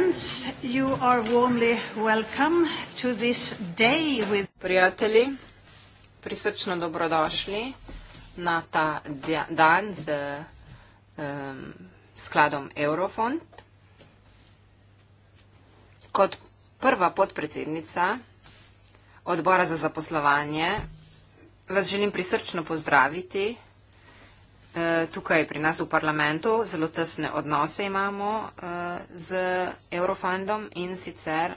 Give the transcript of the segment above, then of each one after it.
friends, you are warmly welcome to this day with Prijatelji, prisrčno dobrodošli na ta dan z um, skladom Eurofond. Kot prva podpredsednica odbora za zaposlovanje vas želim prisrčno pozdraviti Eh, tukaj pri nas v parlamentu. Zelo tesne odnose imamo eh, z Eurofundom in sicer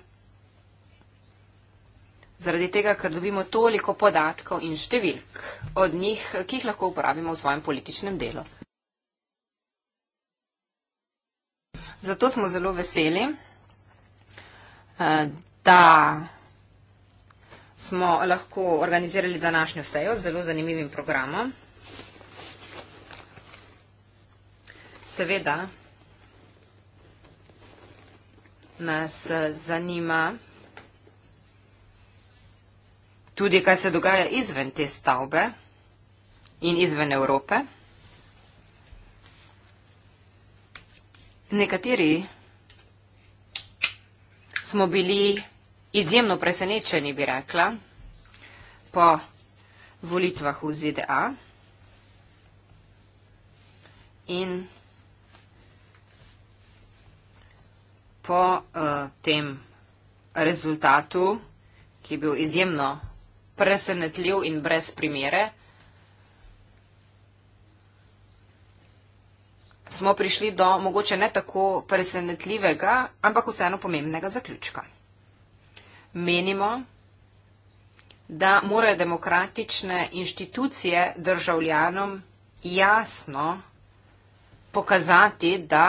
zaradi tega, ker dobimo toliko podatkov in številk od njih, ki jih lahko uporabimo v svojem političnem delu. Zato smo zelo veseli, eh, da smo lahko organizirali današnjo sejo z zelo zanimivim programom. Seveda nas eh, zanima tudi, kaj se dogaja izven te stavbe in izven Evrope. Nekateri smo bili izjemno presenečeni, bi rekla, po volitvah v ZDA in po uh, tem rezultatu, ki je bil izjemno presenetljiv in brez primere, smo prišli do mogoče ne tako presenetljivega, ampak vseeno pomembnega zaključka. Menimo, da morajo demokratične inštitucije državljanom jasno pokazati, da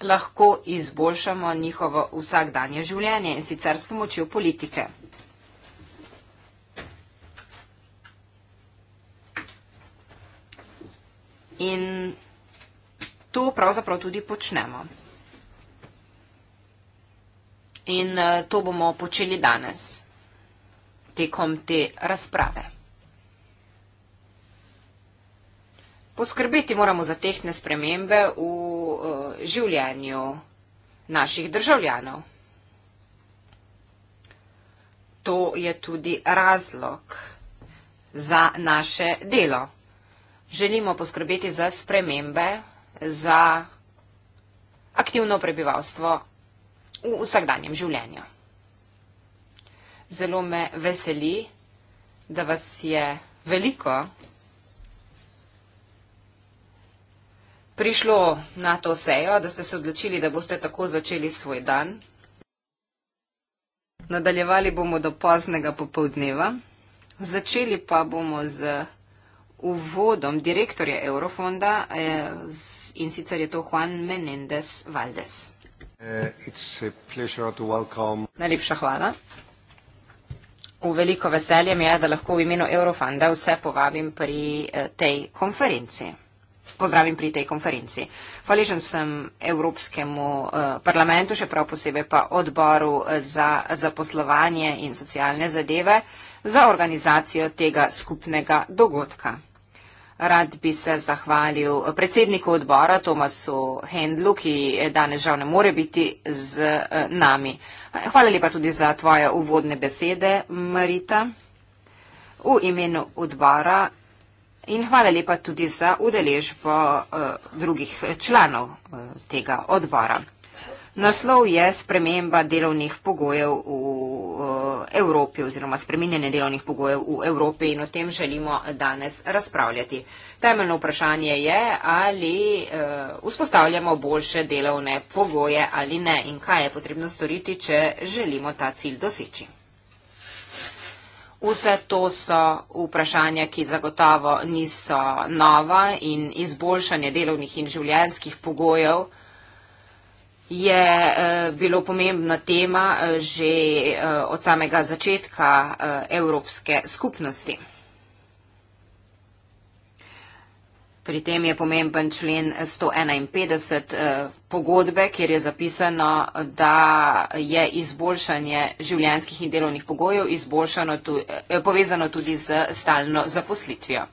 lahko izboljšamo njihovo vsakdanje življenje in sicer s pomočjo politike. In to pravzaprav tudi počnemo. In eh, to bomo počeli danes, tekom te razprave. poskrbeti moramo za tehne spremembe v eh, življenju naših državljanov. To je tudi razlog za naše delo. Želimo poskrbeti za spremembe, za aktivno prebivalstvo v vsakdanjem življenju. Zelo me veseli, da vas je veliko. prišlo na to sejo, da ste se odločili, da boste tako začeli svoj dan. Nadaljevali bomo do poznega popovdneva. Začeli pa bomo z uvodom direktorja Eurofonda eh, in sicer je to Juan Menendez Valdes. Eh, Najlepša hvala. V veliko veselje mi je, da lahko v imenu Eurofonda vse povabim pri eh, tej konferenciji pozdravim pri tej konferenci. Hvaležen sem Evropskemu eh, parlamentu, še prav posebej pa odboru eh, za zaposlovanje in socialne zadeve za organizacijo tega skupnega dogodka. Rad bi se zahvalil predsedniku odbora Tomasu Hendlu, ki danes žal ne more biti z eh, nami. Hvala lepa tudi za tvoje uvodne besede, Marita. V imenu odbora In hvala lepa tudi za udeležbo uh, drugih članov uh, tega odbora. Naslov je sprememba delovnih pogojev v uh, Evropi oziroma spreminjanje delovnih pogojev v Evropi in o tem želimo danes razpravljati. Temeljno vprašanje je, ali uh, vzpostavljamo boljše delovne pogoje ali ne in kaj je potrebno storiti, če želimo ta cilj doseči. Vse to so vprašanja, ki zagotovo niso nova in izboljšanje delovnih in življenjskih pogojev je eh, bilo pomembna tema eh, že eh, od samega začetka Evropske skupnosti. Pri tem je pomemben člen 151 eh, pogodbe, kjer je zapisano, da je izboljšanje življenskih in delovnih pogojev eh, povezano tudi z stalno zaposlitvijo.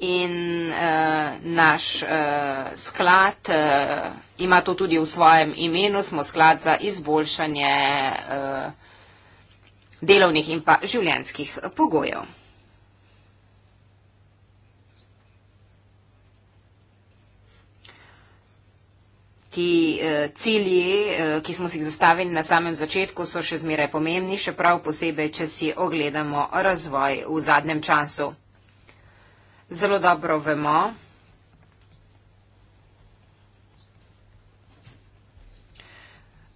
In eh, naš eh, sklad eh, ima to tudi v svojem imenu, smo sklad za izboljšanje eh, delovnih in pa življenskih pogojev. ti eh, cilji, eh, ki smo si jih zastavili na samem začetku, so še zmeraj pomembni, še prav posebej, če si ogledamo razvoj v zadnjem času. Zelo dobro vemo,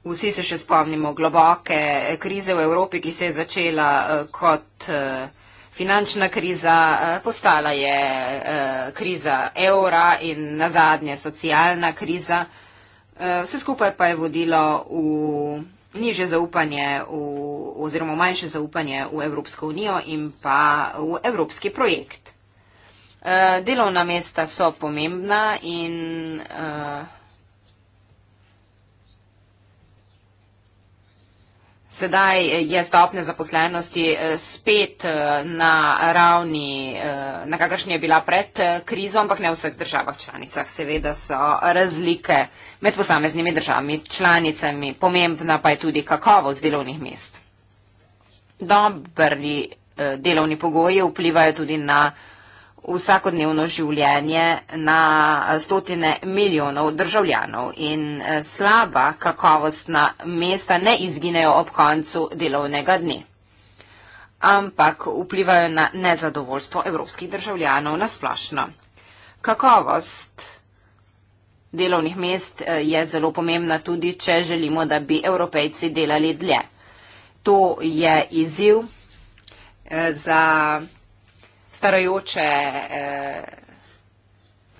vsi se še spomnimo globoke krize v Evropi, ki se je začela eh, kot eh, Finančna kriza eh, postala je eh, kriza evra in nazadnje socialna kriza. Eh, vse skupaj pa je vodilo v nižje zaupanje v, oziroma manjše zaupanje v Evropsko unijo in pa v evropski projekt. Eh, delovna mesta so pomembna in uh, Sedaj eh, je stopnja zaposlenosti eh, spet eh, na ravni, na kakršni je bila pred krizo, ampak ne v vseh državah članicah. Seveda so razlike med posameznimi državami članicami, pomembna pa je tudi kakovost delovnih mest. Dobri delovni pogoji vplivajo tudi na vsakodnevno življenje na stotine milijonov državljanov in eh, slaba kakovostna mesta ne izginejo ob koncu delovnega dne, ampak vplivajo na nezadovoljstvo evropskih državljanov na splošno. Kakovost delovnih mest eh, je zelo pomembna tudi, če želimo, da bi evropejci delali dlje. To je izziv eh, za starajoče, eh,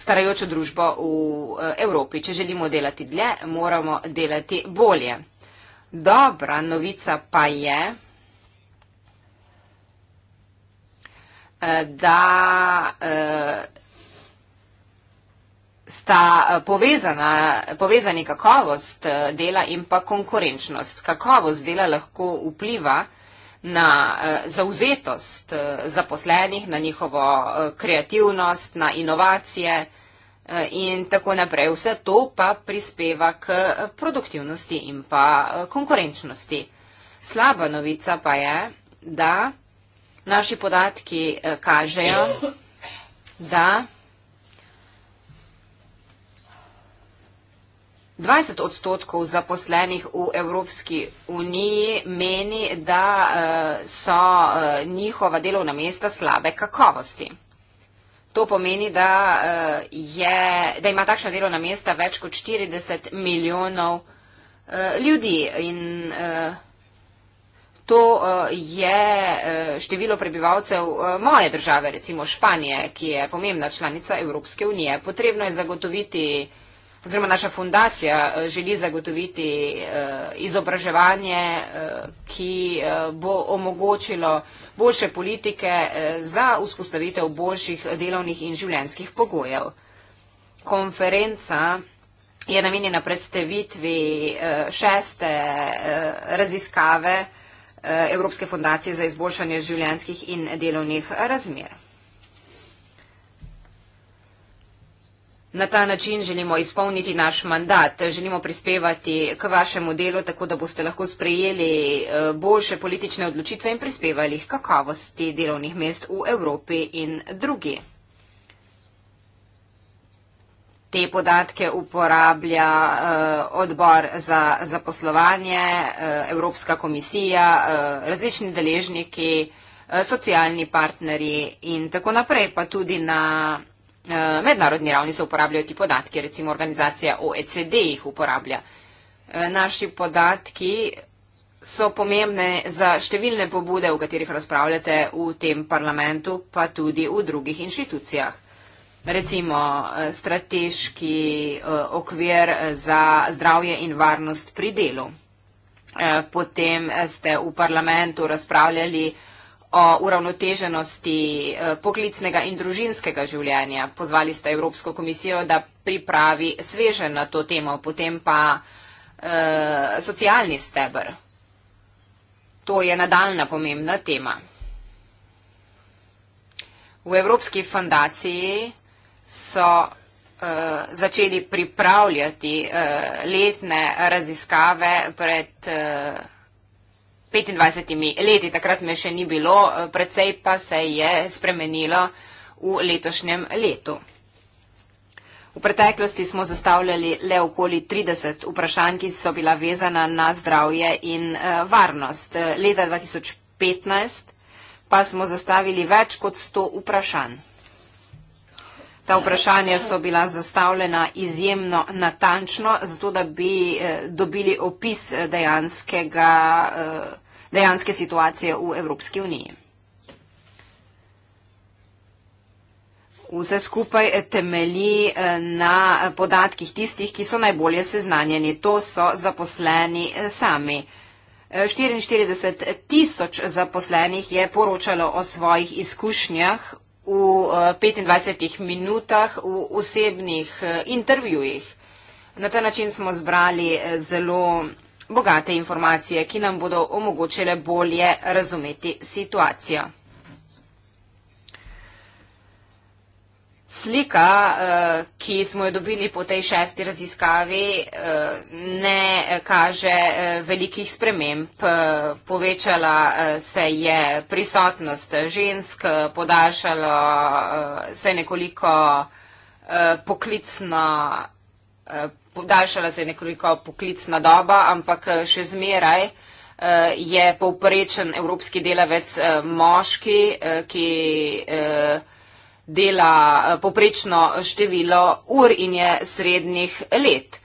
starajočo družbo v eh, Evropi. Če želimo delati dlje, moramo delati bolje. Dobra novica pa je, eh, da eh, sta povezana, povezani kakovost eh, dela in pa konkurenčnost. Kakovost dela lahko vpliva na eh, zauzetost eh, zaposlenih, na njihovo eh, kreativnost, na inovacije in tako naprej. Vse to pa prispeva k produktivnosti in pa konkurenčnosti. Slaba novica pa je, da naši podatki kažejo, da 20 odstotkov zaposlenih v Evropski uniji meni, da eh, so eh, njihova delovna mesta slabe kakovosti. To pomeni, da, eh, je, da ima takšna delovna mesta več kot 40 milijonov ljudi in to je število prebivalcev moje države, recimo Španije, ki je pomembna članica Evropske unije. Potrebno je zagotoviti oziroma naša fundacija eh, želi zagotoviti eh, izobraževanje, eh, ki bo omogočilo boljše politike za vzpostavitev boljših delovnih in življenjskih pogojev. Konferenca je namenjena predstavitvi šeste raziskave Evropske fundacije za izboljšanje življenjskih in delovnih razmer. Na ta način želimo izpolniti naš mandat, želimo prispevati k vašemu delu, tako da boste lahko sprejeli eh, boljše politične odločitve in prispevali k kakavosti delovnih mest v Evropi in drugi. Te podatke uporablja eh, odbor za zaposlovanje, eh, Evropska komisija, različni deležniki, socialni partnerji in tako naprej, pa tudi na odbor. Eh, mednarodni ravni se uporabljajo ti podatki, recimo organizacija OECD jih uporablja. Eh, naši podatki so pomembne za številne pobude, o katerih razpravljate v tem parlamentu, pa tudi v drugih inštitucijah. Recimo eh, strateški okvir za zdravje in varnost pri delu. Potem ste v parlamentu razpravljali o uravnoteženosti eh, poklicnega in družinskega življenja. Pozvali ste Evropsko komisijo, da pripravi sveže na to temo, potem pa eh, socialni stebr. To je nadaljna pomembna tema. V Evropski fundaciji so eh, začeli pripravljati eh, letne raziskave pred. Eh, 25 leti, takrat me še ni bilo, eh, predvsej pa se je spremenilo v letošnjem letu. V preteklosti smo zastavljali le okoli 30 vprašanj, ki so bila vezana na zdravje in eh, varnost. Leta 2015 pa smo zastavili več kot 100 vprašanj. Ta vprašanja so bila zastavljena izjemno natančno, zato da bi eh, dobili opis dejanskega dejanske situacije v Evropski uniji. Vse skupaj eh, temelji eh, na podatkih tistih, ki so najbolje seznanjeni. To so zaposleni eh, sami. 44 tisoč zaposlenih je poročalo o svojih izkušnjah v 25 minutah v osebnih intervjujih. Na ta način smo zbrali zelo bogate informacije, ki nam bodo omogočile bolje razumeti situacijo. Slika, eh, ki smo jo dobili po tej šesti raziskavi, eh, ne kaže eh, velikih sprememb. Povečala se je prisotnost žensk, podaljšalo se nekoliko poklicno podaljšala se je nekoliko poklicna doba, ampak eh, še zmeraj eh, je povprečen evropski delavec eh, moški, ki dela poprečno število ur in je srednjih let.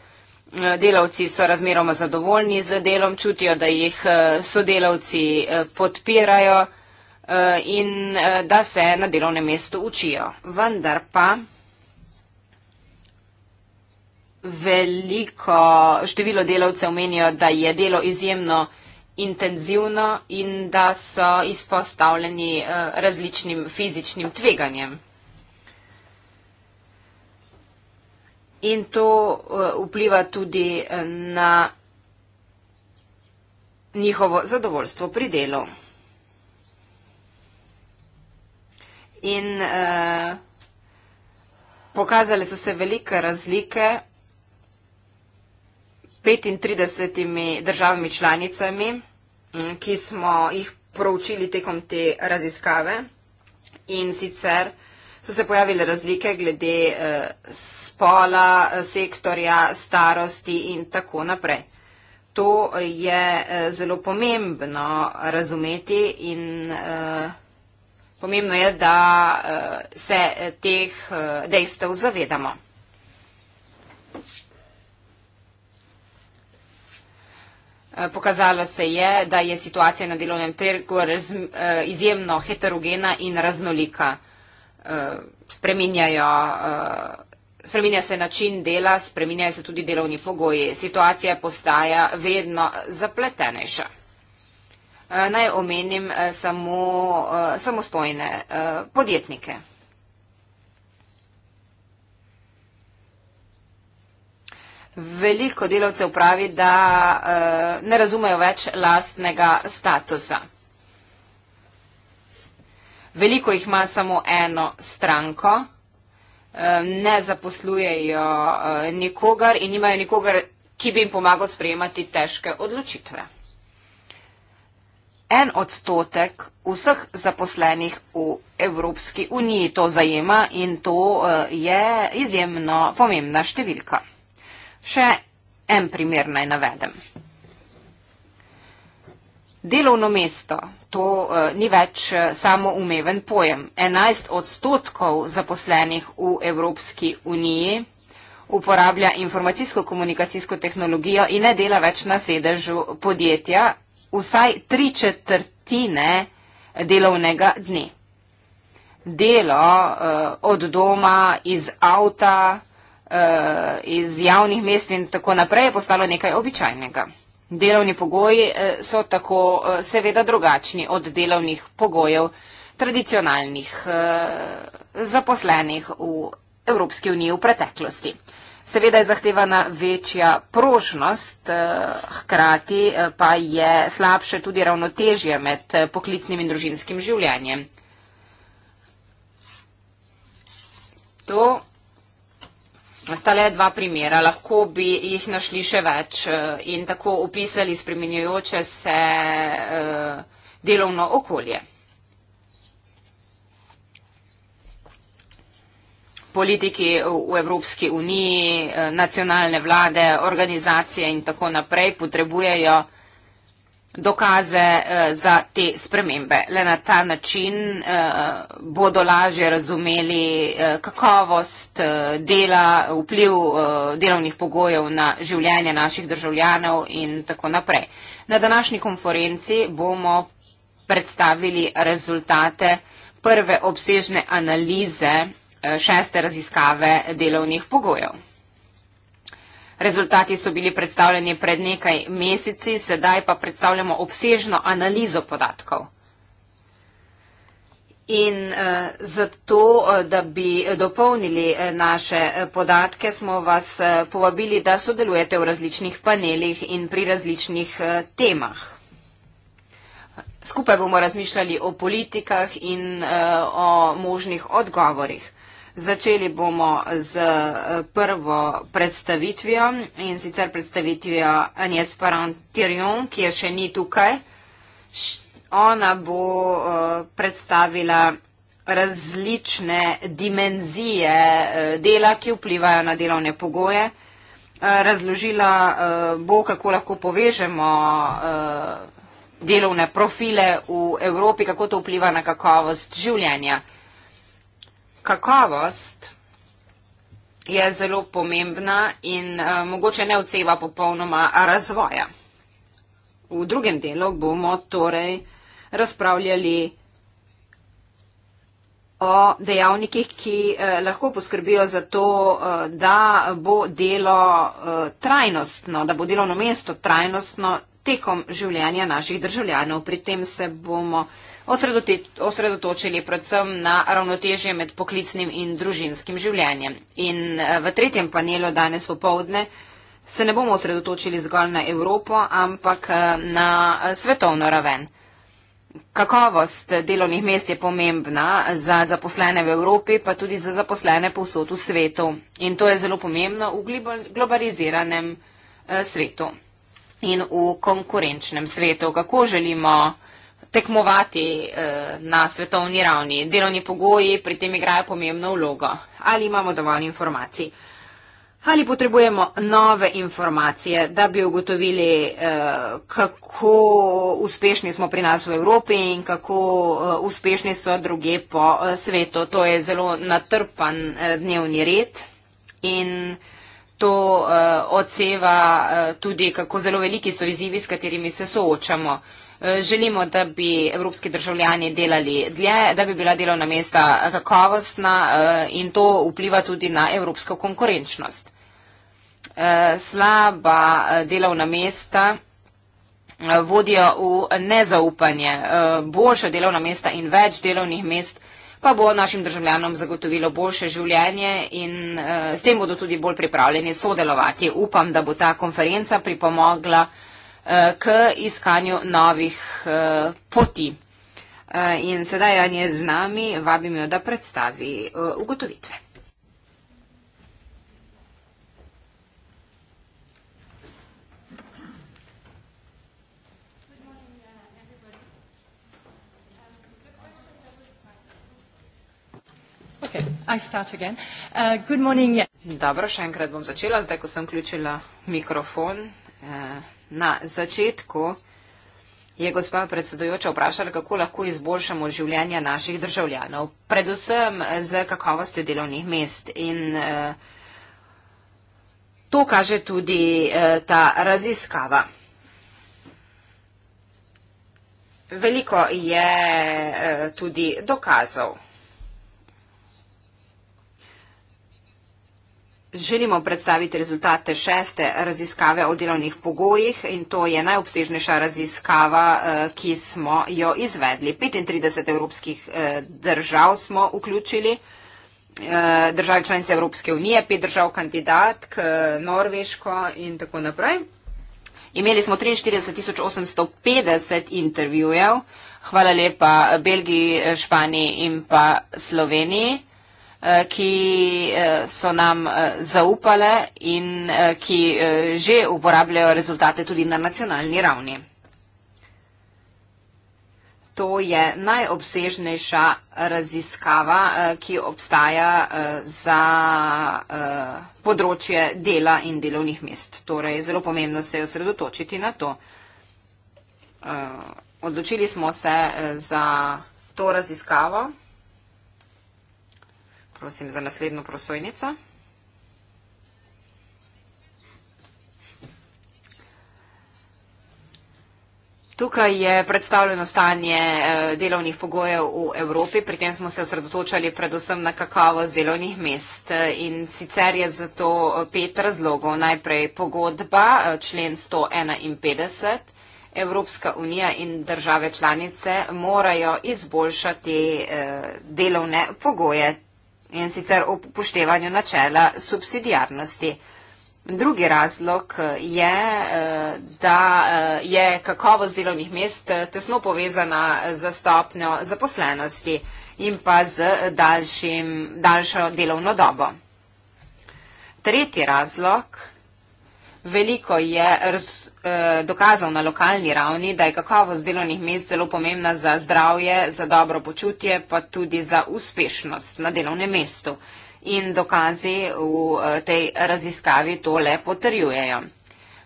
Delavci so razmeroma zadovoljni z delom, čutijo, da jih sodelavci podpirajo in da se na delovnem mestu učijo. Vendar pa veliko število delavcev menijo, da je delo izjemno intenzivno in da so izpostavljeni eh, različnim fizičnim tveganjem. In to eh, vpliva tudi eh, na njihovo zadovoljstvo pri delu. In eh, pokazali so se velike razlike 35 državami članicami, mm, ki smo jih proučili tekom te raziskave in sicer so se pojavile razlike glede eh, spola, sektorja, starosti in tako naprej. To je eh, zelo pomembno razumeti in eh, pomembno je, da se teh dejstev zavedamo. Eh, pokazalo se je, da je situacija na delovnem trgu raz, eh, izjemno heterogena in raznolika. Eh, spreminjajo, spreminja se način dela, spreminjajo se tudi delovni pogoji. Situacija postaja vedno zapletenejša. Naj omenim samo samostojne podjetnike. veliko delavcev pravi, da uh, ne razumejo več lastnega statusa. Veliko jih ima samo eno stranko, eh, ne zaposlujejo eh, nikogar in nimajo nikogar, ki bi jim pomagal sprejemati težke odločitve. En odstotek vseh zaposlenih v Evropski uniji to zajema in to je izjemno pomembna številka. Še en primer naj navedem. Delovno mesto, to uh, ni več uh, eh, samo umeven pojem. 11 odstotkov zaposlenih v Evropski uniji uporablja informacijsko-komunikacijsko tehnologijo in ne dela več na sedežu podjetja vsaj tri četrtine delovnega dne. Delo uh, od doma, iz avta, Eh, iz javnih mest in tako naprej je postalo nekaj običajnega. Delovni pogoji eh, so tako eh, seveda drugačni od delovnih pogojev tradicionalnih zaposlenih v Evropski uniji v preteklosti. Seveda je zahtevana večja prožnost, hkrati pa je slabše tudi ravnotežje med poklicnim in družinskim življenjem. To sta le dva primera, lahko bi jih našli še več eh, in tako upisali spremenjujoče se eh, delovno okolje. Politiki v Evropski uniji, eh, nacionalne vlade, organizacije in tako naprej potrebujejo vsega, dokaze eh, za te spremembe. Le na ta način eh, bodo lažje razumeli eh, kakovost dela, vpliv delovnih pogojev na življenje naših državljanov in tako naprej. Na današnji konferenci bomo predstavili rezultate prve obsežne analize šeste raziskave delovnih pogojev. Rezultati so bili predstavljeni pred nekaj meseci, sedaj pa predstavljamo obsežno analizo podatkov. In eh, zato, eh, da bi dopolnili eh, naše eh, podatke, smo vas povabili, da sodelujete v različnih panelih in pri različnih temah. Skupaj bomo razmišljali o politikah in eh, o možnih odgovorih. Začeli bomo z eh, prvo predstavitvijo in sicer predstavitvijo Anjes Parantirjon, ki je še ni tukaj. Ona bo eh, predstavila različne dimenzije eh, dela, ki vplivajo na delovne pogoje. Razložila bo, kako lahko povežemo delovne profile v Evropi, kako to vpliva na kakovost življenja kakovost je zelo pomembna in uh, mogoče ne odseva popolnoma razvoja. V drugem delu bomo torej razpravljali o dejavnikih, ki uh, lahko poskrbijo za to, uh, da bo delo uh, trajnostno, da bo delovno mesto trajnostno tekom življenja naših državljanov. Pri tem se bomo uh, osredotočili predvsem na ravnotežje med poklicnim in družinskim življenjem. In eh, v tretjem panelu danes popovdne se ne bomo osredotočili zgolj na Evropo, ampak eh, na eh, svetovno raven. Kakovost delovnih mest je pomembna za zaposlene v Evropi, pa tudi za zaposlene povsod v svetu. In to je zelo pomembno v globaliziranem svetu in v konkurenčnem svetu. Kako želimo tekmovati eh, na svetovni ravni. Delovni pogoji pri tem igrajo pomembno vlogo. Ali imamo dovolj informacij? Ali potrebujemo nove informacije, da bi ugotovili, eh, kako uspešni smo pri nas v Evropi in kako eh, uspešni so druge po svetu. To je zelo natrpan dnevni red in to odseva tudi, kako zelo veliki so izzivi, s katerimi se soočamo želimo, da bi evropski državljani delali dlje, da bi bila delovna mesta kakovostna eh, in to vpliva tudi na evropsko konkurenčnost. Eh, slaba eh, delovna mesta vodijo v nezaupanje. Boljša delovna mesta in več delovnih mest pa bo našim državljanom zagotovilo boljše življenje in s tem bodo tudi bolj pripravljeni sodelovati. Upam, da bo ta konferenca pripomogla Eh, k iskanju novih eh, poti. Eh, in sedaj Jan je z nami, vabim jo, da predstavi ugotovitve. Uh, Dobro, še enkrat bom začela, zdaj ko sem vključila mikrofon. Na začetku je gospa predsedujoča vprašala, kako lahko izboljšamo življenje naših državljanov, predvsem z kakovostjo delovnih mest. In eh, to kaže tudi eh, ta raziskava. Veliko je eh, tudi dokazov. Želimo predstaviti rezultate šeste raziskave o delovnih pogojih in to je najobsežnejša raziskava, eh, ki smo jo izvedli. 35 evropskih eh, držav smo vključili, eh, države članice Evropske unije, pet držav kandidatk, Norveško in tako naprej. Imeli smo 43.850 intervjujev, hvala lepa Belgiji, Španiji in pa Sloveniji. Eh, ki eh, so nam eh, zaupale in ki že uporabljajo rezultate tudi na nacionalni ravni. To je najobsežnejša raziskava, ki obstaja za področje dela in delovnih mest. Torej, zelo pomembno se je osredotočiti na to. Odločili smo se za to raziskavo. Prosim za naslednjo prosojnico. Tukaj je predstavljeno stanje eh, delovnih pogojev v Evropi, pri tem smo se osredotočali predvsem na kakavost delovnih mest eh, in sicer je zato eh, pet razlogov. Najprej pogodba, člen 151, Evropska unija in države članice morajo izboljšati delovne pogoje in sicer ob upoštevanju načela subsidijarnosti. Drugi razlog je, eh, da eh, je kakovost delovnih mest eh, tesno povezana za stopnjo zaposlenosti in pa z daljšim, daljšo delovno dobo. Tretji razlog, veliko je Eh, dokazal na lokalni ravni, da je kakovost delovnih mest zelo pomembna za zdravje, za dobro počutje, pa tudi za uspešnost na delovnem mestu. In dokazi v eh, tej raziskavi to le potrjujejo.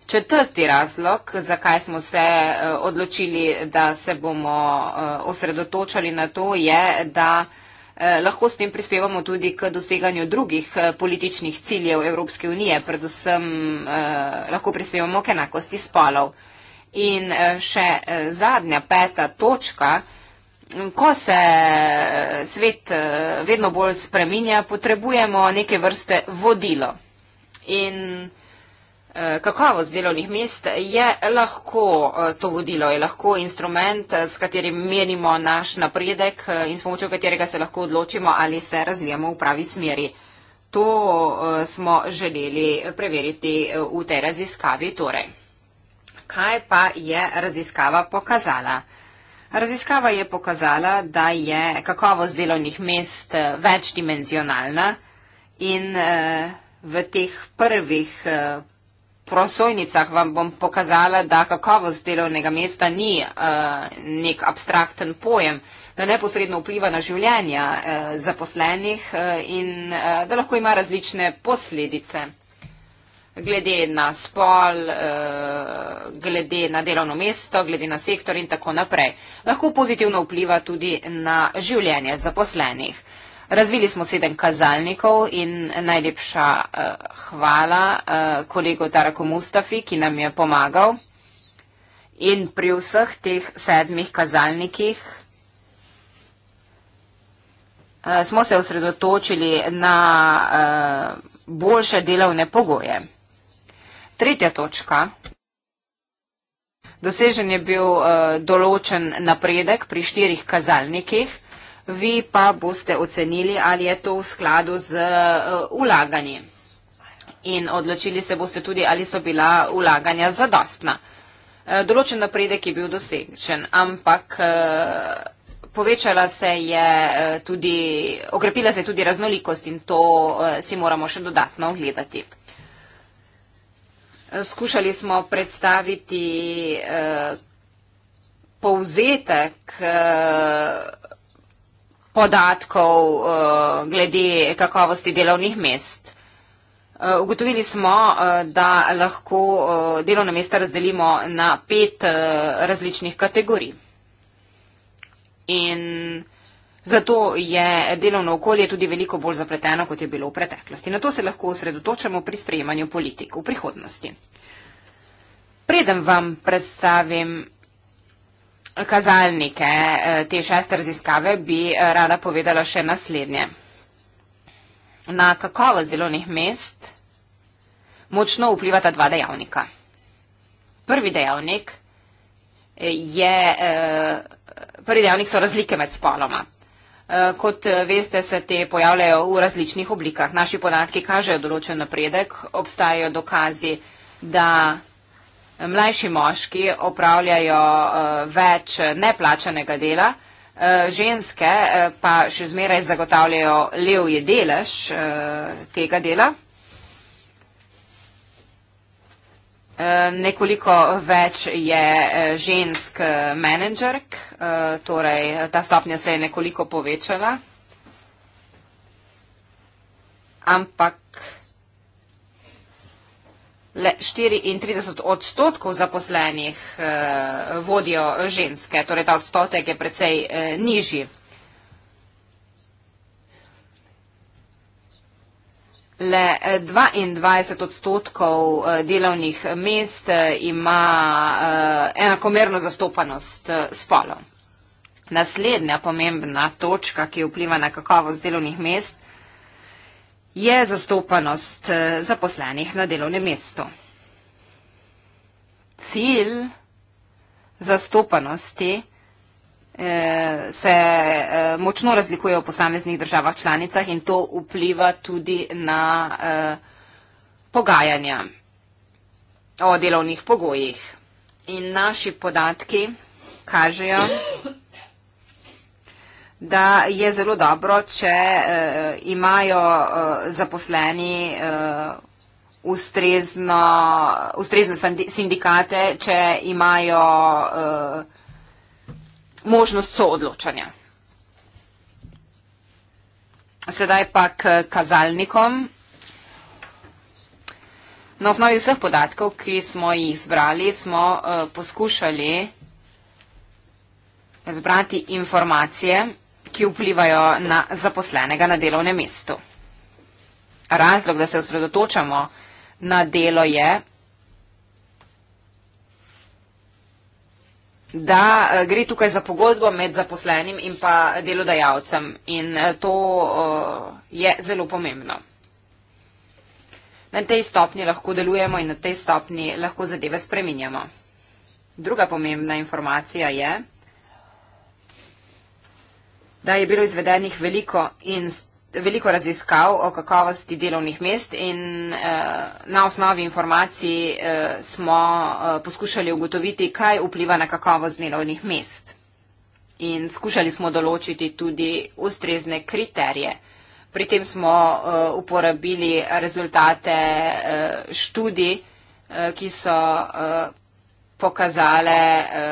Četrti razlog, zakaj smo se eh, odločili, da se bomo osredotočali na to, je, da Eh, lahko s tem prispevamo tudi k doseganju drugih eh, političnih ciljev Evropske unije, predvsem eh, lahko prispevamo k enakosti spolov. In še zadnja, peta točka, ko se svet vedno bolj spreminja, potrebujemo neke vrste vodilo. In Eh, kakovost delovnih mest je lahko eh, to vodilo, je lahko instrument, eh, s katerim menimo naš napredek in s pomočjo katerega se lahko odločimo, ali se razvijamo v pravi smeri. To smo želeli preveriti v tej raziskavi. Torej, kaj pa je raziskava pokazala? Raziskava je pokazala, da je kakovost delovnih mest večdimenzionalna in v teh prvih prosojnicah vam bom pokazala, da kakovost delovnega mesta ni uh, nek abstrakten pojem, da neposredno vpliva na življenja uh, zaposlenih uh, in uh, da lahko ima različne posledice glede na spol, uh, glede na delovno mesto, glede na sektor in tako naprej. Lahko pozitivno vpliva tudi na življenje zaposlenih. Razvili smo sedem kazalnikov in najlepša uh, hvala uh, kolegu Tarako Mustafi, ki nam je pomagal. In pri vseh teh sedmih kazalnikih uh, smo se osredotočili na uh, boljše delovne pogoje. Tretja točka. Dosežen je bil uh, določen napredek pri štirih kazalnikih vi pa boste ocenili, ali je to v skladu z eh, vlaganji. In odločili se boste tudi, ali so bila vlaganja zadostna. Eh, določen napredek je bil dosežen, ampak eh, povečala se je tudi, okrepila se je tudi raznolikost in to si moramo še dodatno ogledati. Skušali smo predstaviti eh, povzetek eh, podatkov eh, glede kakovosti delovnih mest. Eh, ugotovili smo, eh, da lahko delovna mesta razdelimo na pet različnih kategorij. In zato je delovno okolje tudi veliko bolj zapleteno, kot je bilo v preteklosti. Na to se lahko osredotočamo pri sprejemanju politik v prihodnosti. Preden vam predstavim kazalnike eh, te šeste raziskave, bi eh, rada povedala še naslednje. Na kakovost delovnih mest močno vplivata dva dejavnika. Prvi dejavnik, eh, je, prvi dejavnik so razlike med spoloma. Kot veste, se te pojavljajo v različnih oblikah. Naši podatki kažejo določen napredek, obstajajo dokazi, da mlajši moški opravljajo eh, več neplačanega dela, eh, ženske eh, pa še zmeraj zagotavljajo levje delež tega dela. Nekoliko več je žensk menedžerk, torej ta stopnja se je nekoliko povečala. Ampak le 34 odstotkov zaposlenih eh, vodijo ženske, torej ta odstotek je precej eh, nižji. Le 22 eh, odstotkov eh, delovnih mest eh, ima enakomerno zastopanost spolov. Naslednja pomembna točka, ki vpliva na kakovost delovnih mest, je zastopanost eh, zaposlenih na delovnem mestu. Cilj zastopanosti eh, se eh, močno razlikuje v posameznih državah članicah in to vpliva tudi na pogajanja o delovnih pogojih. In naši podatki kažejo, da je zelo dobro, če uh, imajo uh, zaposleni uh, ustrezno, ustrezne sindikate, če imajo uh, možnost soodločanja. Sedaj pa k kazalnikom. Na osnovi vseh podatkov, ki smo jih zbrali, smo uh, poskušali zbrati informacije ki vplivajo na zaposlenega na delovnem mestu. Razlog, da se osredotočamo na delo je, da eh, gre tukaj za pogodbo med zaposlenim in pa delodajalcem in eh, to eh, je zelo pomembno. Na tej stopni lahko delujemo in na tej stopni lahko zadeve spreminjamo. Druga pomembna informacija je, da je da je bilo izvedenih veliko, veliko raziskav o kakovosti delovnih mest in eh, na osnovi informacij eh, smo eh, poskušali ugotoviti, kaj vpliva na kakovost delovnih mest. In skušali smo določiti tudi ustrezne kriterije. Pri tem smo uh, uporabili rezultate uh, študij, uh, ki so uh, pokazale,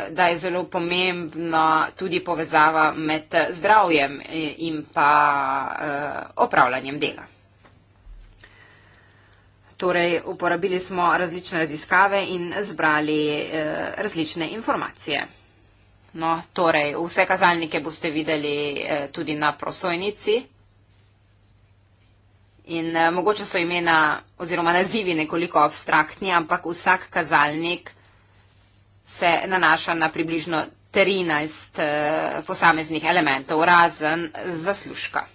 eh, da je zelo pomembna tudi povezava med zdravjem eh, in pa eh, opravljanjem dela. Torej, uporabili smo različne raziskave in zbrali različne informacije. No, torej, vse kazalnike boste videli tudi na prosojnici. In mogoče so imena oziroma nazivi nekoliko abstraktni, ampak vsak kazalnik se nanaša na približno 13 eh, posameznih elementov, razen zaslužka.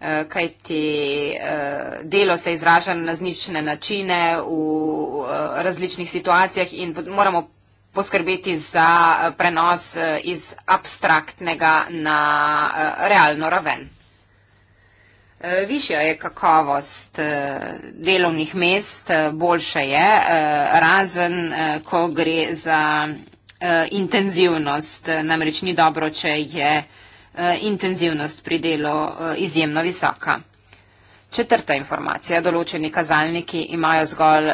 Eh, Kaj ti eh, delo se izraža na različne načine v različnih situacijah in moramo poskrbeti za prenos iz abstraktnega na realno raven. Eh, višja je kakovost eh, delovnih mest, eh, boljša je, razen ko gre za intenzivnost. Namreč ni dobro, če je intenzivnost pri delu izjemno visoka. Četrta informacija. Določeni kazalniki imajo zgolj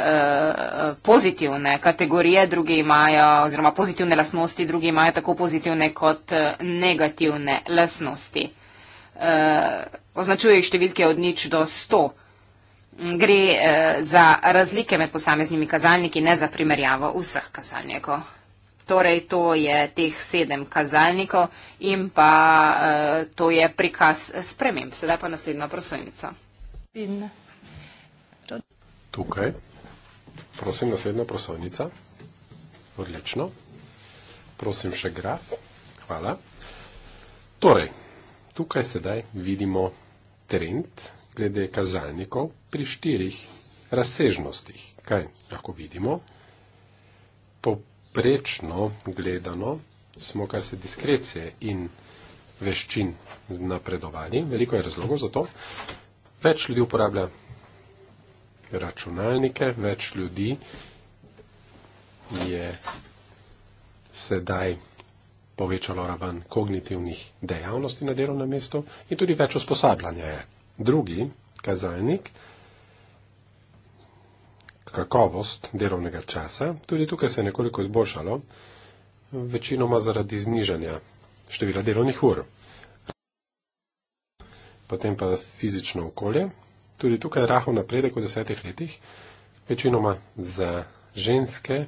pozitivne kategorije, drugi imajo, oziroma pozitivne lasnosti, drugi imajo tako pozitivne kot negativne lasnosti. Eh, označuje številke od nič do sto. Gre eh, za razlike med posameznimi kazalniki, ne za primerjavo vseh kazalnikov. Torej, to je teh sedem kazalnikov in pa eh, to je prikaz sprememb. Sedaj pa naslednja prosojnica. Tukaj. Prosim, naslednja prosojnica. Odlično. Prosim še graf. Hvala. Torej, Tukaj sedaj vidimo trend glede kazalnikov pri štirih razsežnostih. Kaj lahko vidimo? Poprečno gledano smo, kar se diskrecije in veščin napredovali. Veliko je razlogov za to. Več ljudi uporablja računalnike, več ljudi je sedaj povečalo raven kognitivnih dejavnosti na delovnem mestu in tudi več usposabljanja je. Drugi kazalnik, kakovost delovnega časa, tudi tukaj se je nekoliko izboljšalo, večinoma zaradi znižanja števila delovnih ur. Potem pa fizično okolje, tudi tukaj je rahel napredek v desetih letih, večinoma za ženske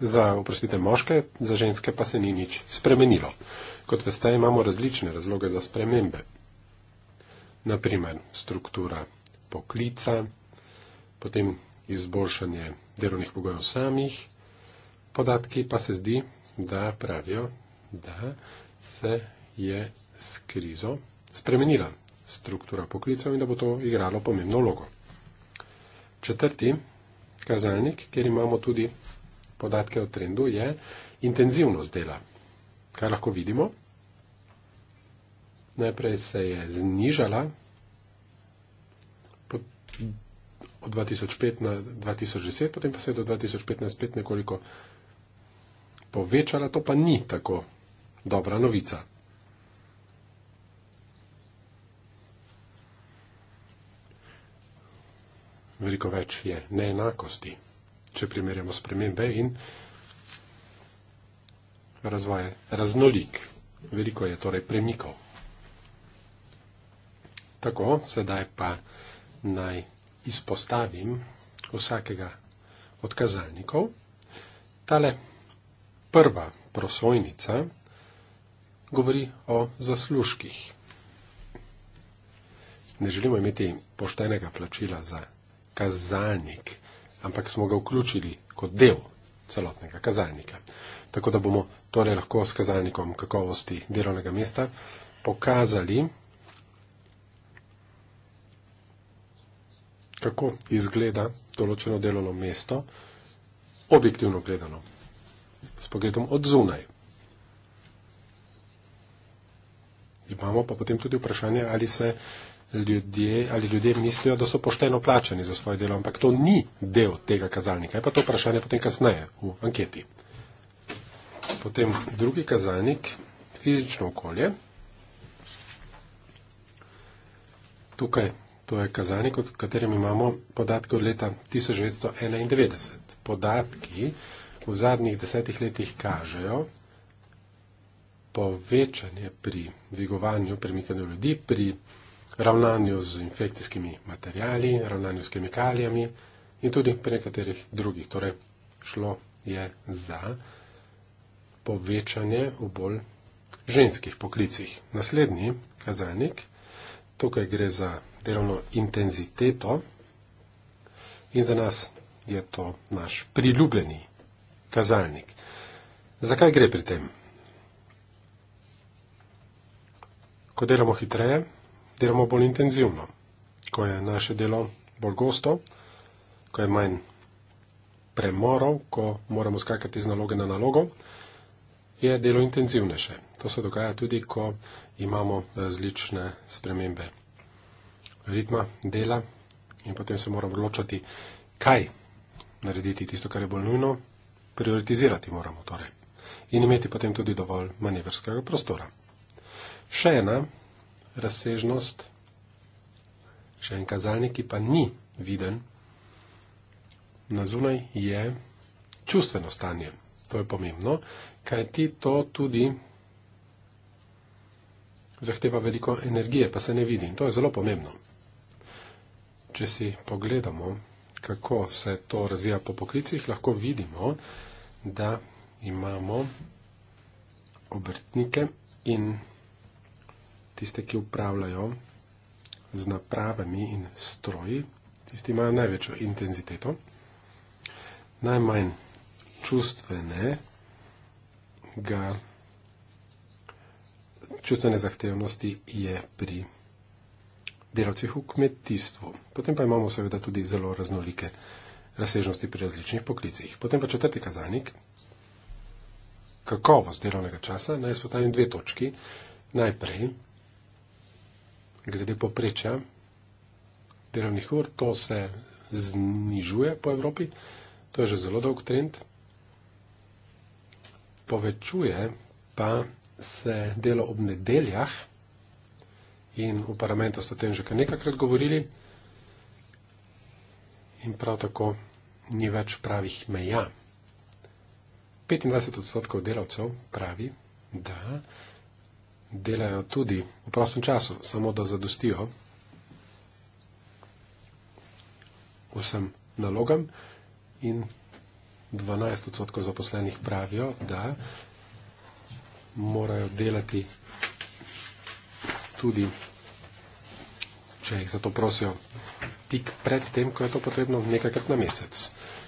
za oprostite, moške, za ženske pa se ni nič spremenilo. Kot veste, imamo različne razloge za spremembe. Naprimer, struktura poklica, potem izboljšanje delovnih pogojev samih, podatki pa se zdi, da pravijo, da se je s krizo spremenila struktura poklicov in da bo to igralo pomembno vlogo. Četrti kazalnik, kjer imamo tudi podatke o trendu, je intenzivnost dela. Kaj lahko vidimo? Najprej se je znižala od 2005 na 2010, potem pa se je do 2015 spet nekoliko povečala, to pa ni tako dobra novica. Veliko več je neenakosti če primerjamo spremembe in razvoje. Raznolik, veliko je torej premikov. Tako, sedaj pa naj izpostavim vsakega od kazalnikov. Tale prva prosojnica govori o zaslužkih. Ne želimo imeti poštenega plačila za kazalnik ampak smo ga vključili kot del celotnega kazalnika. Tako da bomo torej lahko s kazalnikom kakovosti delovnega mesta pokazali, kako izgleda določeno delovno mesto, objektivno gledano, s pogledom od zunaj. Imamo pa potem tudi vprašanje, ali se ljudje ali ljudje mislijo, da so pošteno plačani za svoje delo, ampak to ni del tega kazalnika. Je pa to vprašanje potem kasneje v anketi. Potem drugi kazalnik, fizično okolje. Tukaj to je kazalnik, od katerem imamo podatke od leta 1991. Podatki v zadnjih desetih letih kažejo povečanje pri dvigovanju, premikanju ljudi, pri ravnanju z infekcijskimi materijali, ravnanju s kemikalijami in tudi pri nekaterih drugih. Torej, šlo je za povečanje v bolj ženskih poklicih. Naslednji kazalnik, tukaj gre za delovno intenziteto in za nas je to naš priljubljeni kazalnik. Zakaj gre pri tem? Ko delamo hitreje, delamo bolj intenzivno, ko je naše delo bolj gosto, ko je manj premorov, ko moramo skakati iz naloge na nalogo, je delo intenzivnejše. To se dogaja tudi, ko imamo različne spremembe ritma dela in potem se moramo odločati, kaj narediti tisto, kar je bolj nujno, prioritizirati moramo torej in imeti potem tudi dovolj manevrskega prostora. Še ena razsežnost, še en kazalnik, ki pa ni viden, na zunaj je čustveno stanje. To je pomembno, kaj ti to tudi zahteva veliko energije, pa se ne vidi. In to je zelo pomembno. Če si pogledamo, kako se to razvija po poklicih, lahko vidimo, da imamo obrtnike in tiste, ki upravljajo z napravami in stroji, tisti imajo največjo intenziteto, najmanj čustvene, ga, čustvene zahtevnosti je pri delavcih v kmetijstvu. Potem pa imamo seveda tudi zelo raznolike razsežnosti pri različnih poklicih. Potem pa četrti kazalnik, kakovost delovnega časa, naj izpostavim dve točki. Najprej glede poprečja delovnih ur, to se znižuje po Evropi, to je že zelo dolg trend. Povečuje pa se delo ob nedeljah in v parlamentu ste o tem že kar nekajkrat govorili in prav tako ni več pravih meja. 25 odstotkov delavcev pravi, da delajo tudi v prostem času, samo da zadostijo vsem nalogam in 12 odstotkov zaposlenih pravijo, da morajo delati tudi, če jih zato prosijo, tik pred tem, ko je to potrebno, nekajkrat na mesec.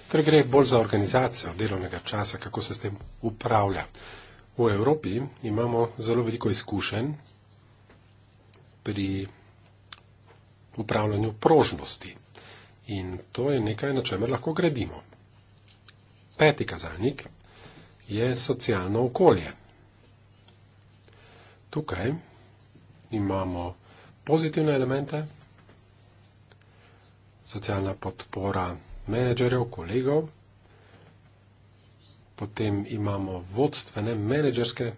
Torej gre bolj za organizacijo delovnega časa, kako se s tem upravlja. V Evropi imamo zelo veliko izkušenj pri upravljanju prožnosti in to je nekaj, na čemer lahko gradimo. Peti kazalnik je socialno okolje. Tukaj imamo pozitivne elemente, socialna podpora menedžerjev, kolegov, potem imamo vodstvene, menedžerske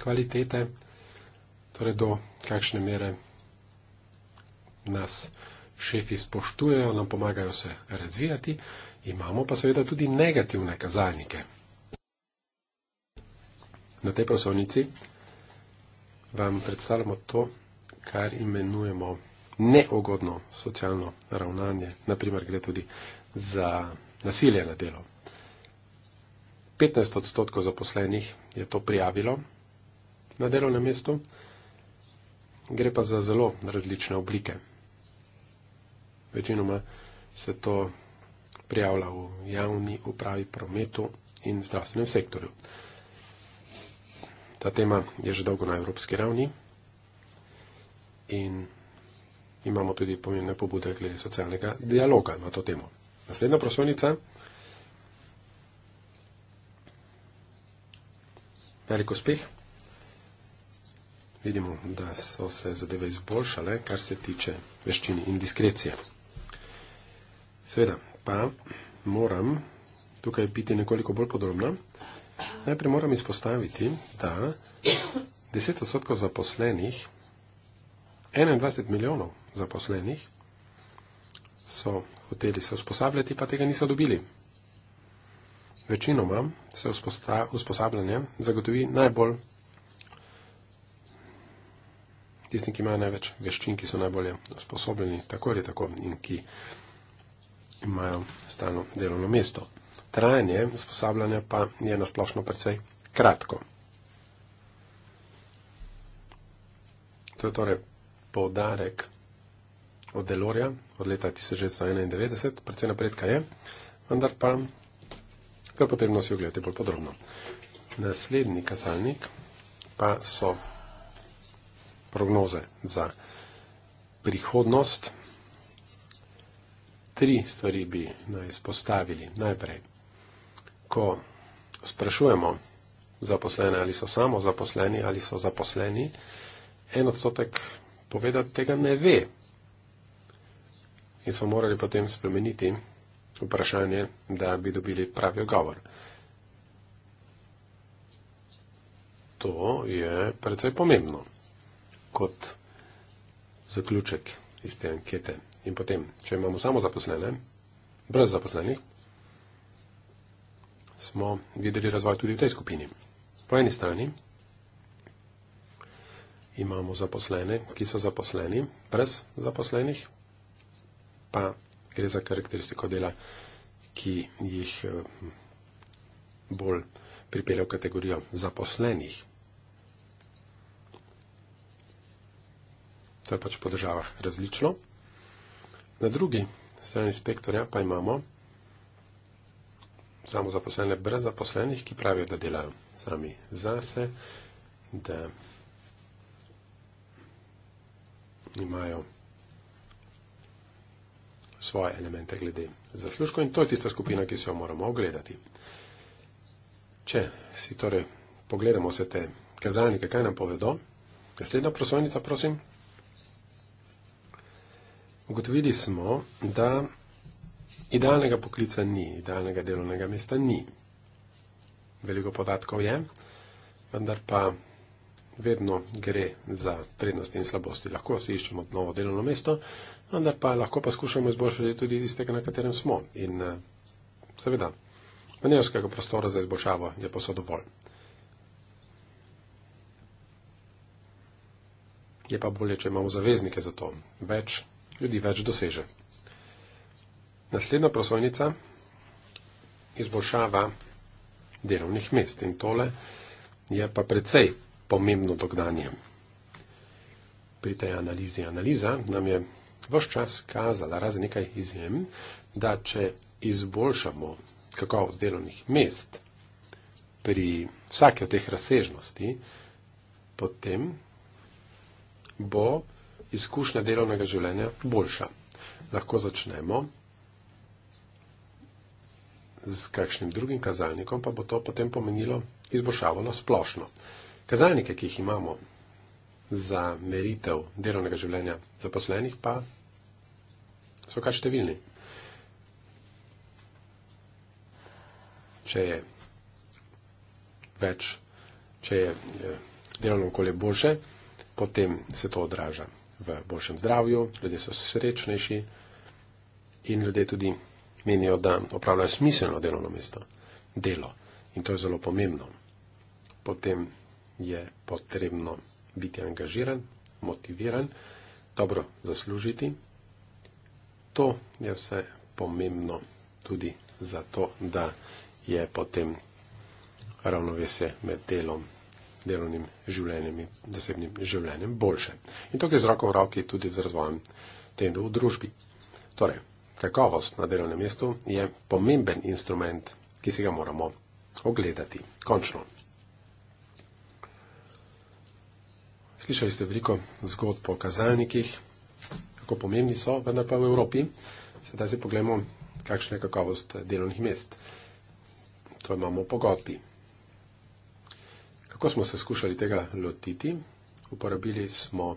kvalitete, torej do kakšne mere nas šefi spoštujejo, nam pomagajo se razvijati, imamo pa seveda tudi negativne kazalnike. Na tej prosovnici vam predstavljamo to, kar imenujemo neugodno socialno ravnanje, naprimer gre tudi za nasilje na delu. 15 odstotkov zaposlenih je to prijavilo na delovnem mestu, gre pa za zelo različne oblike. Večinoma se to prijavlja v javni upravi, prometu in zdravstvenem sektorju. Ta tema je že dolgo na evropski ravni in imamo tudi pomembne pobude glede socialnega dialoga na to temo. Naslednja prosojnica Velik uspeh. Vidimo, da so se zadeve izboljšale, kar se tiče veščini in diskrecije. Seveda, pa moram tukaj biti nekoliko bolj podrobna. Najprej moram izpostaviti, da 10 odstotkov zaposlenih, 21 milijonov zaposlenih, so hoteli se usposabljati, pa tega niso dobili. Večinoma se usposabljanje zagotovi najbolj tisti, ki imajo največ veščin, ki so najbolje usposobljeni tako ali tako in ki imajo stalno delovno mesto. Trajanje usposabljanja pa je nasplošno precej kratko. To je torej povdarek od Delorja od leta 1991, precej napredka je, vendar pa kar potrebno si ogledati bolj podrobno. Naslednji kazalnik pa so prognoze za prihodnost. Tri stvari bi naj izpostavili najprej. Ko sprašujemo zaposlene, ali so samo zaposleni, ali so zaposleni, en odstotek povedati tega ne ve. In smo morali potem spremeniti vprašanje, da bi dobili pravi odgovor. To je predvsej pomembno kot zaključek iz te ankete. In potem, če imamo samo zaposlene, brez zaposlenih, smo videli razvoj tudi v tej skupini. Po eni strani imamo zaposlene, ki so zaposleni, brez zaposlenih, pa gre za karakteristiko dela, ki jih eh, bolj pripelje v kategorijo zaposlenih. To je pač po državah različno. Na drugi strani spektra pa imamo samo zaposlene brez zaposlenih, ki pravijo, da delajo sami zase, da imajo svoje elemente glede zaslužko in to je tista skupina, ki se jo moramo ogledati. Če si torej pogledamo vse te kazalnike, kaj nam povedo, naslednja prosojnica, prosim. Ugotovili smo, da idealnega poklica ni, idealnega delovnega mesta ni. Veliko podatkov je, vendar pa vedno gre za prednosti in slabosti. Lahko si iščemo novo delovno mesto, vendar pa lahko pa skušamo izboljšati tudi iz tega, na katerem smo. In eh, seveda, manevrskega prostora za izboljšavo je pa so dovolj. Je pa bolje, če imamo zaveznike za to. Več ljudi več doseže. Naslednja prosojnica izboljšava delovnih mest in tole je pa precej pomembno dognanje. Pri tej analizi analiza nam je vse čas kazala, razen nekaj izjem, da če izboljšamo kakovost delovnih mest pri vsake od teh razsežnosti, potem bo izkušnja delovnega življenja boljša. Lahko začnemo s kakšnim drugim kazalnikom, pa bo to potem pomenilo izboljšavo na splošno. Kazalnike, ki jih imamo za meritev delovnega življenja zaposlenih pa so kar številni. Če je več, če je delovno okolje boljše, potem se to odraža v boljšem zdravju, ljudje so srečnejši in ljudje tudi menijo, da opravljajo smiselno delovno mesto, delo. In to je zelo pomembno. Potem je potrebno biti angažiran, motiviran, dobro zaslužiti. To je vse pomembno tudi zato, da je potem ravnovesje med delom, delovnim življenjem in zasebnim življenjem boljše. In to je z roko v roki tudi z razvojem tendu v družbi. Torej, kakovost na delovnem mestu je pomemben instrument, ki si ga moramo ogledati. Končno. Slišali ste veliko zgodb o kazalnikih, kako pomembni so, vendar pa v Evropi. Sedaj se pogledamo, kakšna je kakovost delovnih mest. To imamo v pogodbi. Kako smo se skušali tega lotiti? Uporabili smo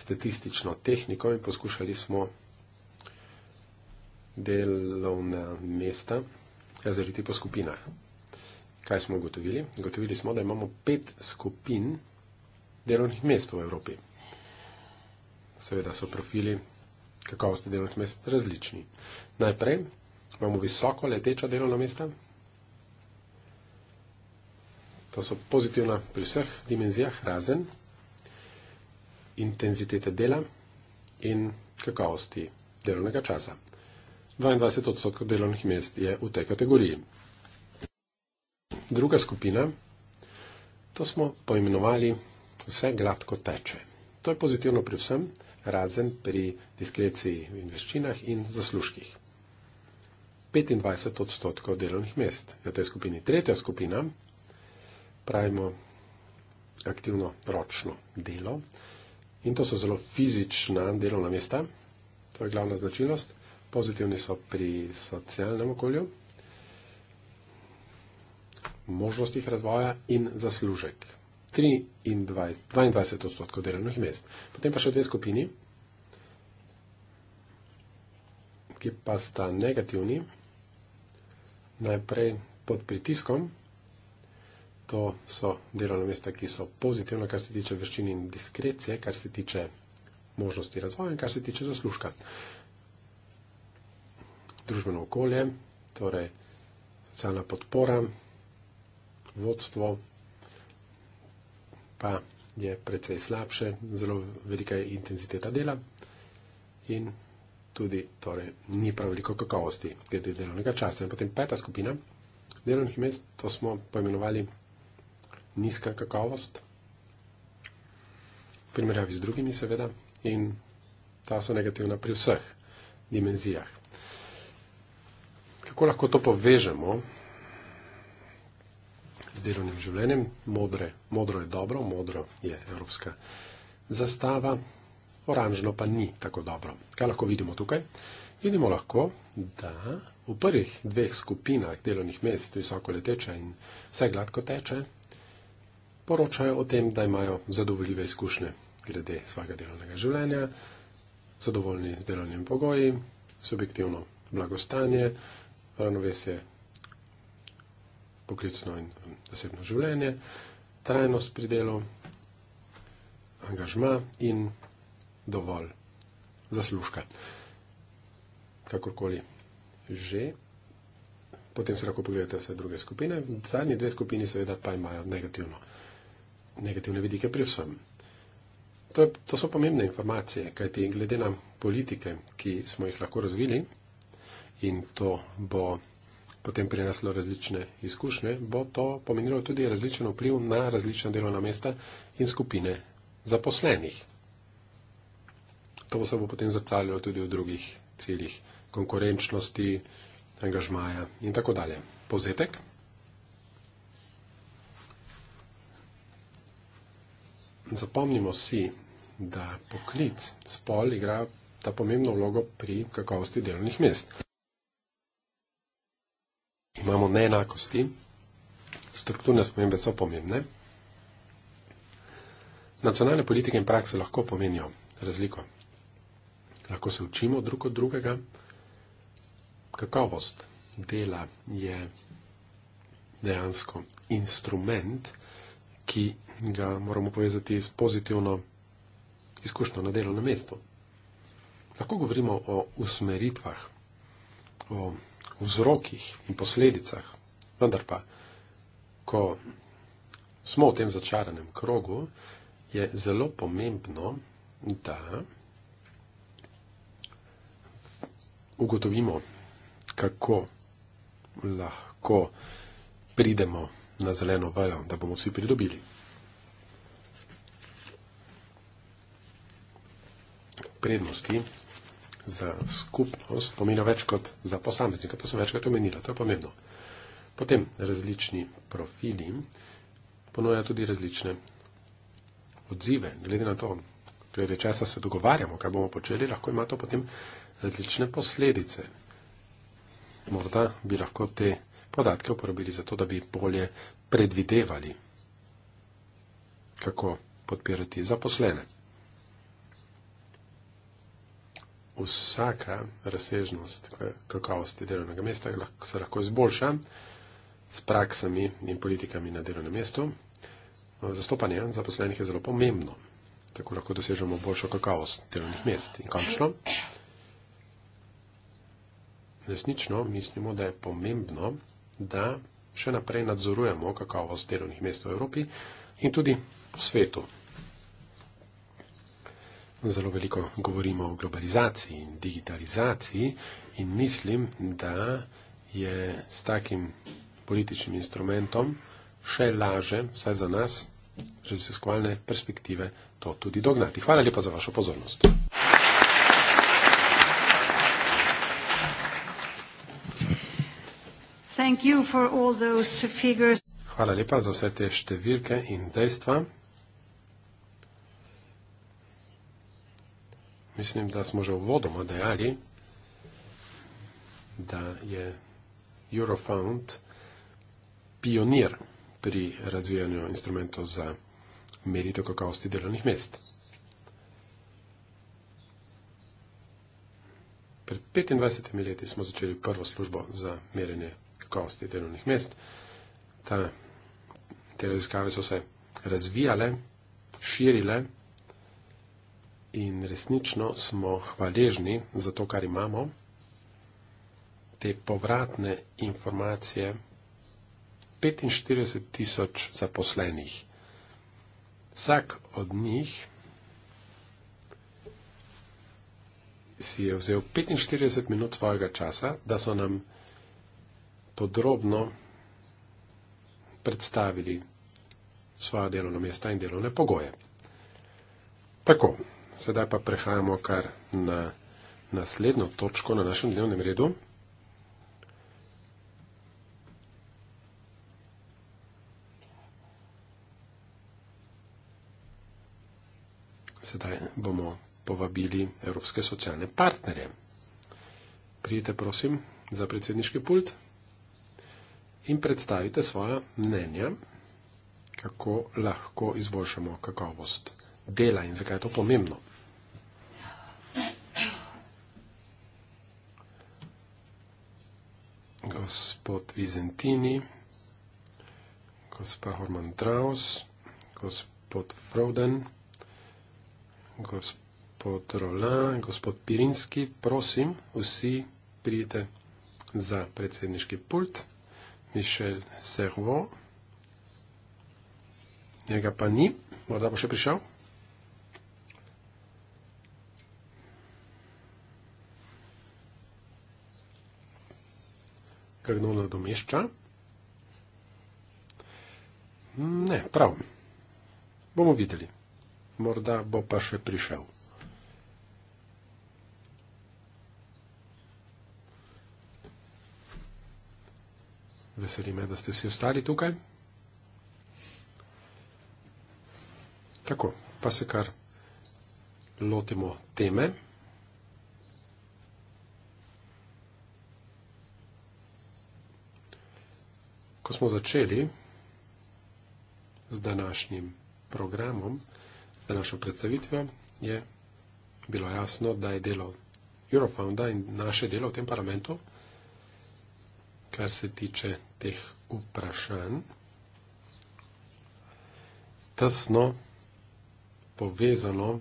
statistično tehniko in poskušali smo delovna mesta razdeliti po skupinah. Kaj smo ugotovili? Ugotovili smo, da imamo pet skupin delovnih mest v Evropi. Seveda so profili kakovosti delovnih mest različni. Najprej imamo visoko leteča delovna mesta. To so pozitivna pri vseh dimenzijah, razen intenzitete dela in kakovosti delovnega časa. 22 odstotkov delovnih mest je v tej kategoriji. Druga skupina, to smo poimenovali vse gladko teče. To je pozitivno pri vsem, razen pri diskreciji in veščinah in zaslužkih. 25 odstotkov delovnih mest je v tej skupini. Tretja skupina, pravimo aktivno ročno delo in to so zelo fizična delovna mesta, to je glavna značilnost, pozitivni so pri socialnem okolju, možnostih razvoja in zaslužek. 23, 22 odstotkov delovnih mest. Potem pa še dve skupini, ki pa sta negativni. Najprej pod pritiskom, to so delovna mesta, ki so pozitivna, kar se tiče veščin in diskrecije, kar se tiče možnosti razvoja in kar se tiče zaslužka. Družbeno okolje, torej socialna podpora, vodstvo, pa je precej slabše, zelo velika je intenziteta dela in tudi torej, ni prav veliko kakovosti glede delovnega časa. In potem peta skupina delovnih mest, to smo poimenovali nizka kakovost, v primerjavi z drugimi seveda, in ta so negativna pri vseh dimenzijah. Kako lahko to povežemo delovnim življenjem. Modre, modro je dobro, modro je evropska zastava, oranžno pa ni tako dobro. Kaj lahko vidimo tukaj? Vidimo lahko, da v prvih dveh skupinah delovnih mest visoko leteče in vse gladko teče, poročajo o tem, da imajo zadovoljive izkušnje glede svojega delovnega življenja, zadovoljni z delovnim pogoji, subjektivno blagostanje, ravnovesje poklicno in um, zasebno življenje, trajnost pri delu, angažma in dovolj zaslužka. Kakorkoli že. Potem se lahko pogledate vse druge skupine. Zadnji dve skupini seveda pa imajo negativno, negativne vidike pri vsem. To, je, to so pomembne informacije, kajti glede na politike, ki smo jih lahko razvili in to bo potem prineslo različne izkušnje, bo to pomenilo tudi različen vpliv na različna delovna mesta in skupine zaposlenih. To se bo potem zrcalilo tudi v drugih ciljih konkurenčnosti, angažmaja in tako dalje. Pozetek. Zapomnimo si, da poklic, spol igra ta pomembno vlogo pri kakovosti delovnih mest imamo neenakosti, strukturne spremembe so pomembne. Nacionalne politike in prakse lahko pomenijo razliko. Lahko se učimo drug od drugega. Kakovost dela je dejansko instrument, ki ga moramo povezati s pozitivno izkušnjo na delovnem mestu. Lahko govorimo o usmeritvah, o vzrokih in posledicah. Vendar pa, ko smo v tem začaranem krogu, je zelo pomembno, da ugotovimo, kako lahko pridemo na zeleno vajo, da bomo vsi pridobili. Prednosti za skupnost pomeni več kot za posameznika, pa sem večkrat omenila, to je pomembno. Potem različni profili ponujajo tudi različne odzive. Glede na to, glede časa se dogovarjamo, kaj bomo počeli, lahko ima to potem različne posledice. Morda bi lahko te podatke uporabili za to, da bi bolje predvidevali, kako podpirati zaposlene. vsaka razsežnost kakovosti delovnega mesta se lahko izboljša s praksami in politikami na delovnem mestu. Zastopanje zaposlenih je zelo pomembno. Tako lahko dosežemo boljšo kakovost delovnih mest. In končno, resnično mislimo, da je pomembno, da še naprej nadzorujemo kakovost delovnih mest v Evropi in tudi v svetu. Zelo veliko govorimo o globalizaciji in digitalizaciji in mislim, da je s takim političnim instrumentom še laže, vsaj za nas, raziskovalne perspektive, to tudi dognati. Hvala lepa za vašo pozornost. Hvala lepa za vse te številke in dejstva. Mislim, da smo že v vodoma dejali, da je Eurofound pionir pri razvijanju instrumentov za meritev kakovosti delovnih mest. Pred 25 leti smo začeli prvo službo za merjenje kakovosti delovnih mest. Ta, te raziskave so se razvijale, širile in resnično smo hvaležni za to, kar imamo, te povratne informacije 45 tisoč zaposlenih. Vsak od njih si je vzel 45 minut svojega časa, da so nam podrobno predstavili svoje delovno mesto in delovne pogoje. Tako, Sedaj pa prehajamo kar na naslednjo točko na našem dnevnem redu. Sedaj bomo povabili evropske socialne partnerje. Prijete, prosim, za predsedniški pult in predstavite svoja mnenja, kako lahko izboljšamo kakovost dela in zakaj je to pomembno. Gospod Vizentini, gospa Horman Traus, gospod Froden, gospod Roland, gospod Pirinski, prosim, vsi prijete za predsedniški pult. Mišel Servo, njega pa ni, morda bo še prišel. kar gnoj nadomešča. Ne, prav. Bomo videli. Morda bo pa še prišel. Veseli me, da ste si ostali tukaj. Tako, pa se kar lotimo teme. smo začeli z današnjim programom, z današnjo predstavitvijo, je bilo jasno, da je delo Eurofonda in naše delo v tem parlamentu, kar se tiče teh vprašanj, tesno povezano,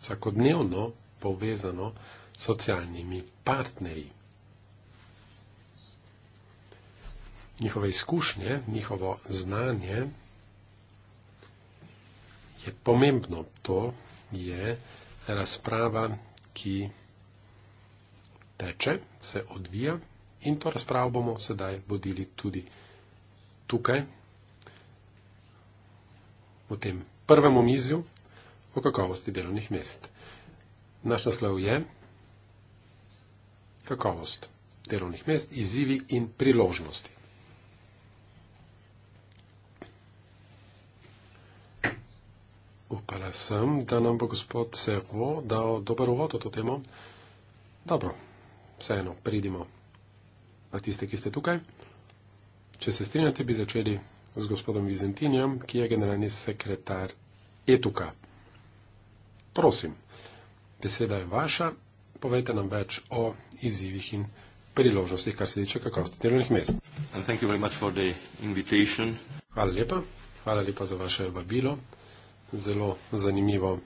vsakodnevno povezano s socialnimi partnerji. njihove izkušnje, njihovo znanje je pomembno. To je razprava, ki teče, se odvija in to razpravo bomo sedaj vodili tudi tukaj, v tem prvem omizju o kakovosti delovnih mest. Naš naslov je kakovost delovnih mest, izzivi in priložnosti. upala sem, da nam bo gospod Servo dal dober uvod v to temo. Dobro, vseeno, pridimo na tiste, ki ste tukaj. Če se strinjate, bi začeli z gospodom Vizentinjem, ki je generalni sekretar ETUKA. Prosim, beseda je vaša, povejte nam več o izzivih in priložnostih, kar se tiče kakovosti delovnih mest. Hvala lepa, hvala lepa za vaše vabilo zelo zanimivo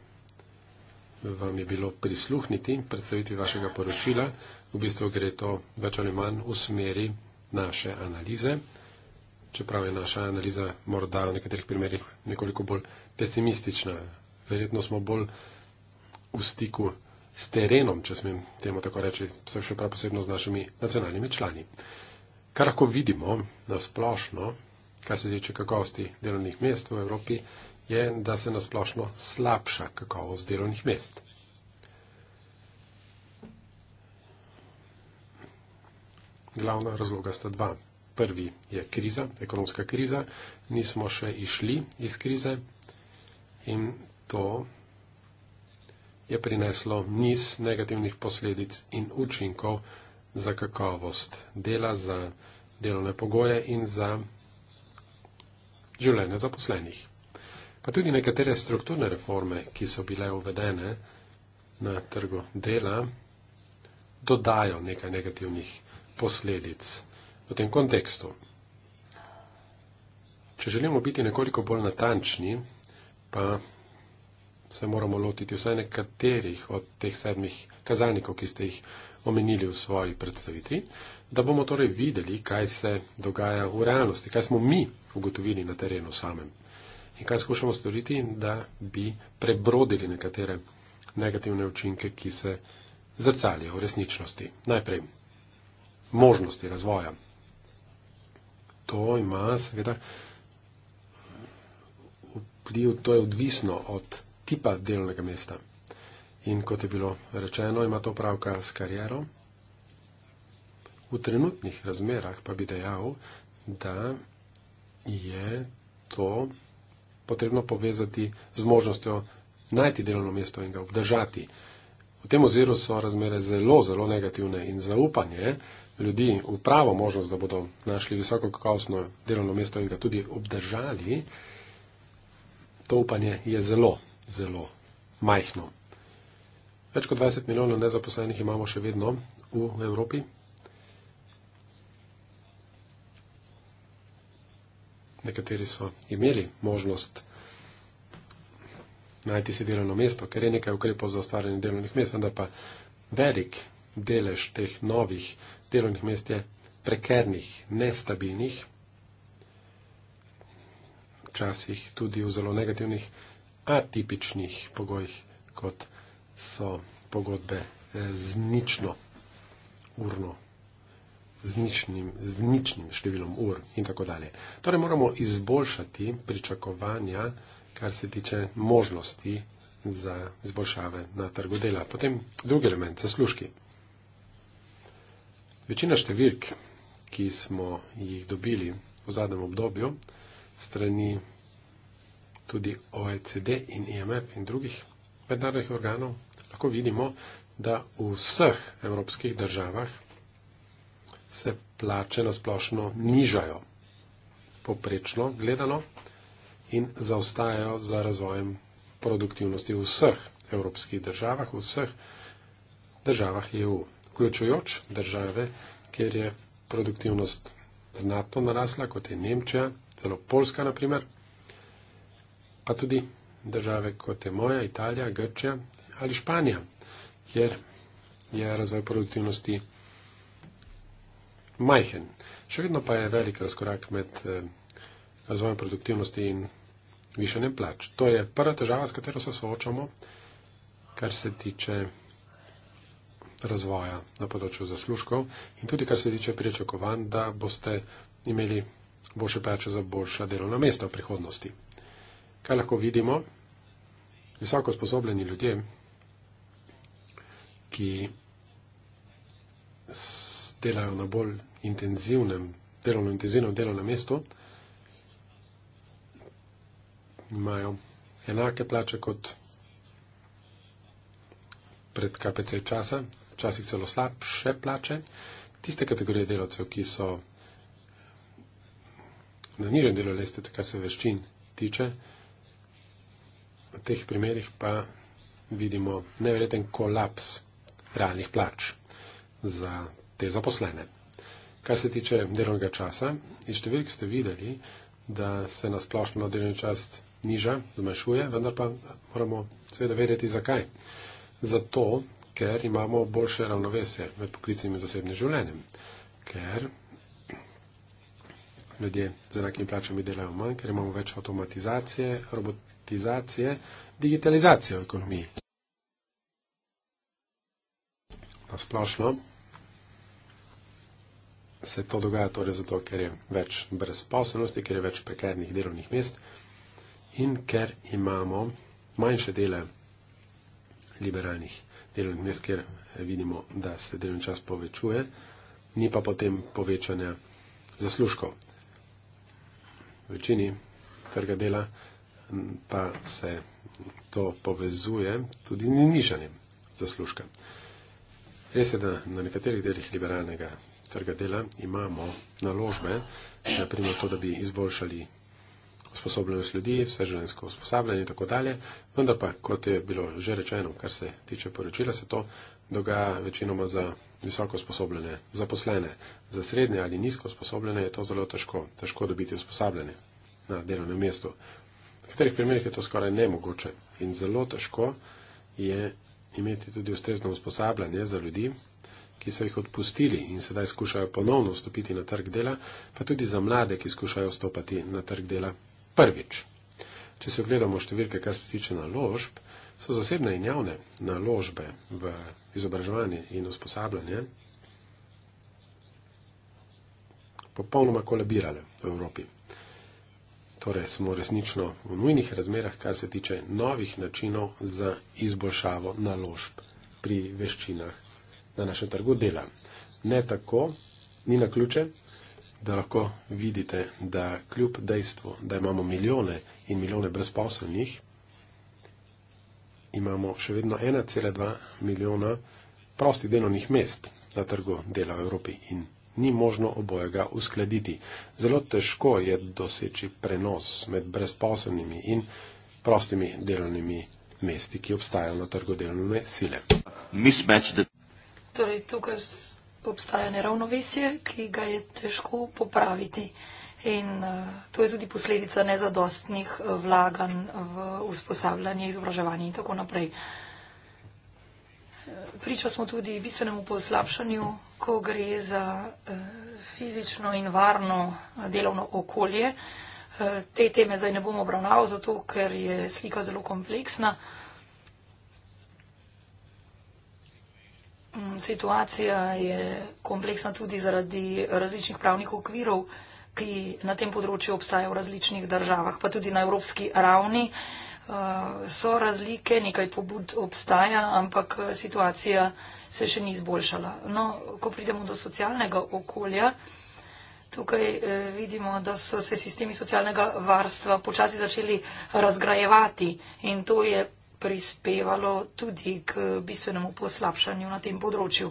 vam je bilo prisluhniti predstaviti vašega poročila. V bistvu gre to več ali manj v smeri naše analize, čeprav je naša analiza morda v nekaterih primerjih nekoliko bolj pesimistična. Verjetno smo bolj v stiku s terenom, če smem temu tako reči, se še prav posebno z našimi nacionalnimi člani. Kar lahko vidimo na splošno, kar se tiče kakovosti delovnih mest v Evropi, je, da se nasplošno slabša kakovost delovnih mest. Glavna razloga sta dva. Prvi je kriza, ekonomska kriza. Nismo še išli iz krize in to je prineslo niz negativnih posledic in učinkov za kakovost dela, za delovne pogoje in za življenje zaposlenih pa tudi nekatere strukturne reforme, ki so bile uvedene na trgu dela, dodajo nekaj negativnih posledic v tem kontekstu. Če želimo biti nekoliko bolj natančni, pa se moramo lotiti vsaj nekaterih od teh sedmih kazalnikov, ki ste jih omenili v svoji predstavitvi, da bomo torej videli, kaj se dogaja v realnosti, kaj smo mi ugotovili na terenu samem in kaj skušamo storiti, da bi prebrodili nekatere negativne učinke, ki se zrcalijo v resničnosti. Najprej možnosti razvoja. To ima seveda vpliv, to je odvisno od tipa delovnega mesta. In kot je bilo rečeno, ima to pravka s kariero. V trenutnih razmerah pa bi dejal, da je to potrebno povezati z možnostjo najti delovno mesto in ga obdržati. V tem oziru so razmere zelo, zelo negativne in zaupanje ljudi v pravo možnost, da bodo našli visoko kakovostno delovno mesto in ga tudi obdržali, to upanje je zelo, zelo majhno. Več kot 20 milijonov nezaposlenih imamo še vedno v Evropi, nekateri so imeli možnost najti si delovno mesto, ker je nekaj ukrepov za ustvarjanje delovnih mest, vendar pa velik delež teh novih delovnih mest je prekernih, nestabilnih, včasih tudi v zelo negativnih, atipičnih pogojih, kot so pogodbe z nično urno z, ničnim, z ničnim številom ur in tako dalje. Torej moramo izboljšati pričakovanja, kar se tiče možnosti za izboljšave na trgu dela. Potem drugi element, zaslužki. Večina številk, ki smo jih dobili v zadnjem obdobju, strani tudi OECD in IMF e in drugih mednarodnih organov, lahko vidimo, da v vseh evropskih državah se plače nasplošno nižajo, poprečno gledano, in zaostajajo za razvojem produktivnosti v vseh evropskih državah, v vseh državah EU, vključujoč države, kjer je produktivnost znatno narasla, kot je Nemčija, celo Polska naprimer, pa tudi države, kot je moja, Italija, Grčija ali Španija, kjer je razvoj produktivnosti majhen. Še vedno pa je velik razkorak med eh, razvojem produktivnosti in višenjem plač. To je prva težava, s katero se soočamo, kar se tiče razvoja na področju zaslužkov in tudi kar se tiče pričakovanj, da boste imeli boljše plače za boljša delovna mesta v prihodnosti. Kaj lahko vidimo? Visoko sposobljeni ljudje, ki delajo na bolj intenzivnem, delovno intenzivnem delovnem mestu, imajo enake plače kot pred KPC časa, včasih celo slabše plače. Tiste kategorije delavcev, ki so na nižjem delu leste, kar se veščin tiče, v teh primerih pa vidimo nevreten kolaps realnih plač za te zaposlene. Kar se tiče delovnega časa, iz številk ste videli, da se nasplošno delovni čas niža, zmanjšuje, vendar pa moramo seveda vedeti, zakaj. Zato, ker imamo boljše ravnovesje med poklicnim in zasebnim življenjem. Ker ljudje z enakimi plačami delajo manj, ker imamo več avtomatizacije, robotizacije, digitalizacije v ekonomiji. Nasplošno se to dogaja torej zato, ker je več brezposobnosti, ker je več prekernih delovnih mest in ker imamo manjše dele liberalnih delovnih mest, ker vidimo, da se delovni čas povečuje, ni pa potem povečanja zaslužkov. V večini trga dela pa se to povezuje tudi nižanjem zaslužka. Res je, da na nekaterih delih liberalnega trga dela, imamo naložbe, naprimer to, da bi izboljšali sposobnost ljudi, vse žensko usposabljanje in tako dalje, vendar pa, kot je bilo že rečeno, kar se tiče poročila, se to dogaja večinoma za visoko usposobljene zaposlene. Za srednje ali nizko usposobljene je to zelo težko, težko dobiti usposabljanje na delovnem mestu. V katerih primerih je to skoraj nemogoče in zelo težko je imeti tudi ustrezno usposabljanje za ljudi, ki so jih odpustili in sedaj skušajo ponovno vstopiti na trg dela, pa tudi za mlade, ki skušajo vstopati na trg dela prvič. Če se ogledamo številke, kar se tiče naložb, so zasebne in javne naložbe v izobraževanje in usposabljanje popolnoma kolabirale v Evropi. Torej smo resnično v nujnih razmerah, kar se tiče novih načinov za izboljšavo naložb pri veščinah na našem trgu dela. Ne tako, ni na ključe, da lahko vidite, da kljub dejstvu, da imamo milijone in milijone brezposobnih, imamo še vedno 1,2 milijona prostih delovnih mest na trgu dela v Evropi in ni možno obojega uskladiti. Zelo težko je doseči prenos med brezposobnimi in prostimi delovnimi mesti, ki obstajajo na trgu delovne sile. Mismatch the Torej, tukaj obstaja neravnovesje, ki ga je težko popraviti. In uh, to je tudi posledica nezadostnih eh, vlaganj v usposabljanje, izobraževanje in tako naprej. Priča smo tudi bistvenemu poslabšanju, ko gre za uh, fizično in varno delovno okolje. Uh, te teme zdaj ne bomo obravnaval, zato ker je slika zelo kompleksna. Uh, Mm, situacija je kompleksna tudi zaradi različnih pravnih okvirov, ki na tem področju obstajajo v različnih državah, pa tudi na evropski ravni. Eh, so razlike, nekaj pobud obstaja, ampak eh, situacija se še ni izboljšala. No, ko pridemo do socialnega okolja, tukaj eh, vidimo, da so se sistemi socialnega varstva počasi začeli razgrajevati in to je prispevalo tudi k bistvenemu poslabšanju na tem področju.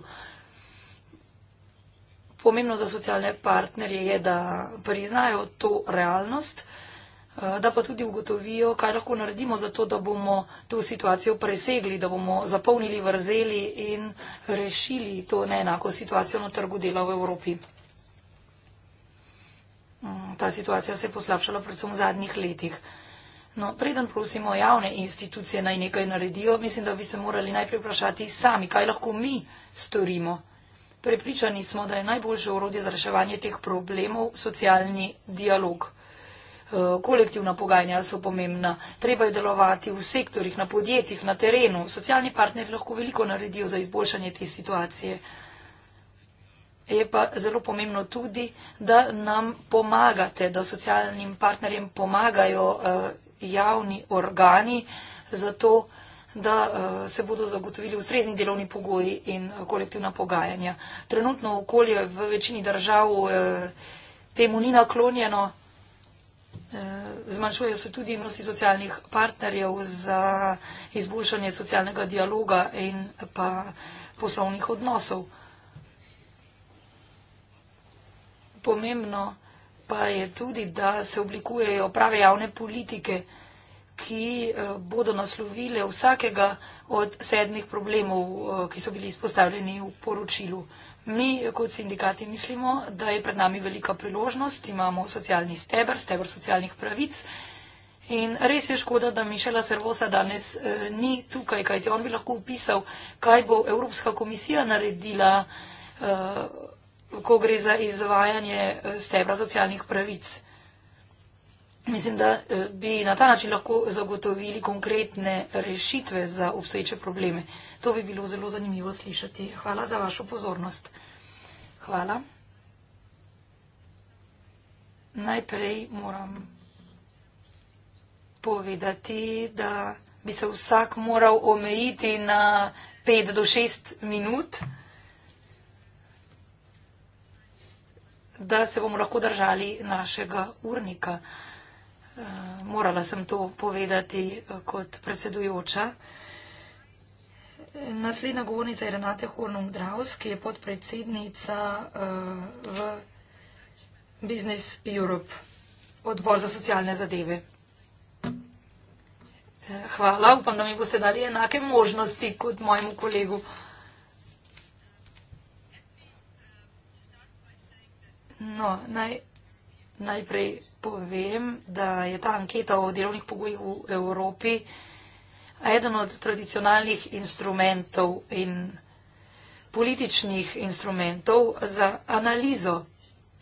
Pomembno za socialne partnerje je, da priznajo to realnost, eh, da pa tudi ugotovijo, kaj lahko naredimo za to, da bomo to situacijo presegli, da bomo zapolnili vrzeli in rešili to neenako situacijo na trgu dela v Evropi. Mm, ta situacija se je poslabšala predvsem v zadnjih letih. No, preden prosimo javne institucije naj nekaj naredijo, mislim, da bi se morali najprej vprašati sami, kaj lahko mi storimo. Prepričani smo, da je najboljše urodje za reševanje teh problemov socialni dialog. Eh, kolektivna pogajanja so pomembna. Treba je delovati v sektorjih, na podjetjih, na terenu. Socialni partneri lahko veliko naredijo za izboljšanje te situacije. Je pa zelo pomembno tudi, da nam pomagate, da socialnim partnerjem pomagajo eh, javni organi za to, da eh, se bodo zagotovili ustrezni delovni pogoji in eh, kolektivna pogajanja. Trenutno okolje v večini držav eh, temu ni naklonjeno. Zmanjšujejo se tudi možnosti socialnih partnerjev za izboljšanje socialnega dialoga in pa poslovnih odnosov. Pomembno je, pa je tudi, da se oblikujejo prave javne politike, ki eh, bodo naslovile vsakega od sedmih problemov, eh, ki so bili izpostavljeni v poročilu. Mi kot sindikati mislimo, da je pred nami velika priložnost, imamo socialni stebr, stebr socialnih pravic in res je škoda, da Mišela Servosa danes eh, ni tukaj, kajti on bi lahko upisal, kaj bo Evropska komisija naredila ko gre za izvajanje eh, stebra socialnih pravic. Mislim, da eh, bi na ta način lahko zagotovili konkretne rešitve za obstoječe probleme. To bi bilo zelo zanimivo slišati. Hvala za vašo pozornost. Hvala. Najprej moram povedati, da bi se vsak moral omejiti na 5 do 6 minut. da se bomo lahko držali našega urnika. Eh, morala sem to povedati eh, kot predsedujoča. Naslednja govornica je Renate Hornum Draus, ki je podpredsednica eh, v Business Europe, odbor za socialne zadeve. Hvala, upam, da mi boste dali enake možnosti kot mojemu kolegu. No, naj, najprej povem, da je ta anketa o delovnih pogojih v Evropi eden od tradicionalnih instrumentov in političnih instrumentov za analizo.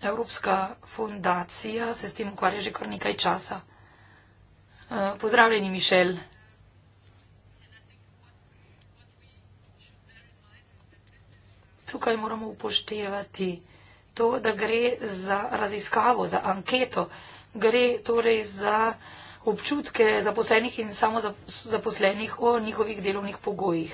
Evropska fundacija se s tem ukvarja že kar nekaj časa. Eh, pozdravljeni, Mišel. Tukaj moramo upoštevati to, da gre za raziskavo, za anketo, gre torej za občutke zaposlenih in samo zaposlenih o njihovih delovnih pogojih.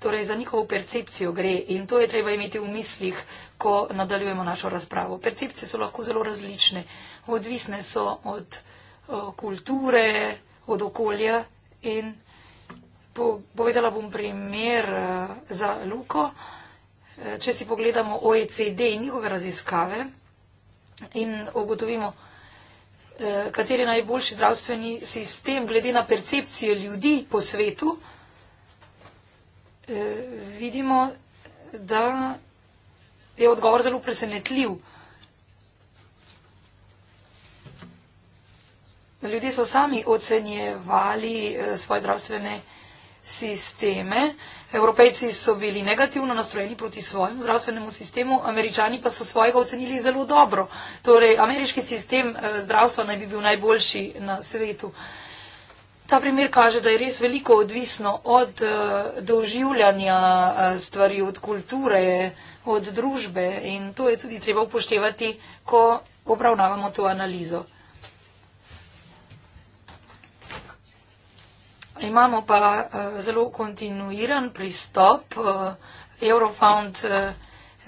Torej za njihovo percepcijo gre in to je treba imeti v mislih, ko nadaljujemo našo razpravo. Percepcije so lahko zelo različne, odvisne so od o, kulture, od okolja in po, povedala bom primer e, za Luko če si pogledamo OECD in njihove raziskave in ugotovimo, eh, kateri je najboljši zdravstveni sistem glede na percepcijo ljudi po svetu, eh, vidimo, da je odgovor zelo presenetljiv. Ljudje so sami ocenjevali eh, svoje zdravstvene sisteme, sisteme. Evropejci so bili negativno nastrojeni proti svojemu zdravstvenemu sistemu, američani pa so svojega ocenili zelo dobro. Torej, ameriški sistem eh, zdravstva naj bi bil najboljši na svetu. Ta primer kaže, da je res veliko odvisno od eh, doživljanja eh, stvari, od kulture, od družbe in to je tudi treba upoštevati, ko obravnavamo to analizo. Imamo pa uh, zelo kontinuiran pristop. Uh, Eurofound uh,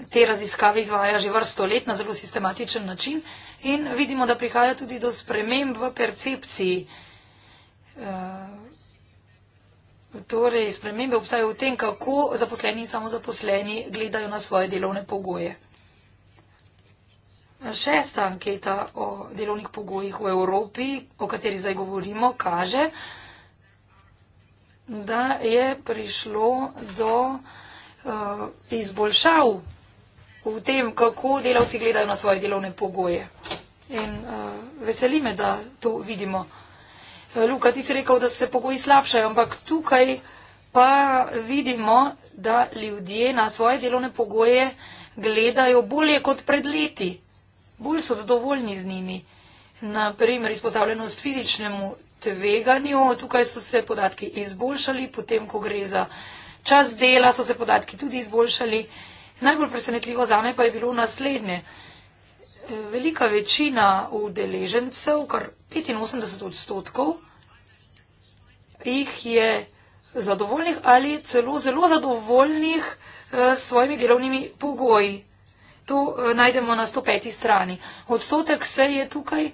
te raziskave izvaja že vrsto let na zelo sistematičen način in vidimo, da prihaja tudi do sprememb v percepciji. Uh, torej, spremembe obstajajo v tem, kako zaposleni in samozaposleni gledajo na svoje delovne pogoje. Šesta anketa o delovnih pogojih v Evropi, o kateri zdaj govorimo, kaže, da je prišlo do uh, izboljšav v tem, kako delavci gledajo na svoje delovne pogoje. In uh, veseli me, da to vidimo. Eh, Luka, ti si rekel, da se pogoji slabšajo, ampak tukaj pa vidimo, da ljudje na svoje delovne pogoje gledajo bolje kot pred leti. Bolj so zadovoljni z njimi. Naprimer, izpostavljenost fizičnemu tveganju. Tukaj so se podatki izboljšali, potem, ko gre za čas dela, so se podatki tudi izboljšali. Najbolj presenetljivo zame pa je bilo naslednje. Velika večina udeležencev, kar 85 odstotkov, jih je zadovoljnih ali celo zelo zadovoljnih eh, s svojimi delovnimi pogoji. To eh, najdemo na 105. strani. Odstotek se je tukaj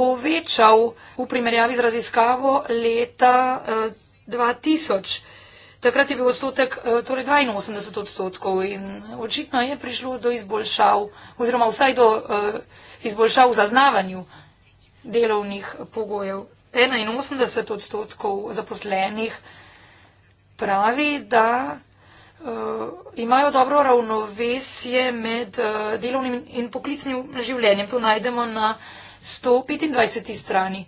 povečal v primerjavi z raziskavo leta eh, 2000. Takrat je bil odstotek eh, torej 82 odstotkov in očitno je prišlo do izboljšav oziroma vsaj do eh, izboljšav v zaznavanju delovnih pogojev. 81 odstotkov zaposlenih pravi, da uh, imajo dobro ravnovesje med uh, delovnim in poklicnim življenjem. To najdemo na uh, 125. strani.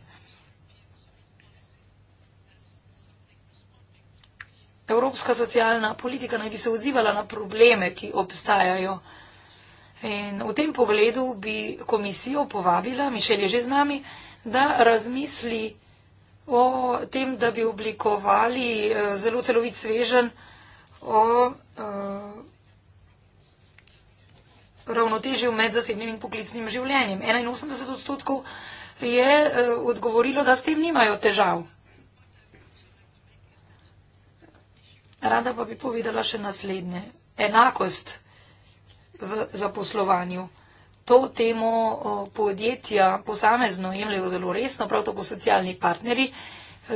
Evropska socialna politika naj bi se odzivala na probleme, ki obstajajo. In v tem pogledu bi komisijo povabila, Mišel je že z nami, da razmisli o tem, da bi oblikovali eh, zelo celovit svežen o, o eh, ravnotežju med zasebnim in poklicnim življenjem. 81 odstotkov je uh, odgovorilo, da s tem nimajo težav. Rada pa bi povedala še naslednje. Enakost v zaposlovanju. To temo podjetja posamezno jemljajo zelo resno, prav tako socialni partnerji.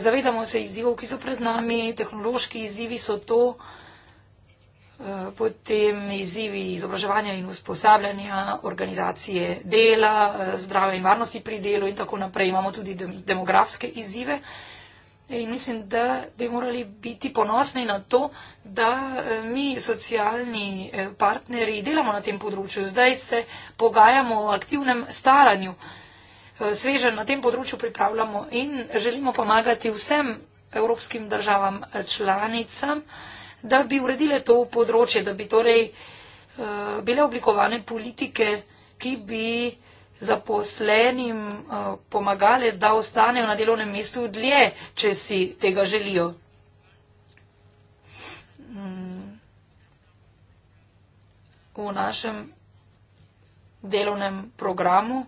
Zavedamo se izzivov, ki so pred nami, tehnološki izzivi so to, potem izzivi izobraževanja in usposabljanja, organizacije dela, zdrave in varnosti pri delu in tako naprej. Imamo tudi demografske izzive in mislim, da bi morali biti ponosni na to, da mi socialni eh, partneri delamo na tem področju. Zdaj se pogajamo o aktivnem staranju. Eh, sveže na tem področju pripravljamo in želimo pomagati vsem evropskim državam eh, članicam da bi uredile to področje, da bi torej eh, bile oblikovane politike, ki bi zaposlenim eh, pomagale, da ostanejo na delovnem mestu dlje, če si tega želijo. Mm. V našem delovnem programu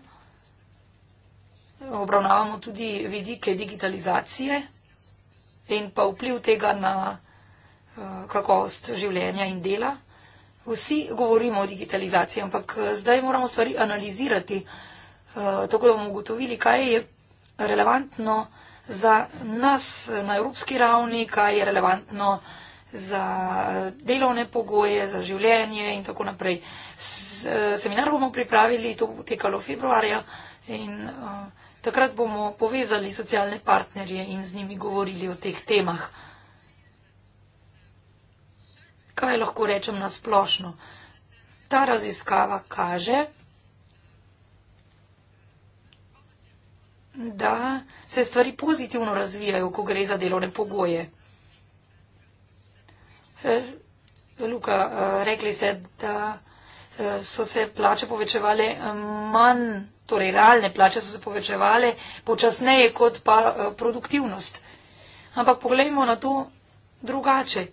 eh, obravnavamo tudi vidike digitalizacije in pa vpliv tega na kakovost življenja in dela. Vsi govorimo o digitalizaciji, ampak eh, zdaj moramo stvari analizirati, eh, tako da bomo ugotovili, kaj je relevantno za nas na evropski ravni, kaj je relevantno za eh, delovne pogoje, za življenje in tako naprej. Seminar bomo pripravili, to bo tekalo februarja in takrat bomo povezali socialne partnerje in z njimi govorili o teh temah kaj lahko rečem na splošno. Ta raziskava kaže, da se stvari pozitivno razvijajo, ko gre za delovne pogoje. E, Luka, e, rekli ste, da e, so se plače povečevale manj, torej realne plače so se povečevale počasneje kot pa produktivnost. Ampak pogledajmo na to drugače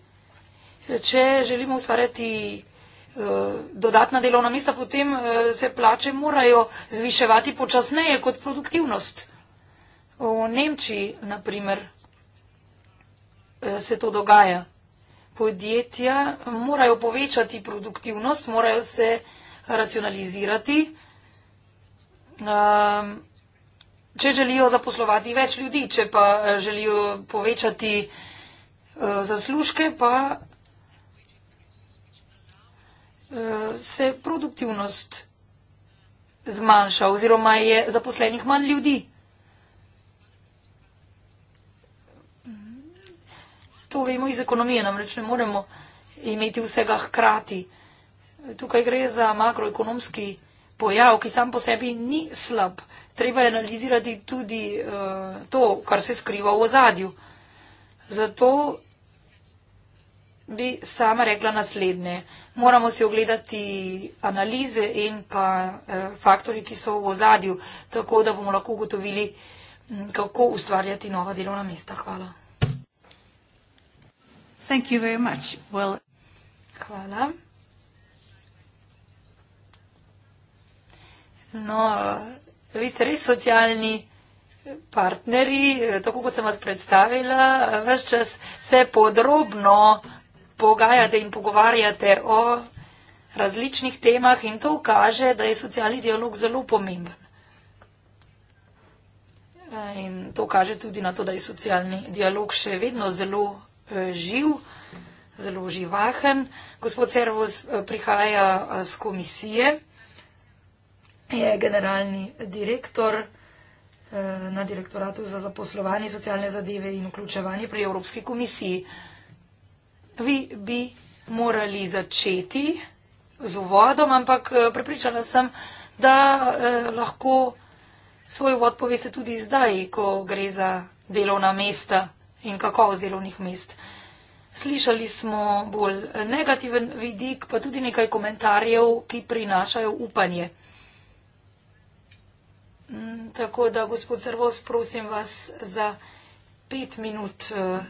če želimo ustvarjati eh, dodatna delovna mesta, potem eh, se plače morajo zviševati počasneje kot produktivnost. V Nemčiji, na primer, eh, se to dogaja. Podjetja morajo povečati produktivnost, morajo se racionalizirati, ehm, če želijo zaposlovati več ljudi, če pa želijo povečati zaslužke, pa se produktivnost zmanjša oziroma je zaposlenih manj ljudi. To vemo iz ekonomije, namreč ne moremo imeti vsega hkrati. Tukaj gre za makroekonomski pojav, ki sam po sebi ni slab. Treba je analizirati tudi uh, to, kar se skriva v ozadju. Zato bi sama rekla naslednje. Uh, moramo si ogledati analize in pa eh, faktori, ki so v ozadju, tako da bomo lahko ugotovili, kako ustvarjati nova delovna mesta. Hvala. Thank you very much. Well... Hvala. No, eh, vi ste res socialni eh, partneri, eh, tako kot sem vas predstavila, vse čas se podrobno pogajate in pogovarjate o različnih temah in to kaže, da je socialni dialog zelo pomemben. In to kaže tudi na to, da je socialni dialog še vedno zelo eh, živ, zelo živahen. Gospod Servos eh, prihaja z eh, komisije, je generalni direktor na direktoratu za zaposlovanje, socialne zadeve in vključevanje pri Evropski komisiji. Vi bi morali začeti z uvodom, ampak eh, prepričana sem, da eh, lahko svoj uvod poveste tudi zdaj, ko gre za delovna mesta in kakovost delovnih mest. Slišali smo bolj negativen vidik, pa tudi nekaj komentarjev, ki prinašajo upanje. Mm, tako da, gospod Zervos, prosim vas za pet minut eh,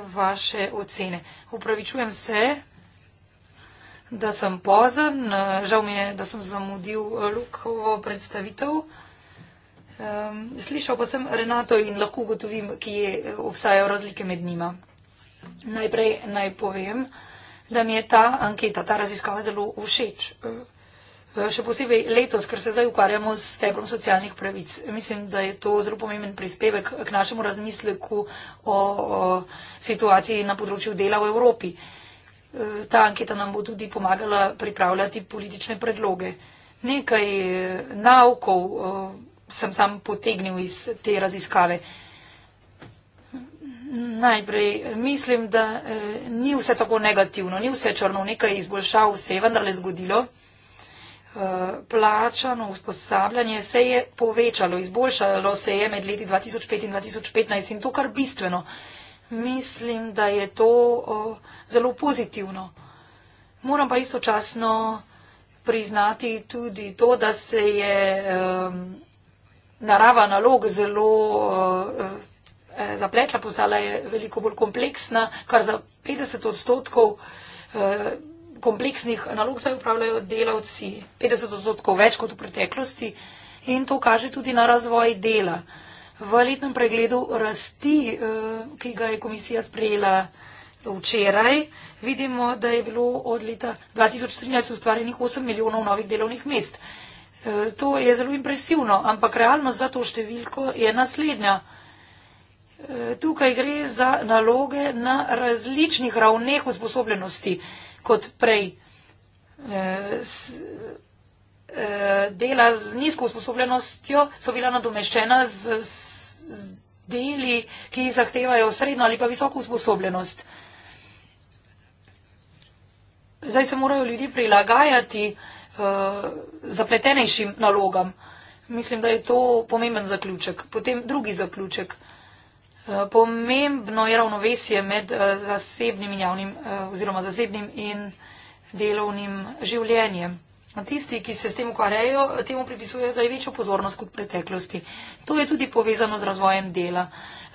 vaše ocene. Upravičujem se, da sem pozen. Žal mi je, da sem zamudil eh, Lukovo predstavitev. Slišal pa sem Renato in lahko ugotovim, kje eh, obstajajo razlike med njima. Najprej naj povem, da mi je ta anketa, ta raziskava zelo všeč. Eh, Eh, še posebej letos, ker se zdaj ukvarjamo s stebrom socialnih pravic. Mislim, da je to zelo pomemben prispevek k našemu razmisleku o, o situaciji na področju dela v Evropi. Eh, ta anketa nam bo tudi pomagala pripravljati politične predloge. Nekaj eh, naukov sem sam potegnil iz te raziskave. Najprej mislim, da ni vse tako negativno, ni vse črno, nekaj izboljšav se je vendarle zgodilo plačano usposabljanje se je povečalo, izboljšalo se je med leti 2005 in 2015 in to kar bistveno. Mislim, da je to zelo pozitivno. Moram pa istočasno priznati tudi to, da se je narava nalog zelo e, e, zapletla, postala je veliko bolj kompleksna, kar za 50 odstotkov e, kompleksnih nalog zdaj upravljajo delavci 50 odstotkov več kot v preteklosti in to kaže tudi na razvoj dela. V letnem pregledu rasti, eh, ki ga je komisija sprejela včeraj, vidimo, da je bilo od leta 2013 ustvarjenih 8 milijonov novih delovnih mest. Eh, to je zelo impresivno, ampak realnost za to številko je naslednja. Eh, tukaj gre za naloge na različnih ravneh usposobljenosti kot prej. Eh, eh, dela z nizko usposobljenostjo so bila nadomeščena z, z deli, ki zahtevajo srednjo ali pa visoko usposobljenost. Zdaj se morajo ljudi prilagajati eh, zapletenejšim nalogam. Mislim, da je to pomemben zaključek. Potem drugi zaključek. Eh, pomembno je ravnovesje med eh, zasebnim in javnim eh, oziroma zasebnim in delovnim življenjem. Tisti, ki se s tem ukvarjajo, temu pripisujejo zdaj večjo pozornost kot v preteklosti. To je tudi povezano z razvojem dela.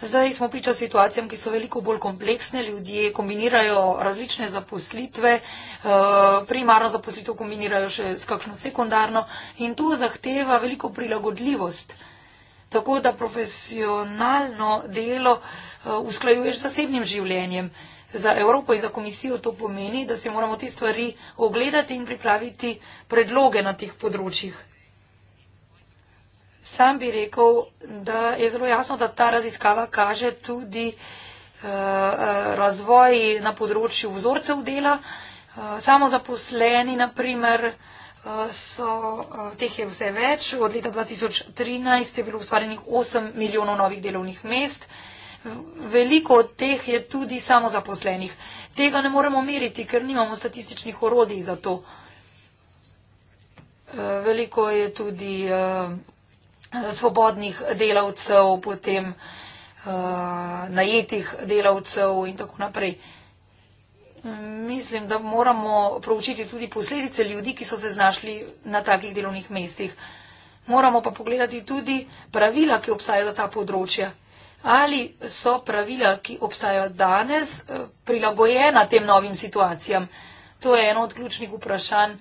Zdaj smo priča situacijam, ki so veliko bolj kompleksne. Ljudje kombinirajo različne zaposlitve, primarno zaposlitev kombinirajo še s kakšno sekundarno in to zahteva veliko prilagodljivost tako da profesionalno delo eh, usklajuješ z zasebnim življenjem. Za Evropo in za komisijo to pomeni, da si moramo te stvari ogledati in pripraviti predloge na teh področjih. Sam bi rekel, da je zelo jasno, da ta raziskava kaže tudi eh, eh, razvoj na področju vzorcev dela. Samo zaposleni, naprimer, Eh, so, eh, teh je vse več. Od leta 2013 je bilo ustvarjenih 8 milijonov novih delovnih mest. Veliko od teh je tudi samo zaposlenih. Tega ne moremo meriti, ker nimamo statističnih orodij za to. Eh, veliko je tudi svobodnih delavcev, potem najetih delavcev in tako naprej. Mislim, da moramo proučiti tudi posledice ljudi, ki so se znašli na takih delovnih mestih. Moramo pa pogledati tudi pravila, ki obstajajo za ta področja. Ali so pravila, ki obstajajo danes, eh, prilagojena tem novim situacijam? To je eno od ključnih vprašanj,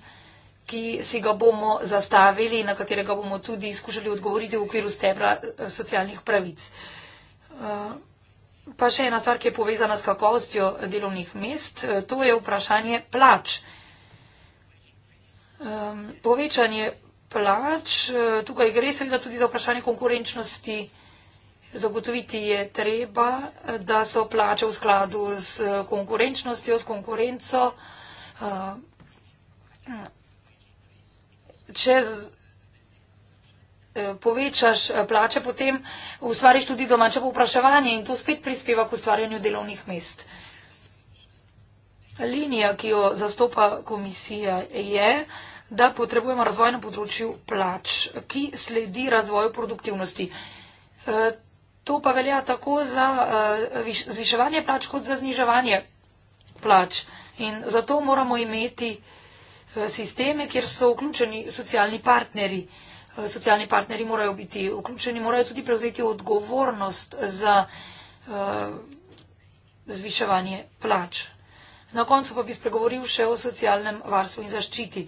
ki si ga bomo zastavili in na katerega bomo tudi skušali odgovoriti v okviru stebra eh, socialnih pravic. Uh, Pa še ena stvar, ki je povezana s kakovostjo delovnih mest, e, to je vprašanje plač. Um, povečanje plač, e, tukaj gre seveda tudi za vprašanje konkurenčnosti. Zagotoviti je treba, da so plače v skladu z e, konkurenčnostjo, s konkurenco. Uh, Eh, povečaš eh, plače, potem ustvariš tudi domače povpraševanje in to spet prispeva k ustvarjanju delovnih mest. Linija, ki jo zastopa komisija, je, da potrebujemo razvoj na področju plač, ki sledi razvoju produktivnosti. Eh, to pa velja tako za zviševanje plač kot za zniževanje plač. In zato moramo imeti sisteme, kjer so vključeni socialni partnerji socialni partneri morajo biti vključeni, morajo tudi prevzeti odgovornost za eh, zviševanje plač. Na koncu pa bi spregovoril še o socialnem varstvu in zaščiti.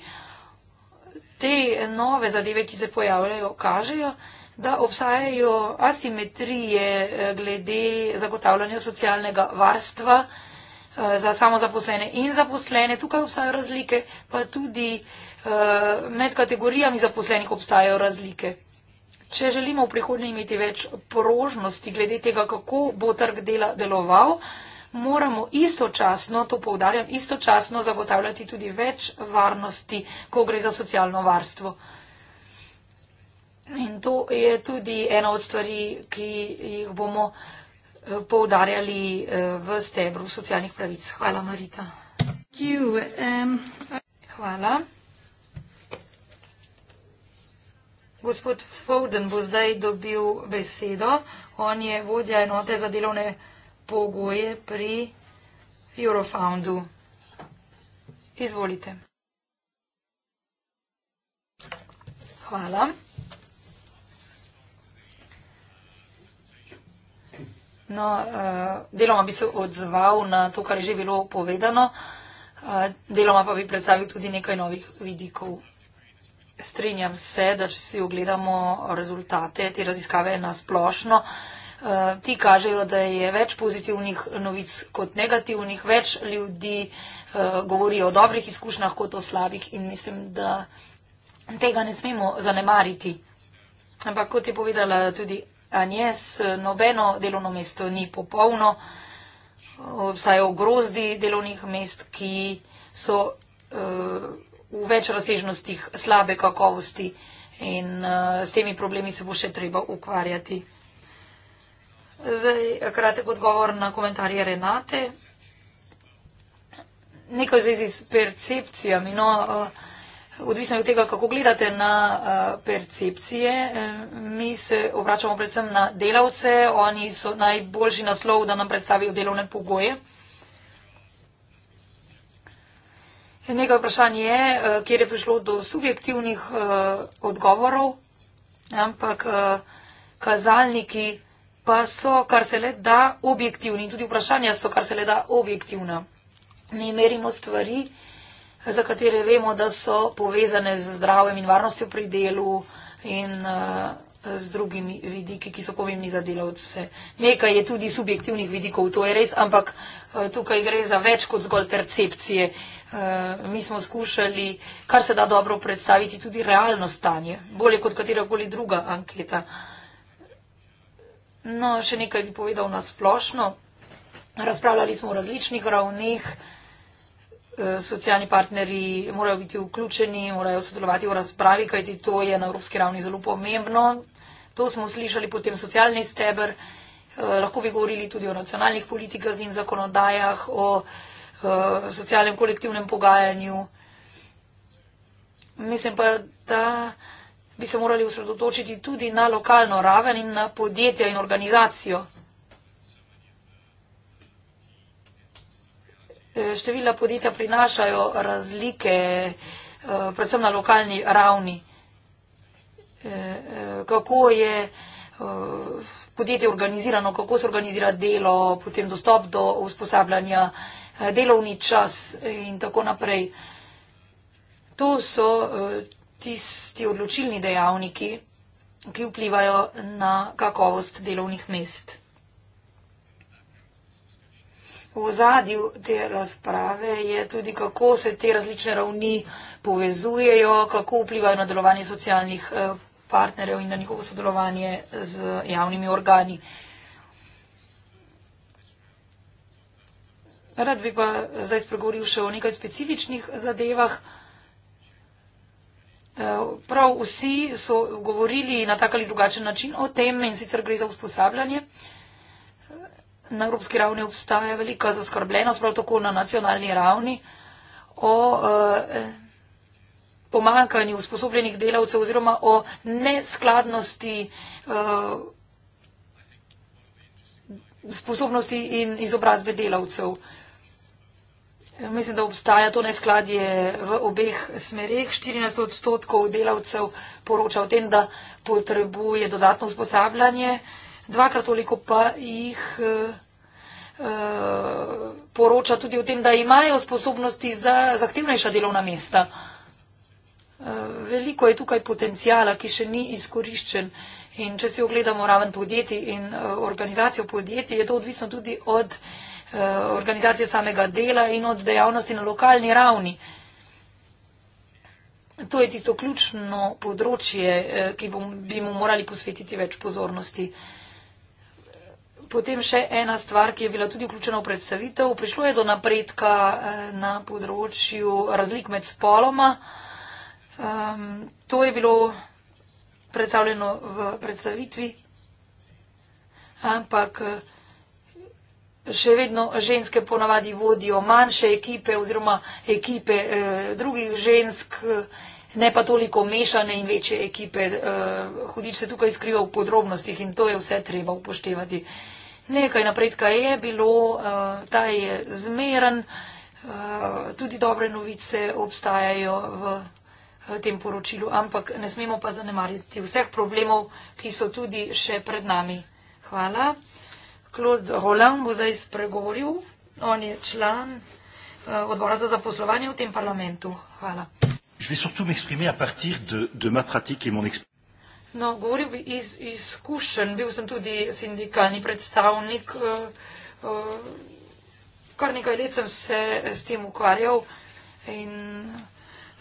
Te nove zadeve, ki se pojavljajo, kažejo, da obstajajo asimetrije eh, glede zagotavljanja socialnega varstva eh, za samozaposlene in zaposlene. Tukaj obstajajo razlike, pa tudi uh, Eh, med kategorijami zaposlenih obstajajo razlike. Če želimo v prihodnje imeti več porožnosti glede tega, kako bo trg dela deloval, moramo istočasno, to poudarjam, istočasno zagotavljati tudi več varnosti, ko gre za socialno varstvo. In to je tudi ena od stvari, ki jih bomo eh, poudarjali eh, v stebru socialnih pravic. Hvala, Marita. Um, Hvala. Gospod Fowden bo zdaj dobil besedo. On je vodja enote za delovne pogoje pri Eurofoundu. Izvolite. Hvala. No, eh, deloma bi se odzval na to, kar je že bilo povedano, eh, deloma pa bi predstavil tudi nekaj novih vidikov strinjam se, da če si ogledamo rezultate te raziskave na splošno, eh, ti kažejo, da je več pozitivnih novic kot negativnih, več ljudi eh, govori o dobrih izkušnjah kot o slabih in mislim, da tega ne smemo zanemariti. Ampak kot je povedala tudi Anjes, nobeno delovno mesto ni popolno, obstajajo grozdi delovnih mest, ki so. Uh, v več razsežnostih slabe kakovosti in eh, s temi problemi se bo še treba ukvarjati. Zdaj, kratek odgovor na komentarje Renate. Nekaj v zvezi s percepcijami. No, eh, odvisno je od tega, kako gledate na eh, percepcije. Mi se obračamo predvsem na delavce. Oni so najboljši naslov, da nam predstavijo delovne pogoje. Nekaj vprašanje je, eh, kjer je prišlo do subjektivnih eh, odgovorov, ampak eh, kazalniki pa so, kar se le da, objektivni. In tudi vprašanja so, kar se le da, objektivna. Mi merimo stvari, za katere vemo, da so povezane z zdravjem in varnostjo pri delu in z drugimi vidiki, ki so pomembni za delavce. Nekaj je tudi subjektivnih vidikov, to je res, ampak eh, tukaj gre za več kot zgolj percepcije. Eh, mi smo skušali, kar se da dobro predstaviti, tudi realno stanje, bolje kot katerakoli druga anketa. No, še nekaj bi povedal na splošno. Razpravljali smo o različnih ravneh. Eh, socialni partnerji morajo biti vključeni, morajo sodelovati v razpravi, kajti to je na evropski ravni zelo pomembno. To smo slišali potem socialni steber, eh, lahko bi govorili tudi o nacionalnih politikah in zakonodajah, o eh, socialnem kolektivnem pogajanju. Mislim pa, da bi se morali usredotočiti tudi na lokalno raven in na podjetja in organizacijo. Eh, Številna podjetja prinašajo razlike, eh, predvsem na lokalni ravni. Eh, kako je podjetje organizirano, kako se organizira delo, potem dostop do usposabljanja, delovni čas in tako naprej. To so tisti odločilni dejavniki, ki vplivajo na kakovost delovnih mest. V ozadju te razprave je tudi, kako se te različne ravni povezujejo, kako vplivajo na delovanje socialnih eh, partnerjev in na njihovo sodelovanje z javnimi organi. Rad bi pa zdaj spregovoril še o nekaj specifičnih zadevah. Eh, prav vsi so govorili na tak ali drugačen način o tem in sicer gre za usposabljanje na evropski ravni obstaja velika zaskrbljenost, prav tako na nacionalni ravni, o eh, pomankanju usposobljenih delavcev oziroma o neskladnosti eh, sposobnosti in izobrazbe delavcev. Mislim, da obstaja to neskladje v obeh smereh. 14 odstotkov delavcev poroča o tem, da potrebuje dodatno usposabljanje. Eh, dvakrat toliko pa jih e, poroča tudi o tem, da imajo sposobnosti za zahtevnejša delovna mesta. E, veliko je tukaj potencijala, ki še ni izkoriščen. In če si ogledamo raven podjetij in organizacijo podjetij, je to odvisno tudi od e, organizacije samega dela in od dejavnosti na lokalni ravni. To je tisto ključno področje, ki bom, bi mu morali posvetiti več pozornosti. Potem še ena stvar, ki je bila tudi vključena v predstavitev. Prišlo je do napredka eh, na področju razlik med spoloma. Um, to je bilo predstavljeno v predstavitvi, ampak eh, še vedno ženske ponavadi vodijo manjše ekipe oziroma ekipe eh, drugih žensk, ne pa toliko mešane in večje ekipe. Eh, hudič se tukaj skriva v podrobnostih in to je vse treba upoštevati. Nekaj napredka je bilo, eh, ta je zmeren, eh, tudi dobre novice obstajajo v eh, tem poročilu, ampak ne smemo pa zanemariti vseh problemov, ki so tudi še pred nami. Hvala. Claude Roland bo zdaj spregovoril, on je član odbora za zaposlovanje v tem parlamentu. Hvala. No, govoril bi iz izkušenj, bil sem tudi sindikalni predstavnik, eh, eh, kar nekaj let sem se s tem ukvarjal in,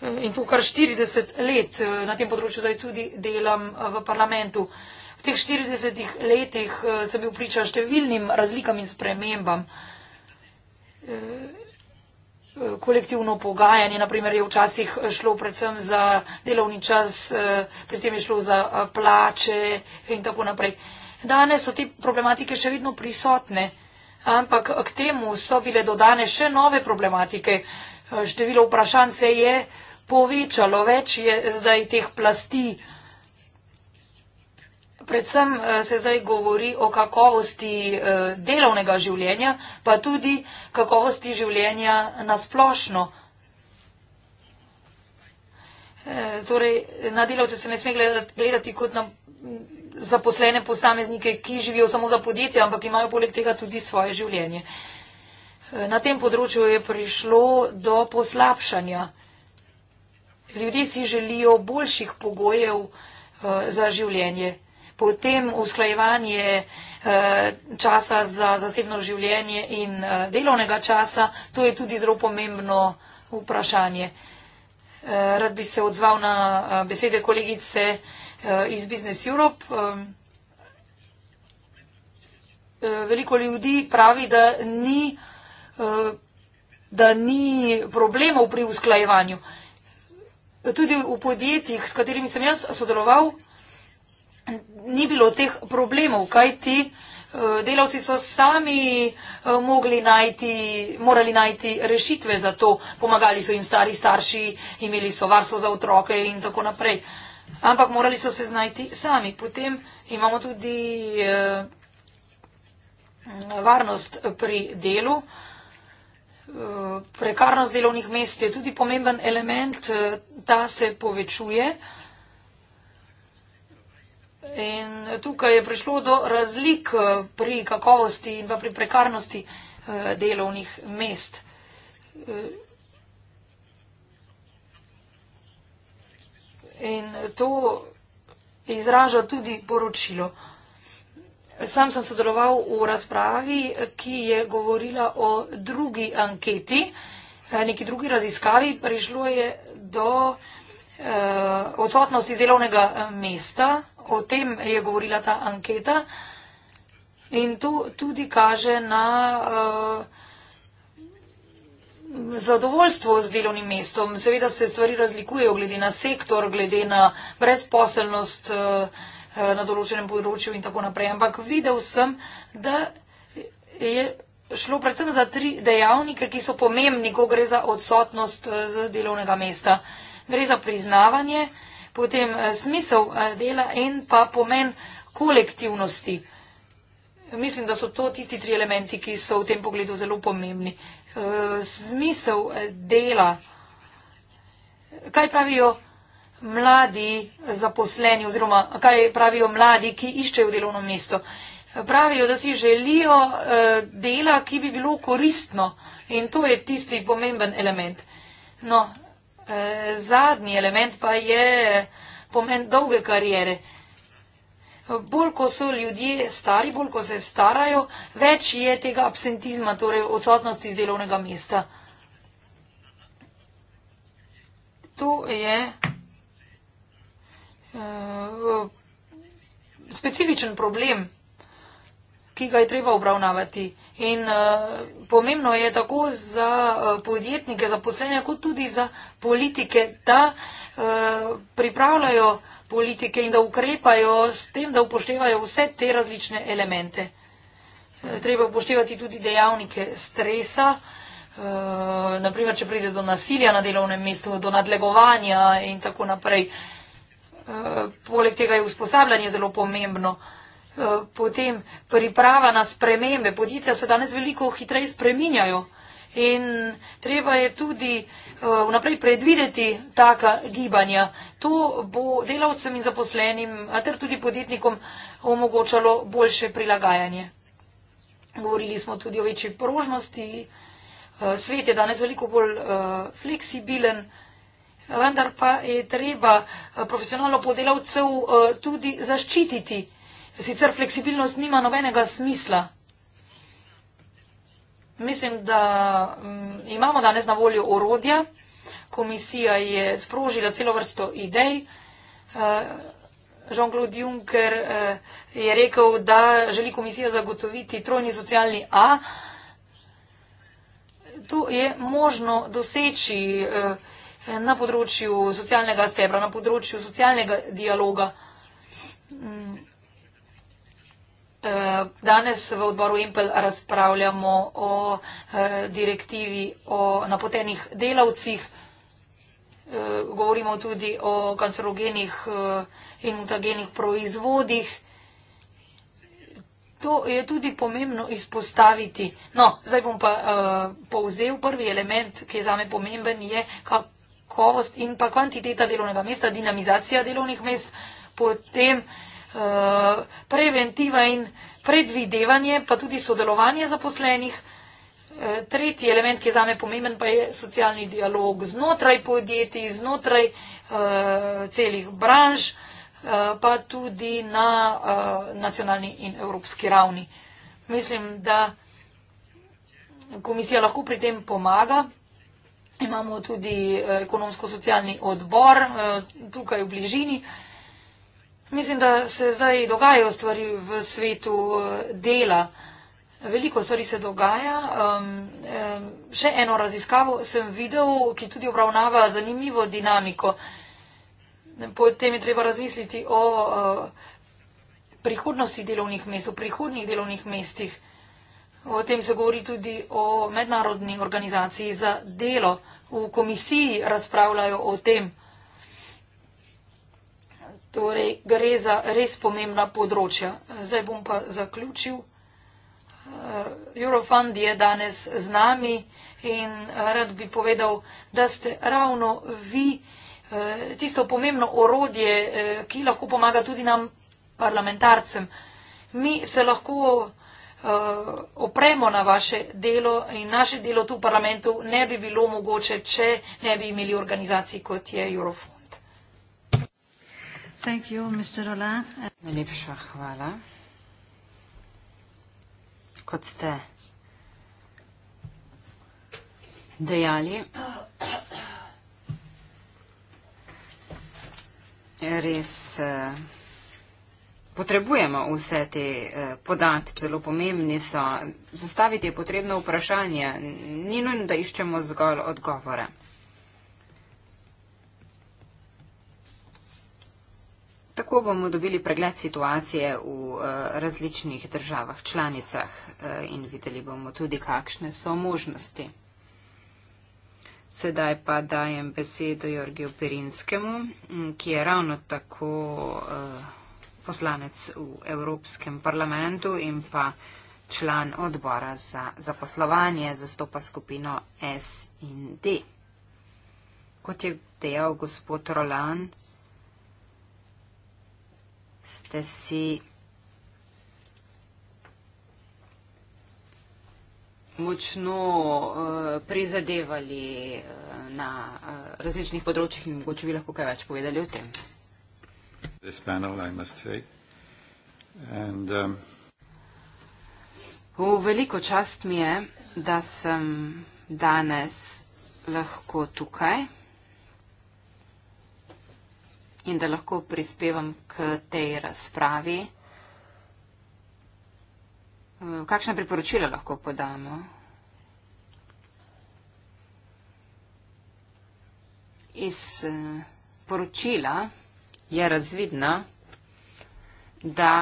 eh, in to kar 40 let na tem področju zdaj tudi delam v parlamentu. V teh 40 letih sem bil priča številnim razlikam in spremembam kolektivno pogajanje, naprimer je včasih šlo predvsem za delovni čas, eh, pri tem je šlo za eh, plače in tako naprej. Danes so te problematike še vedno prisotne, ampak k temu so bile dodane še nove problematike. Eh, število vprašanj se je povečalo, več je zdaj teh plasti predvsem eh, se zdaj govori o kakovosti eh, delovnega življenja, pa tudi kakovosti življenja nasplošno. Eh, torej, na delavce se ne sme gledati kot na zaposlene posameznike, ki živijo samo za podjetje, ampak imajo poleg tega tudi svoje življenje. Na tem področju je prišlo do poslabšanja. Ljudje si želijo boljših pogojev za življenje potem usklajevanje eh, časa za zasebno življenje in eh, delovnega časa, to je tudi zelo pomembno vprašanje. Eh, rad bi se odzval na besede kolegice iz Business Europe. Ehm, veliko ljudi pravi, da ni, da ni problemov pri usklajevanju. Tudi v podjetjih, s katerimi sem jaz sodeloval, ni bilo teh problemov, kaj ti eh, delavci so sami eh, najti, morali najti rešitve za to. Pomagali so jim stari starši, imeli so varstvo za otroke in tako naprej. Ampak morali so se znajti sami. Potem imamo tudi eh, varnost pri delu. Prekarnost delovnih mest je tudi pomemben element, ta se povečuje. In tukaj je prišlo do razlik eh, pri kakovosti in pa pri prekarnosti eh, delovnih mest. Eh, in to izraža tudi poročilo. Sam sem sodeloval v razpravi, ki je govorila o drugi anketi, neki drugi raziskavi. Prišlo je do eh, odsotnosti delovnega mesta o tem je govorila ta anketa in to tudi kaže na uh, zadovoljstvo z delovnim mestom. Seveda se stvari razlikujejo glede na sektor, glede na brezposelnost uh, na določenem področju in tako naprej, ampak videl sem, da je šlo predvsem za tri dejavnike, ki so pomembni, ko gre za odsotnost eh, z delovnega mesta. Gre za priznavanje, uh, potem eh, smisel eh, dela in pa pomen kolektivnosti. Mislim, da so to tisti tri elementi, ki so v tem pogledu zelo pomembni. Eh, smisel dela. Kaj pravijo mladi zaposleni oziroma kaj pravijo mladi, ki iščejo delovno mesto? Pravijo, da si želijo dela, ki bi bilo koristno in to je tisti pomemben element. No, Eh, zadnji element pa je pomen dolge karijere. Bolj ko so ljudje stari, bolj ko se starajo, več je tega absentizma, torej odsotnosti iz delovnega mesta. To je uh, specifičen problem, ki ga je treba obravnavati. Uh, In uh, pomembno je tako za uh, podjetnike, za poslene, kot tudi za politike, da uh, pripravljajo politike in da ukrepajo s tem, da upoštevajo vse te različne elemente. Treba upoštevati tudi dejavnike stresa, uh, naprimer, če pride do nasilja na delovnem mestu, do nadlegovanja in tako naprej. Uh, poleg tega je usposabljanje zelo pomembno. Uh, Eh, potem priprava na spremembe. Podjetja se danes veliko hitreje spreminjajo in treba je tudi eh, vnaprej predvideti taka gibanja. To bo delavcem in zaposlenim, a ter tudi podjetnikom omogočalo boljše prilagajanje. Govorili smo tudi o večji prožnosti. Eh, svet je danes veliko bolj fleksibilen, vendar pa je treba profesionalno podelavcev tudi zaščititi sicer fleksibilnost nima nobenega smisla. Mislim, da mm, imamo danes na voljo orodja. Komisija je sprožila celo vrsto idej. Eh, Jean-Claude Juncker eh, je rekel, da želi komisija zagotoviti trojni socialni A. To je možno doseči eh, na področju socialnega stebra, na področju socialnega dialoga. Mm. Eh, danes v odboru Impel razpravljamo o eh, direktivi o napotenih delavcih. Eh, govorimo tudi o kancerogenih in mutagenih proizvodih. To je tudi pomembno izpostaviti. No, zdaj bom pa povzel prvi element, ki je zame pomemben, je kakovost in pa kvantiteta delovnega mesta, dinamizacija delovnih mest, potem Eh, preventiva in predvidevanje, pa tudi sodelovanje zaposlenih. Eh, tretji element, ki je zame pomemben, pa je socialni dialog znotraj podjetij, znotraj eh, celih branž, pa tudi na nacionalni in evropski ravni. Mislim, da komisija lahko pri tem pomaga. Imamo tudi ekonomsko-socialni odbor tukaj v bližini. Mislim, da se zdaj dogajajo stvari v svetu eh, dela. Veliko stvari se dogaja. Um, um, še eno raziskavo sem videl, ki tudi obravnava zanimivo dinamiko. Potem je treba razmisliti o uh, prihodnosti delovnih mest, o prihodnih delovnih mestih. O tem se govori tudi o mednarodni organizaciji za delo. V komisiji razpravljajo o tem. Torej, gre za res pomembna področja. Zdaj bom pa zaključil. Eh, Eurofund je danes z nami in eh, rad bi povedal, da ste ravno vi eh, tisto pomembno orodje, ki lahko pomaga tudi nam parlamentarcem. Mi se lahko opremo na vaše delo in naše delo tu v parlamentu ne bi bilo mogoče, če ne bi imeli organizacij, kot je Eurofund. Thank you, Mr. Roland. Najlepša hvala. Kot ste dejali, res eh, potrebujemo vse te eh, podatke, zelo pomembni so. Zastaviti je potrebno vprašanje, ni nujno, da iščemo zgolj odgovore. Tako bomo dobili pregled situacije v eh, različnih državah, članicah eh, in videli bomo tudi, kakšne so možnosti. Sedaj pa dajem besedo Jorgiju Perinskemu, ki je ravno tako eh, poslanec v Evropskem parlamentu in pa član odbora za zaposlovanje, zastopa skupino S in D. Kot je dejal gospod Roland, ste si močno uh, prizadevali uh, na uh, različnih področjih in mogoče bi lahko kaj več povedali o tem. Panel, And, um... V veliko čast mi je, da sem danes lahko tukaj in da lahko prispevam k tej razpravi. Eh, kakšna priporočila lahko podamo? Iz eh, poročila je razvidno, da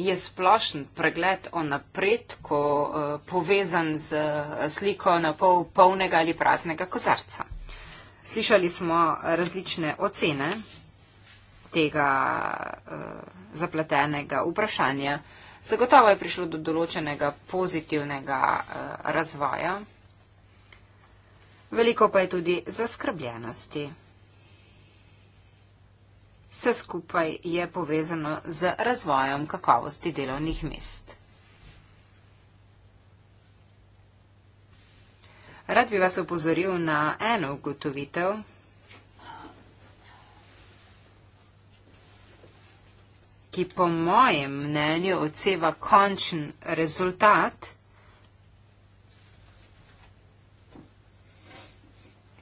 je splošen pregled o napredku eh, povezan z eh, sliko na pol polnega ali praznega kozarca. Slišali smo različne ocene tega eh, zapletenega vprašanja. Zagotovo je prišlo do določenega pozitivnega razvoja. Veliko pa je tudi zaskrbljenosti. Vse skupaj je povezano z razvojem kakovosti delovnih mest. Rad bi vas opozoril na eno ugotovitev. ki po mojem mnenju odseva končen rezultat,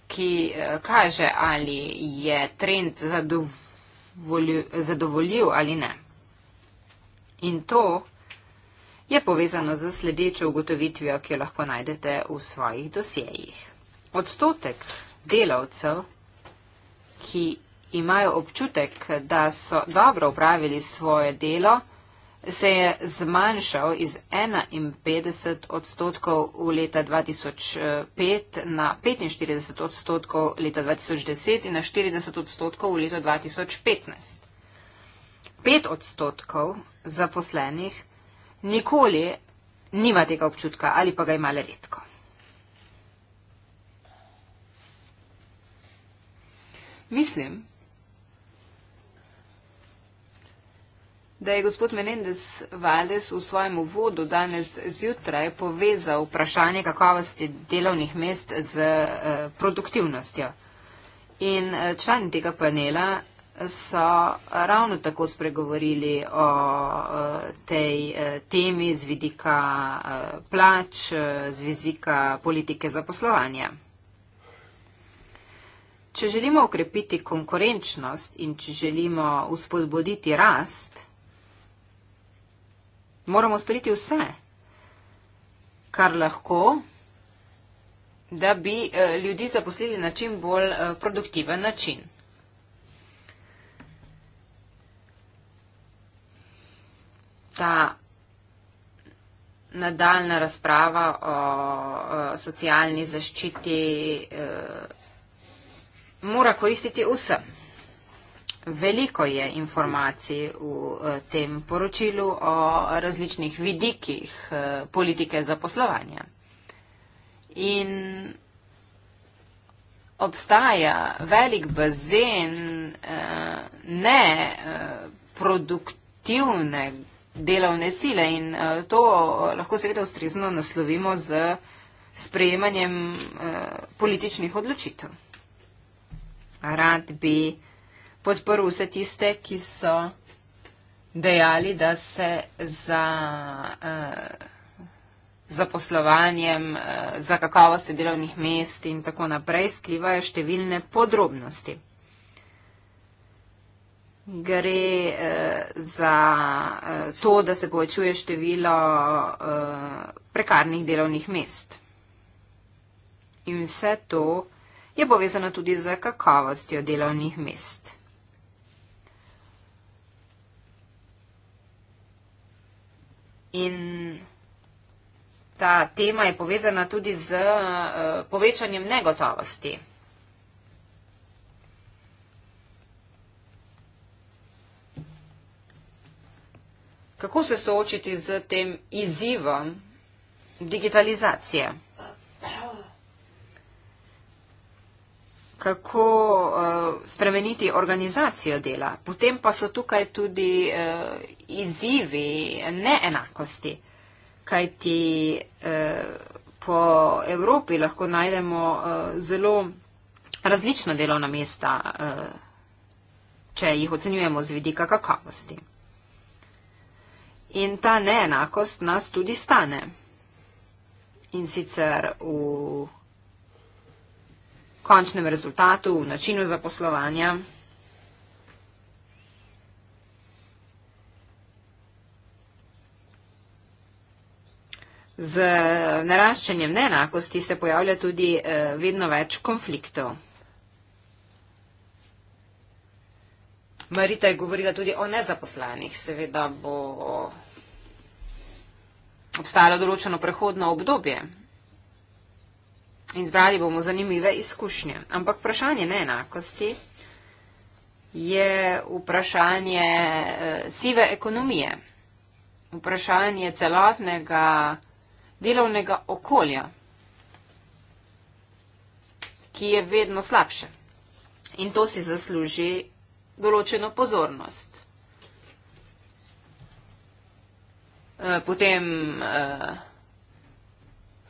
ki eh, kaže, ali je trend zadovoljen zadovoljiv ali ne. In to je povezano z sledečo ugotovitvijo, ki jo lahko najdete v svojih dosjejih. Odstotek delavcev, ki imajo občutek, da so dobro upravili svoje delo, se je zmanjšal iz 51 odstotkov v leta 2005 eh, na 45 odstotkov leta 2010 in na 40 odstotkov v letu 2015. Pet odstotkov zaposlenih nikoli nima tega občutka ali pa ga ima le redko. Mislim, Da je gospod Menendez Vales v svojem uvodu danes zjutraj povezal vprašanje kakovosti delovnih mest z eh, produktivnostjo. In eh, člani tega panela so ravno tako spregovorili o eh, tej temi z vidika plač, z vidika politike zaposlovanja. Če želimo okrepiti konkurenčnost in če želimo uspodboditi rast, Moramo storiti vse, kar lahko, da bi eh, ljudi zaposlili na čim bolj eh, produktiven način. Ta nadaljna razprava o eh, socialni zaščiti mora koristiti vsem. Veliko je informacij v eh, tem poročilu o različnih vidikih eh, politike zaposlovanja. In obstaja velik bazen eh, neproduktivne delovne sile in to lahko seveda ustrezno naslovimo z sprejemanjem političnih odločitev. Rad bi podprl vse tiste, ki so dejali, da se za, uh, za poslovanjem, uh, za kakovosti delovnih mest in tako naprej skrivajo številne podrobnosti. Gre uh, za uh, to, da se povečuje število uh, prekarnih delovnih mest. In vse to je povezano tudi z kakovostjo delovnih mest. In ta tema je povezana tudi z eh, povečanjem negotovosti. Kako se soočiti z tem izzivom digitalizacije? kako uh, spremeniti organizacijo dela. Potem pa so tukaj tudi uh, izzivi neenakosti, kajti uh, po Evropi lahko najdemo uh, zelo različna delovna mesta, uh, če jih ocenjujemo z vidika kakavosti. In ta neenakost nas tudi stane. In sicer v končnem rezultatu, v načinu zaposlovanja. Z naraščanjem neenakosti se pojavlja tudi eh, vedno več konfliktov. Marita je govorila tudi o nezaposlanih. Seveda bo obstajalo določeno prehodno obdobje, In zbrali bomo zanimive izkušnje. Ampak vprašanje neenakosti je vprašanje eh, sive ekonomije, vprašanje celotnega delovnega okolja, ki je vedno slabše. In to si zasluži določeno pozornost. Eh, potem eh,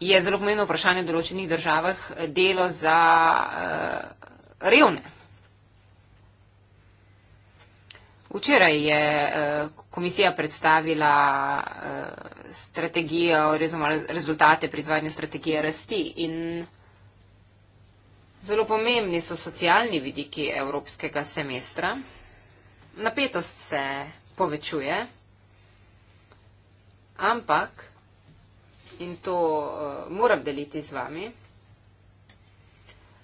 je zelo pomembno vprašanje v določenih državah eh, delo za uh, revne. Včeraj je eh, komisija predstavila strategijo, oziroma rezultate pri izvajanju strategije rasti in zelo pomembni so socialni vidiki evropskega semestra. Napetost se povečuje, ampak in to uh, moram deliti z vami.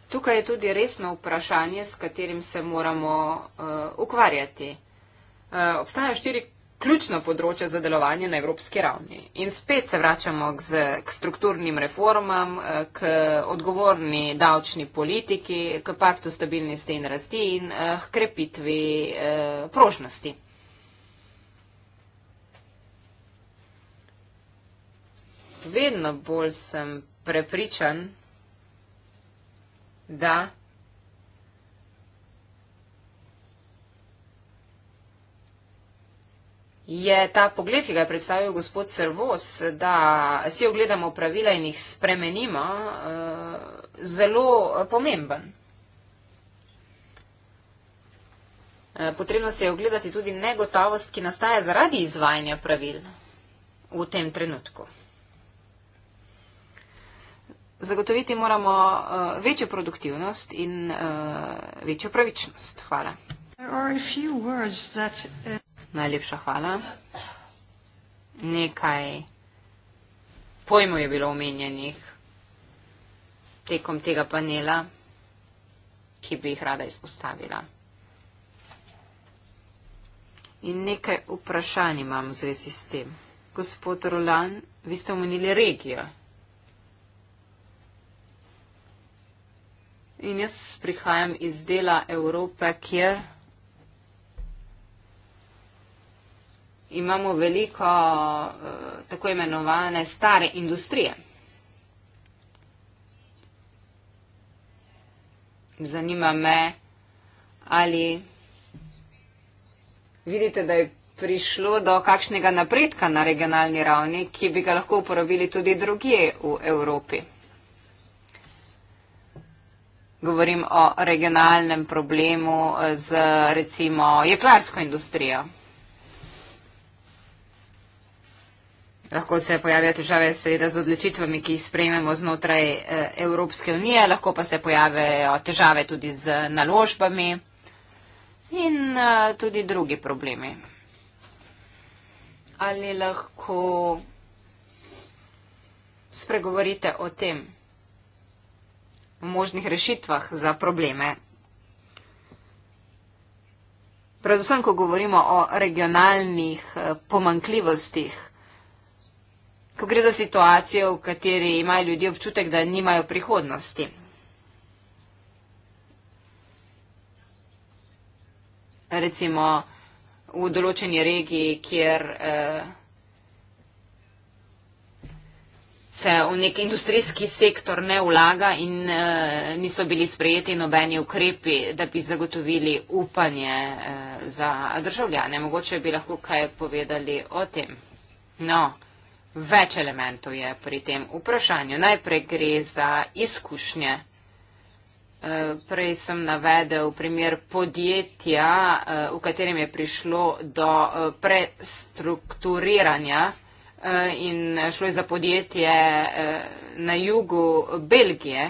Tukaj je tudi resno vprašanje, s katerim se moramo uh, ukvarjati. Uh, obstajajo štiri ključna področja za delovanje na evropski ravni. In spet se vračamo k, z, k strukturnim reformam, k odgovorni davčni politiki, k paktu stabilnosti in rasti in uh, k krepitvi uh, prožnosti. vedno bolj sem prepričan, da je ta pogled, ki ga je predstavil gospod Servos, da si ogledamo pravila in jih spremenimo, eh, zelo pomemben. Eh, potrebno se je ogledati tudi negotovost, ki nastaja zaradi izvajanja pravil v tem trenutku zagotoviti moramo uh, večjo produktivnost in uh, večjo pravičnost. Hvala. That, uh... Najlepša hvala. Nekaj pojmov je bilo omenjenih tekom tega panela, ki bi jih rada izpostavila. In nekaj vprašanj imam v zvezi s tem. Gospod Rolan, vi ste omenili regijo. In jaz prihajam iz dela Evrope, kjer imamo veliko eh, tako imenovane stare industrije. Zanima me, ali vidite, da je prišlo do kakšnega napredka na regionalni ravni, ki bi ga lahko uporabili tudi druge v Evropi govorim o regionalnem problemu eh, z recimo jeklarsko industrijo. Lahko se pojavijo težave seveda z odločitvami, ki jih sprejmemo znotraj eh, Evropske unije, lahko pa se pojavijo težave tudi z naložbami in eh, tudi drugi problemi. Ali lahko spregovorite o tem? o možnih rešitvah za probleme. Predvsem, ko govorimo o regionalnih eh, pomankljivostih, ko gre za situacijo, v kateri imajo ljudje občutek, da nimajo prihodnosti. Recimo v določeni regiji, kjer eh, se v nek industrijski sektor ne vlaga in uh, niso bili sprejeti nobeni ukrepi, da bi zagotovili upanje uh, za državljane. Mogoče bi lahko kaj povedali o tem. No, več elementov je pri tem vprašanju. Najprej gre za izkušnje. Eh, prej sem navedel primer podjetja, v katerem je prišlo do prestrukturiranja Eh, in šlo je za podjetje eh, na jugu Belgije.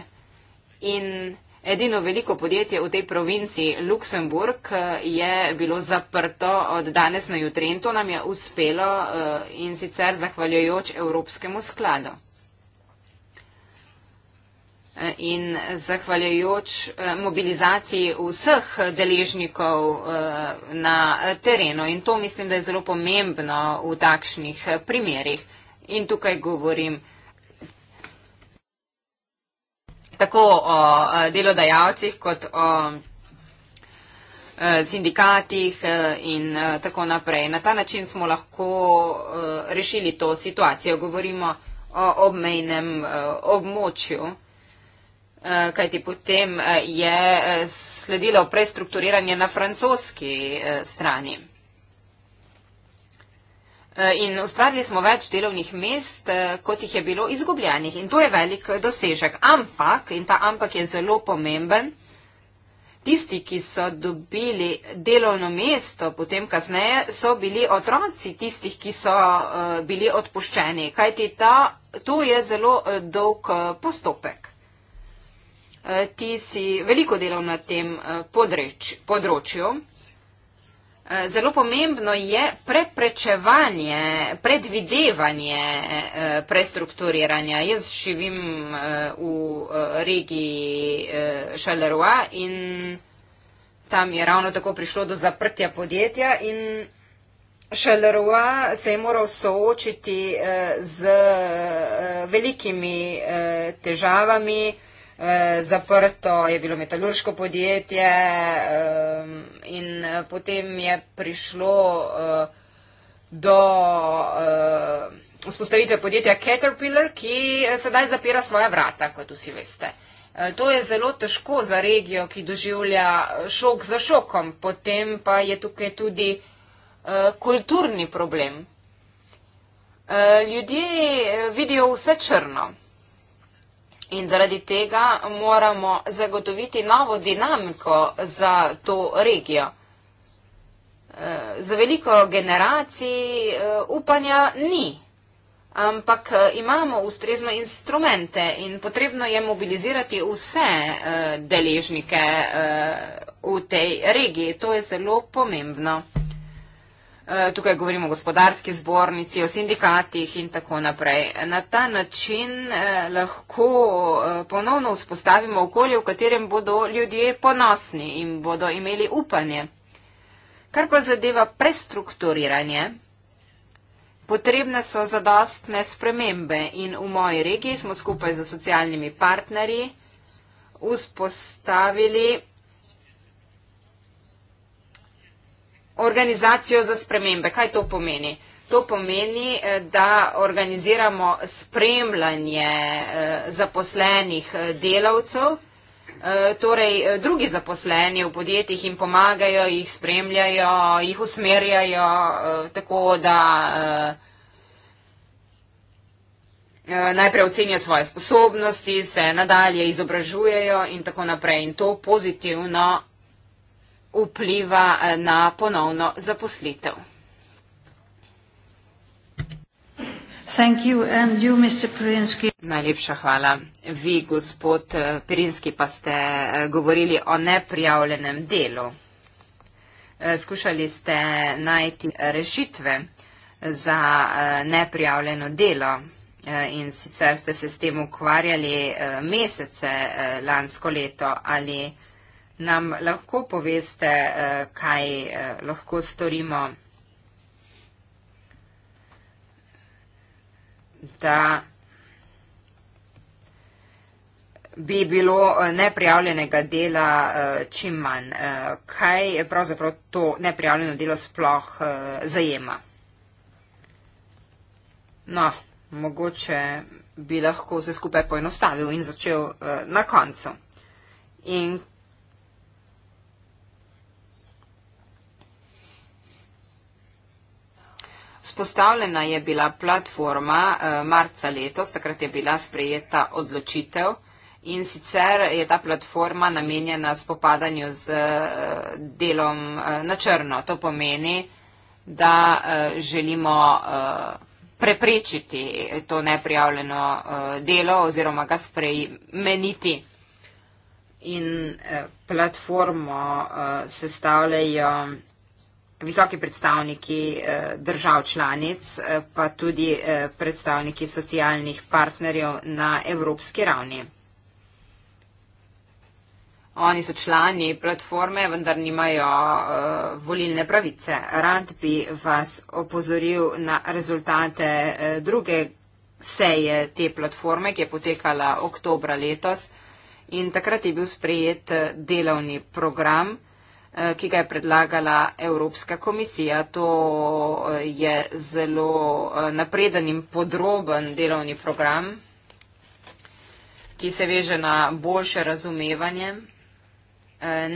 In edino veliko podjetje v tej provinciji Luksemburg eh, je bilo zaprto od danes na jutri in to nam je uspelo in sicer zahvaljujoč Evropskemu skladu in zahvaljujoč eh, mobilizaciji vseh deležnikov eh, na terenu. In to mislim, da je zelo pomembno v takšnih eh, primerih. In tukaj govorim tako o delodajalcih kot o sindikatih in tako naprej. Na ta način smo lahko rešili to situacijo. Govorimo o obmejnem območju. Eh, kajti potem eh, je eh, sledilo prestrukturiranje na francoski strani. In ustvarili smo več delovnih mest, kot jih je bilo izgubljenih. In to je velik dosežek. Ampak, in ta ampak je zelo pomemben, tisti, ki so dobili delovno mesto potem kasneje, so bili otroci tistih, ki so bili odpuščeni. Kajti ta, to je zelo dolg postopek. Eh, ti si veliko delal na tem eh, podreč, področju. Eh, zelo pomembno je preprečevanje, predvidevanje prestrukturiranja. Jaz živim v regiji Šalerua in tam je ravno tako prišlo do zaprtja podjetja in Šalerua se je moral soočiti z velikimi težavami, eh, zaprto je bilo metalurško podjetje ehm, eh, in potem je prišlo eh, do eh, spostavitve podjetja Caterpillar, ki eh, sedaj zapira svoja vrata, kot vsi veste. Eh, to je zelo težko za regijo, ki doživlja eh, šok za šokom, potem pa je tukaj tudi uh, kulturni problem. Uh, ljudje vidijo vse črno. In zaradi tega moramo zagotoviti novo dinamiko za to regijo. E, za veliko generacij e, upanja ni, ampak e, imamo ustrezno instrumente in potrebno je mobilizirati vse deležnike v tej regiji. To je zelo pomembno. Eh, tukaj govorimo o gospodarski zbornici, o sindikatih in tako naprej. Na ta način eh, lahko eh, ponovno vzpostavimo okolje, v katerem bodo ljudje ponosni in bodo imeli upanje. Kar pa zadeva prestrukturiranje, potrebne so zadostne spremembe in v moji regiji smo skupaj z socialnimi partnerji vzpostavili organizacijo za spremembe. Kaj to pomeni? To pomeni, eh, da organiziramo spremljanje eh, zaposlenih eh, delavcev, torej drugi zaposleni v podjetjih jim pomagajo, jih spremljajo, jih usmerjajo, tako da najprej ocenijo svoje sposobnosti, se nadalje izobražujejo in tako naprej. In to pozitivno vpliva eh, na ponovno zaposlitev. Najlepša hvala. Vi, gospod eh, Pirinski, pa ste eh, govorili o neprijavljenem delu. Skušali ste najti rešitve za neprijavljeno delo in sicer ste se s tem ukvarjali mesece lansko leto ali nam lahko poveste, eh, kaj eh, lahko storimo, da bi bilo eh, neprijavljenega dela čim manj. Kaj je pravzaprav to neprijavljeno delo sploh zajema? No, mogoče bi lahko vse skupaj poenostavil in začel na koncu. In Vzpostavljena je bila platforma eh, marca letos, takrat je bila sprejeta odločitev in sicer je ta platforma namenjena spopadanju z eh, delom eh, na črno. To pomeni, da želimo preprečiti to neprijavljeno delo oziroma ga spremeniti. In platformo sestavljajo visoki predstavniki eh, držav članic, eh, pa tudi eh, predstavniki socialnih partnerjev na evropski ravni. Oni so člani platforme, vendar nimajo uh, volilne pravice. Rad bi vas opozoril na rezultate uh, druge seje te platforme, ki je potekala oktobra letos. In takrat je bil sprejet delovni program Eh, ki ga je predlagala Evropska komisija. To eh, je zelo eh, napreden in podroben delovni program, ki se veže na boljše razumevanje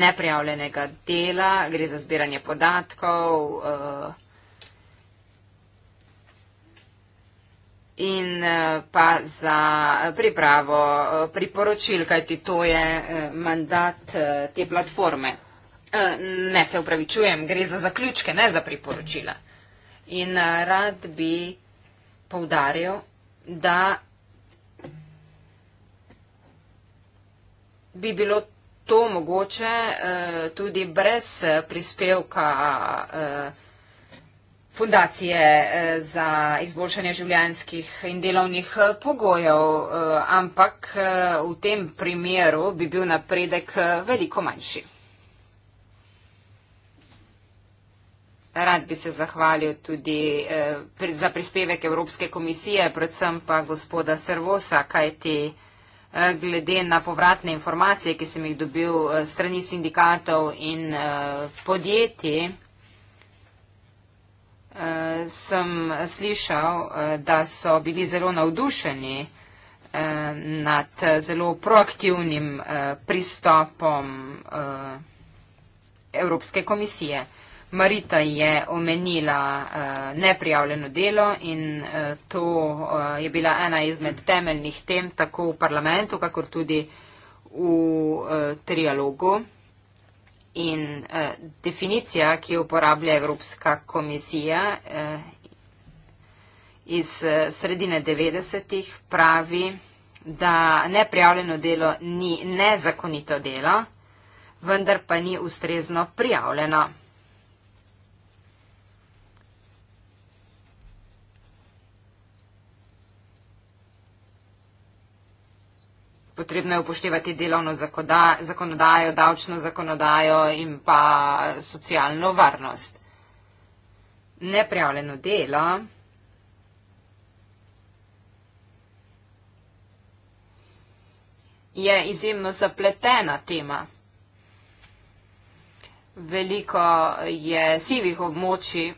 neprijavljenega dela, gre za zbiranje podatkov in pa za pripravo priporočil, kajti to je mandat te platforme. Eh, ne se upravičujem, gre za zaključke, ne za priporočila. In eh, rad bi povdaril, da bi bilo. To mogoče eh, tudi brez eh, prispevka eh, Fundacije eh, za izboljšanje življenskih in delovnih pogojev, eh, ampak eh, v tem primeru bi bil napredek eh, veliko manjši. Rad bi se zahvalil tudi eh, za prispevek Evropske komisije, predvsem pa gospoda Servosa, kajti eh, glede na povratne informacije, ki sem jih dobil eh, strani sindikatov in podjetij, sem slišal, da so bili zelo navdušeni nad zelo proaktivnim pristopom Evropske komisije. Marita je omenila uh, neprijavljeno delo in uh, to uh, je bila ena izmed temeljnih tem tako v parlamentu, kakor tudi v uh, trialogu. In uh, definicija, ki jo uporablja Evropska komisija uh, iz sredine 90-ih, pravi, da neprijavljeno delo ni nezakonito delo, vendar pa ni ustrezno prijavljeno. potrebno je upoštevati delovno zakonodajo, davčno zakonodajo in pa socialno varnost. Neprijavljeno delo. Je izjemno zapletena tema. Veliko je sivih območij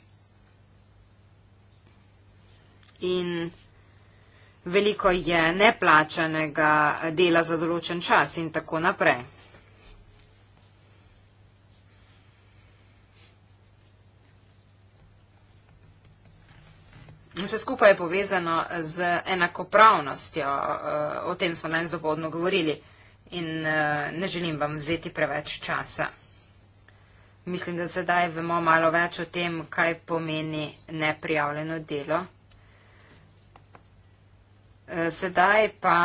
in veliko je neplačanega dela za določen čas in tako naprej. Vse skupaj je povezano z enakopravnostjo, eh, o tem smo danes dopoledno govorili in eh, ne želim vam vzeti preveč časa. Mislim, da sedaj vemo malo več o tem, kaj pomeni neprijavljeno delo. Sedaj pa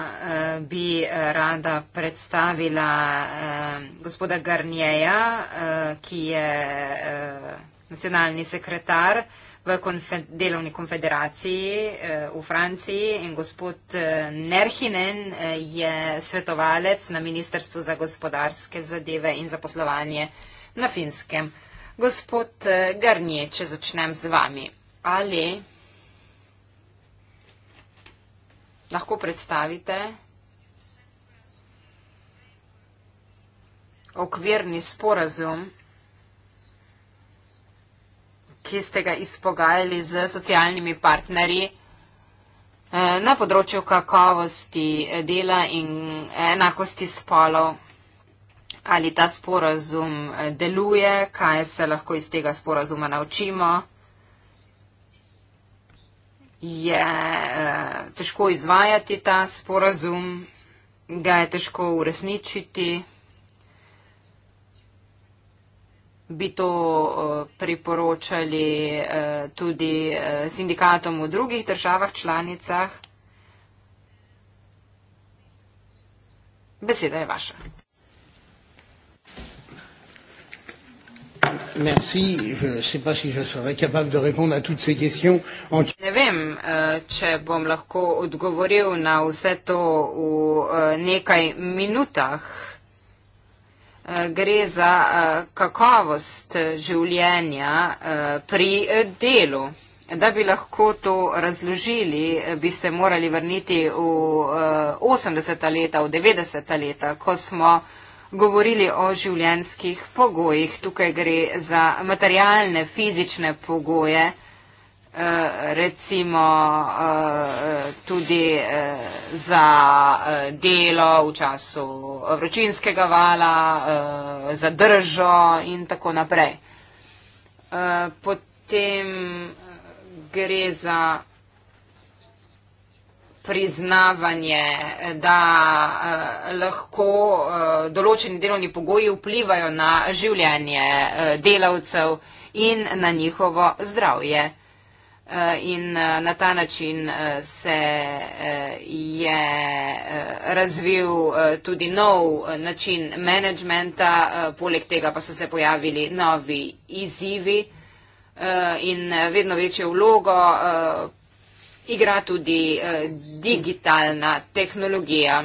eh, bi eh, rada predstavila eh, gospoda Garnjeja, ki je nacionalni sekretar v konfed delovni konfederaciji v Franciji in gospod Nerhinen je svetovalec na Ministrstvu za gospodarske zadeve in zaposlovanje na Finskem. Gospod Garnje, če začnem z vami. Ali lahko predstavite okvirni sporazum, ki ste ga izpogajali z socialnimi partnerji eh, na področju kakovosti eh, dela in eh, enakosti spolov. Ali ta sporazum deluje, kaj se lahko iz tega sporazuma naučimo je eh, težko izvajati ta sporazum, ga je težko uresničiti. Bi to eh, priporočali eh, tudi sindikatom v drugih državah članicah. Beseda je vaša. Merci. Je ne sais pas si je serai capable de répondre à toutes ces questions. En... Ne vem, eh, če bom lahko odgovoril na vse to v eh, nekaj minutah. Eh, gre za kakovost življenja pri delu. Da bi lahko to razložili, bi se morali vrniti v 80-ta leta, v 90-ta leta, ko smo govorili o življenskih pogojih. Tukaj gre za materialne, fizične pogoje, eh, recimo eh, tudi eh, za delo v času vročinskega vala, za držo in tako naprej. Potem gre za priznavanje, da eh, lahko eh, določeni delovni pogoji vplivajo na življenje eh, delavcev in na njihovo zdravje. In na ta način se je razvil tudi nov način menedžmenta, poleg tega pa so se pojavili novi izzivi in vedno večjo vlogo igra tudi eh, digitalna tehnologija.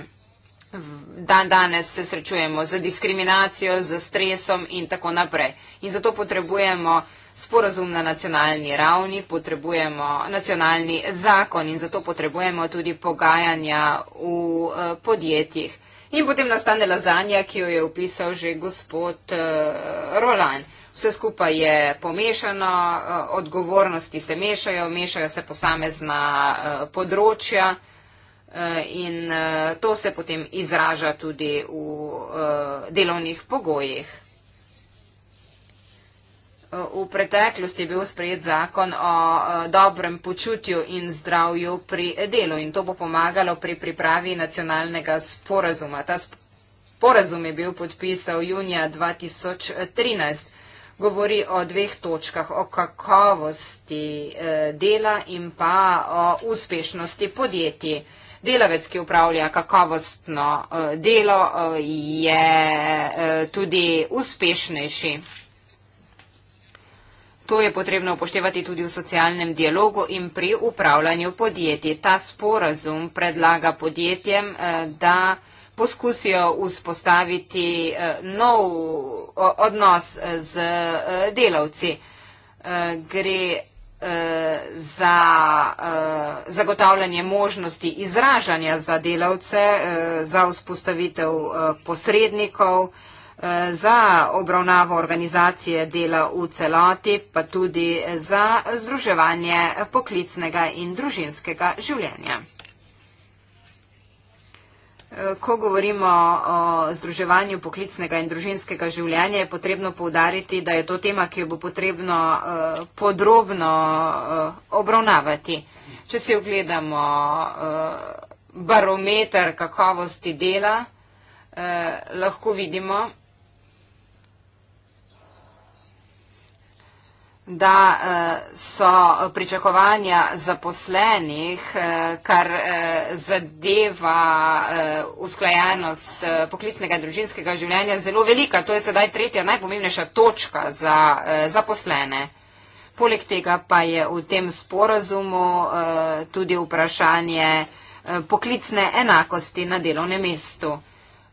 Dan danes se srečujemo z diskriminacijo, z stresom in tako naprej. In zato potrebujemo sporozum na nacionalni ravni, potrebujemo nacionalni zakon in zato potrebujemo tudi pogajanja v eh, podjetjih. In potem nastane lazanja, ki jo je upisal že gospod eh, Roland vse skupaj je pomešano, eh, odgovornosti se mešajo, mešajo se posamezna eh, področja eh, in to se potem izraža tudi v delovnih pogojih. V preteklosti je bil sprejet zakon o dobrem počutju in zdravju pri delu in to bo pomagalo pri pripravi nacionalnega sporazuma. Ta sporazum je bil podpisal junija 2013 govori o dveh točkah, o kakovosti eh, dela in pa o uspešnosti podjetij. Delavec, ki upravlja kakovostno eh, delo, eh, je tudi uspešnejši. To je potrebno upoštevati tudi v socialnem dialogu in pri upravljanju podjetij. Ta sporazum predlaga podjetjem, da poskusijo vzpostaviti eh, nov odnos eh, z eh, delavci. Gre za zagotavljanje možnosti izražanja za delavce, za vzpostavitev posrednikov, za obravnavo organizacije dela v celoti, pa tudi za združevanje poklicnega in družinskega življenja. Ko govorimo o združevanju poklicnega in družinskega življenja, je potrebno povdariti, da je to tema, ki jo bo potrebno eh, podrobno eh, obravnavati. Če si ogledamo eh, barometer kakovosti dela, lahko vidimo, da eh, so pričakovanja zaposlenih, eh, kar eh, zadeva usklajenost poklicnega družinskega življenja, zelo velika. To je sedaj tretja najpomembnejša točka za zaposlene. Poleg tega pa je v tem sporazumu tudi vprašanje poklicne enakosti na delovnem mestu.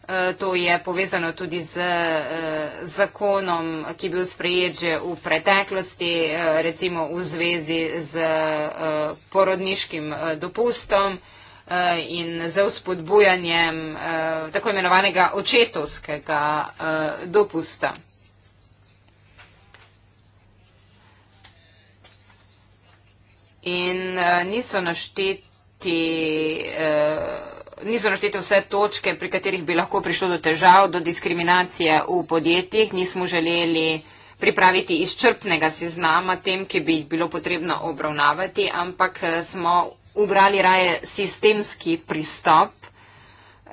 Eh, to je povezano tudi z eh, zakonom, ki bil sprejet že v preteklosti, eh, recimo v zvezi z porodniškim dopustom in z vzpodbujanjem tako imenovanega očetovskega dopusta. In niso našteti niso naštete vse točke, pri katerih bi lahko prišlo do težav, do diskriminacije v podjetjih. Nismo želeli pripraviti izčrpnega seznama tem, ki bi jih bilo potrebno obravnavati, ampak eh, smo ubrali raje sistemski pristop,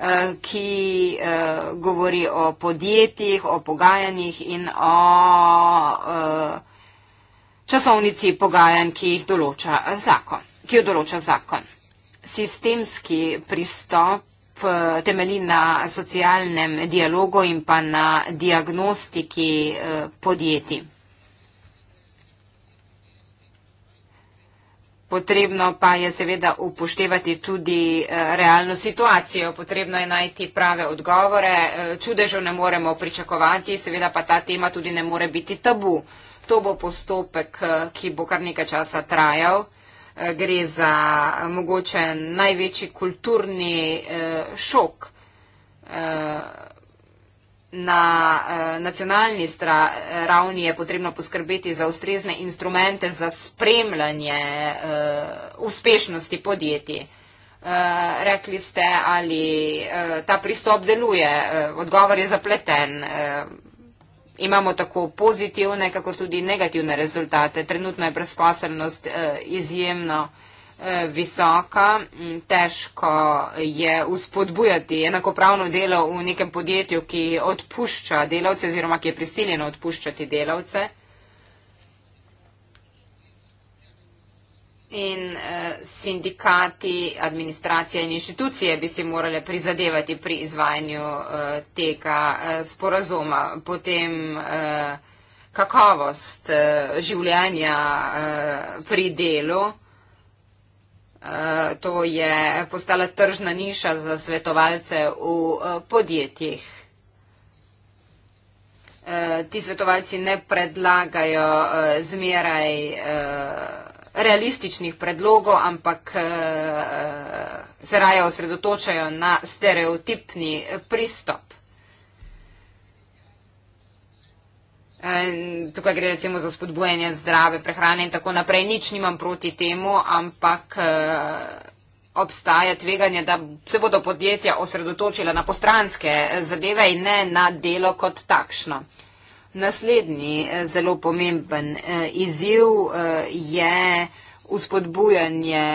eh, ki eh, govori o podjetjih, o pogajanjih in o časovnici pogajanj, ki, jih določa zakon, ki jo določa zakon sistemski pristop eh, temelji na socialnem dialogu in pa na diagnostiki eh, podjetij. Potrebno pa je seveda upoštevati tudi eh, realno situacijo, potrebno je najti prave odgovore, čudežev ne moremo pričakovati, seveda pa ta tema tudi ne more biti tabu. To bo postopek, ki bo kar nekaj časa trajal gre za mogoče največji kulturni eh, šok eh, na eh, nacionalni stra, ravni je potrebno poskrbeti za ustrezne instrumente za spremljanje uh, uspešnosti podjetij. Uh, rekli ste, ali uh, ta pristop deluje, uh, odgovor je zapleten. Uh, imamo tako pozitivne, kakor tudi negativne rezultate. Trenutno je brezposelnost eh, izjemno eh, visoka, mm, težko je uspodbujati enakopravno delo v nekem podjetju, ki odpušča delavce oziroma ki je prisiljeno odpuščati delavce. In eh, sindikati, administracija in inštitucije bi si morali prizadevati pri izvajanju eh, tega eh, sporazuma. Potem kakovost življenja pri delu, to je postala tržna niša za svetovalce v podjetjih. Ti svetovalci ne predlagajo zmeraj realističnih predlogov, ampak uh, se raje osredotočajo na stereotipni pristop. Tukaj gre recimo za spodbujanje zdrave prehrane in tako naprej. Nič nimam proti temu, ampak eh, obstaja tveganje, da se bodo podjetja osredotočila na postranske zadeve in ne na delo kot takšno. Naslednji eh, zelo pomemben eh, izziv eh, je uspodbujanje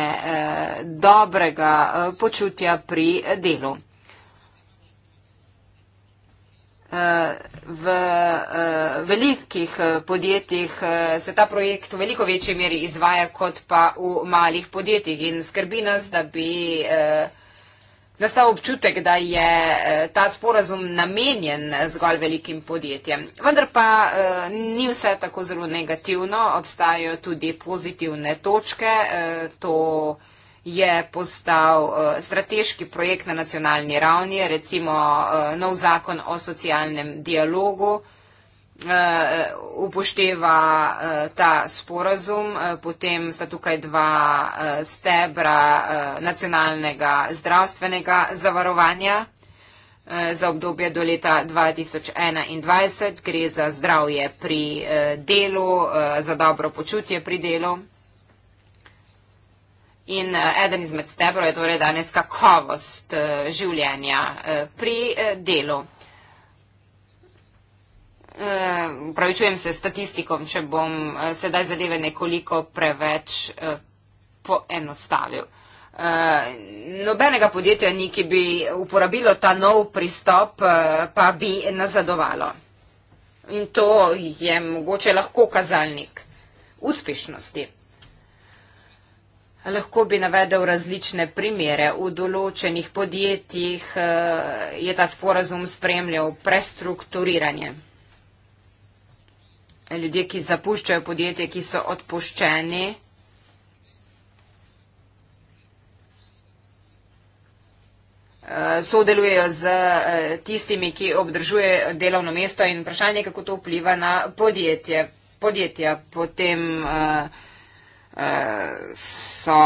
dobrega počutja pri delu. V velikih podjetjih se ta projekt v veliko večji meri izvaja kot pa v malih podjetjih in skrbi nas, da bi nastal občutek, da je eh, ta sporazum namenjen eh, zgolj velikim podjetjem. Vendar pa eh, ni vse tako zelo negativno, obstajajo tudi pozitivne točke. To je postal strateški projekt na nacionalni ravni, recimo nov zakon o socialnem dialogu, uh, upošteva uh, ta sporazum. Uh, potem sta tukaj dva uh, stebra uh, nacionalnega zdravstvenega zavarovanja za obdobje do leta 2021. Gre za zdravje pri delu, za dobro počutje pri delu. In eden izmed stebrov je torej danes kakovost življenja pri delu. Eh, pravičujem se statistikom, če bom eh, sedaj zadeve nekoliko preveč eh, poenostavil. Nobenega podjetja ni, ki bi uporabilo ta nov pristop, pa bi nazadovalo. In to je mogoče lahko kazalnik uspešnosti. Lahko bi navedel različne primere. V določenih podjetjih je ta sporazum spremljal prestrukturiranje ljudje, ki zapuščajo podjetje, ki so odpuščeni. Eh, sodelujejo z eh, tistimi, ki obdržuje delovno mesto in vprašanje, kako to vpliva na podjetje. podjetja. Potem uh, uh, so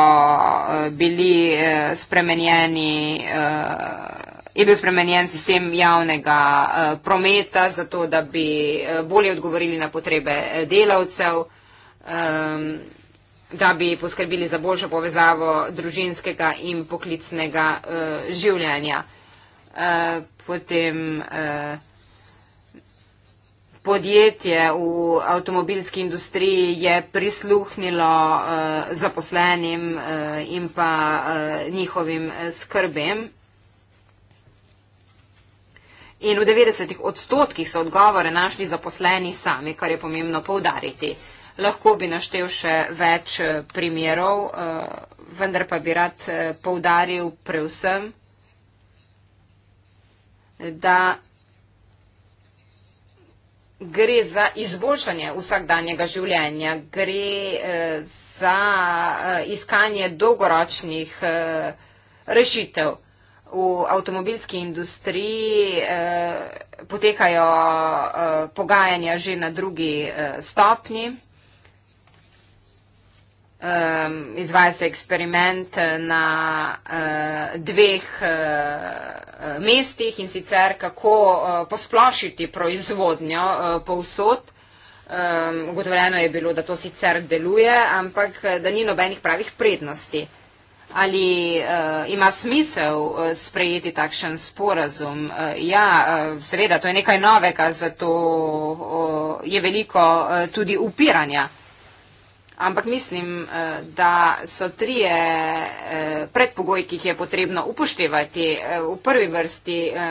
bili uh, spremenjeni uh, je bil spremenjen sistem javnega uh, prometa, zato da bi eh, bolje odgovorili na potrebe eh, delavcev, um, da bi poskrbili za boljšo povezavo družinskega in poklicnega uh, življenja. Uh, potem uh, podjetje v avtomobilski industriji je prisluhnilo uh, zaposlenim uh, in pa uh, njihovim skrbem in v 90 odstotkih so odgovore našli zaposleni sami, kar je pomembno povdariti. Lahko bi naštev še več eh, primerov, eh, vendar pa bi rad eh, povdaril preusem, da gre za izboljšanje vsakdanjega življenja, gre za iskanje dolgoročnih rešitev v avtomobilski industriji eh, potekajo eh, pogajanja že na drugi eh, stopnji. Ehm, izvaja se eksperiment na dveh mestih in sicer kako posplošiti proizvodnjo povsod. Ehm, ugotovljeno je bilo, da to sicer deluje, ampak da ni nobenih pravih prednosti ali uh, ima smisel uh, sprejeti takšen sporazum. Uh, ja, uh, seveda, to je nekaj novega, zato uh, je veliko uh, tudi upiranja. Ampak mislim, uh, da so trije uh, predpogoji, ki jih je potrebno upoštevati. Uh, v prvi vrsti uh,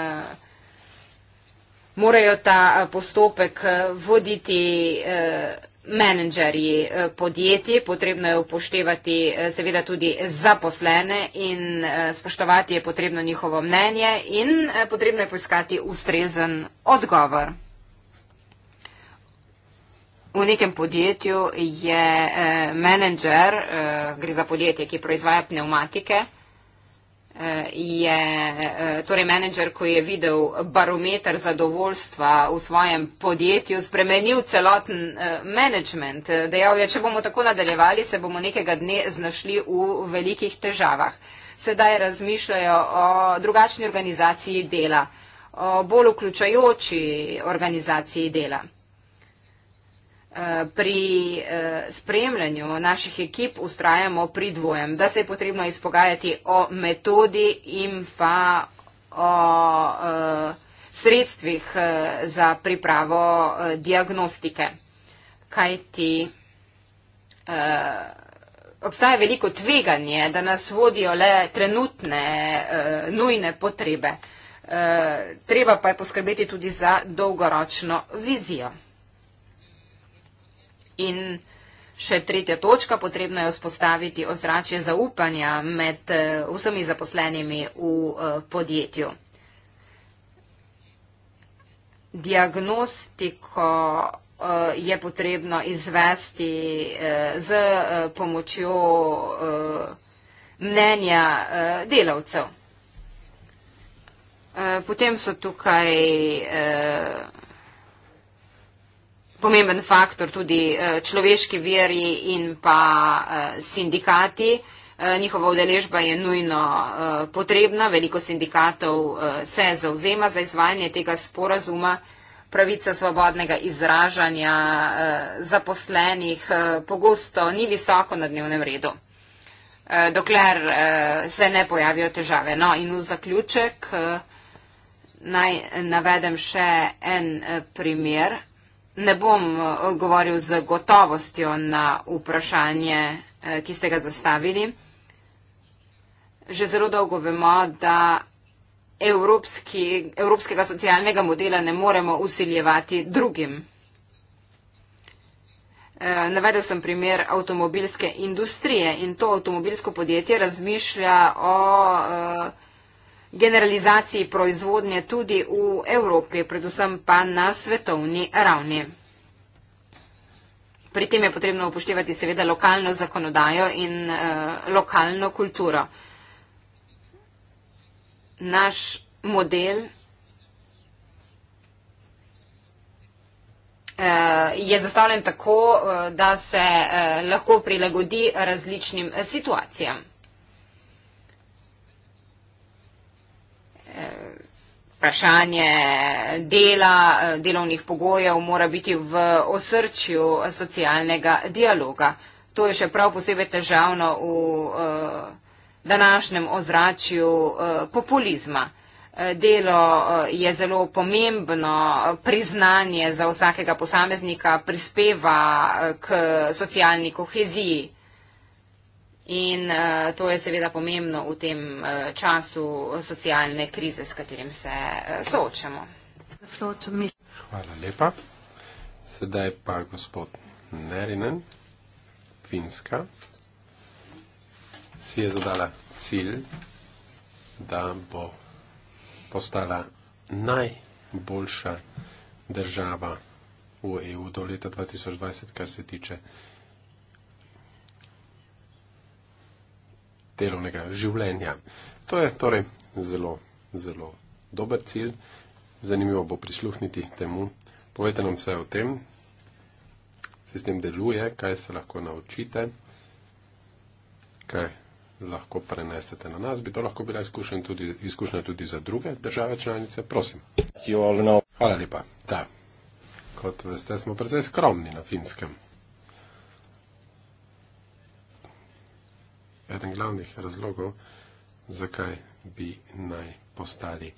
morajo ta postopek voditi. Uh, menedžerji eh, podjetij, potrebno je upoštevati eh, seveda tudi zaposlene in eh, spoštovati je potrebno njihovo mnenje in potrebno je poiskati ustrezen odgovor. V nekem podjetju je menedžer, gre za podjetje, ki proizvaja pneumatike, je eh, torej menedžer, ko je videl barometer zadovoljstva v svojem podjetju, spremenil celoten eh, menedžment. Dejal je, če bomo tako nadaljevali, se bomo nekega dne znašli v velikih težavah. Sedaj razmišljajo o drugačni organizaciji dela, o bolj vključajoči organizaciji dela. Eh, pri eh, spremljanju naših ekip ustrajamo pri dvojem, da se je potrebno izpogajati o metodi in pa o eh, sredstvih za pripravo diagnostike. Kaj ti obstaja veliko tveganje, da nas vodijo le trenutne nujne potrebe. Treba pa je poskrbeti tudi za dolgoročno vizijo. In še tretja točka, potrebno je vzpostaviti ozračje zaupanja med eh, vsemi zaposlenimi v eh, podjetju. Diagnostiko eh, je potrebno izvesti z pomočjo mnenja delavcev. Potem so tukaj pomemben faktor tudi eh, človeški veri in pa eh, sindikati. Eh, njihova udeležba je nujno potrebna. Veliko sindikatov se zauzema za izvajanje tega sporazuma. Pravica svobodnega izražanja zaposlenih pogosto ni visoko na dnevnem redu, dokler se ne pojavijo težave. No in v zaključek naj navedem še en primer ne bom eh, govoril z gotovostjo na vprašanje, eh, ki ste ga zastavili. Že zelo dolgo vemo, da evropski, evropskega socialnega modela ne moremo usiljevati drugim. Eh, navedel sem primer avtomobilske industrije in to avtomobilsko podjetje razmišlja o uh, generalizaciji proizvodnje tudi v Evropi, predvsem pa na svetovni ravni. Pri tem je potrebno upoštevati seveda lokalno zakonodajo in e, lokalno kulturo. Naš model e, je zastavljen tako, eh, da se e, lahko prilagodi različnim situacijam. vprašanje dela, eh, delovnih pogojev mora biti v osrčju socialnega dialoga. To je še prav posebej težavno v eh, današnjem ozračju eh, populizma. Delo je zelo pomembno, priznanje za vsakega posameznika prispeva k socialni koheziji. In uh, to je seveda pomembno v tem uh, času socialne krize, s katerim se uh, soočamo. Hvala lepa. Sedaj pa gospod Nerinen, Finska, si je zadala cilj, da bo postala najboljša država v EU do leta 2020, kar se tiče delovnega življenja. To je torej zelo, zelo dober cilj. Zanimivo bo prisluhniti temu. Povejte nam vse o tem, sistem deluje, kaj se lahko naučite, kaj lahko prenesete na nas. Bi to lahko bila izkušnja tudi, izkušnja tudi za druge države članice? Prosim. Hvala lepa. Da. Kot veste, smo precej skromni na finskem. eden glavnih razlogov, zakaj bi naj postali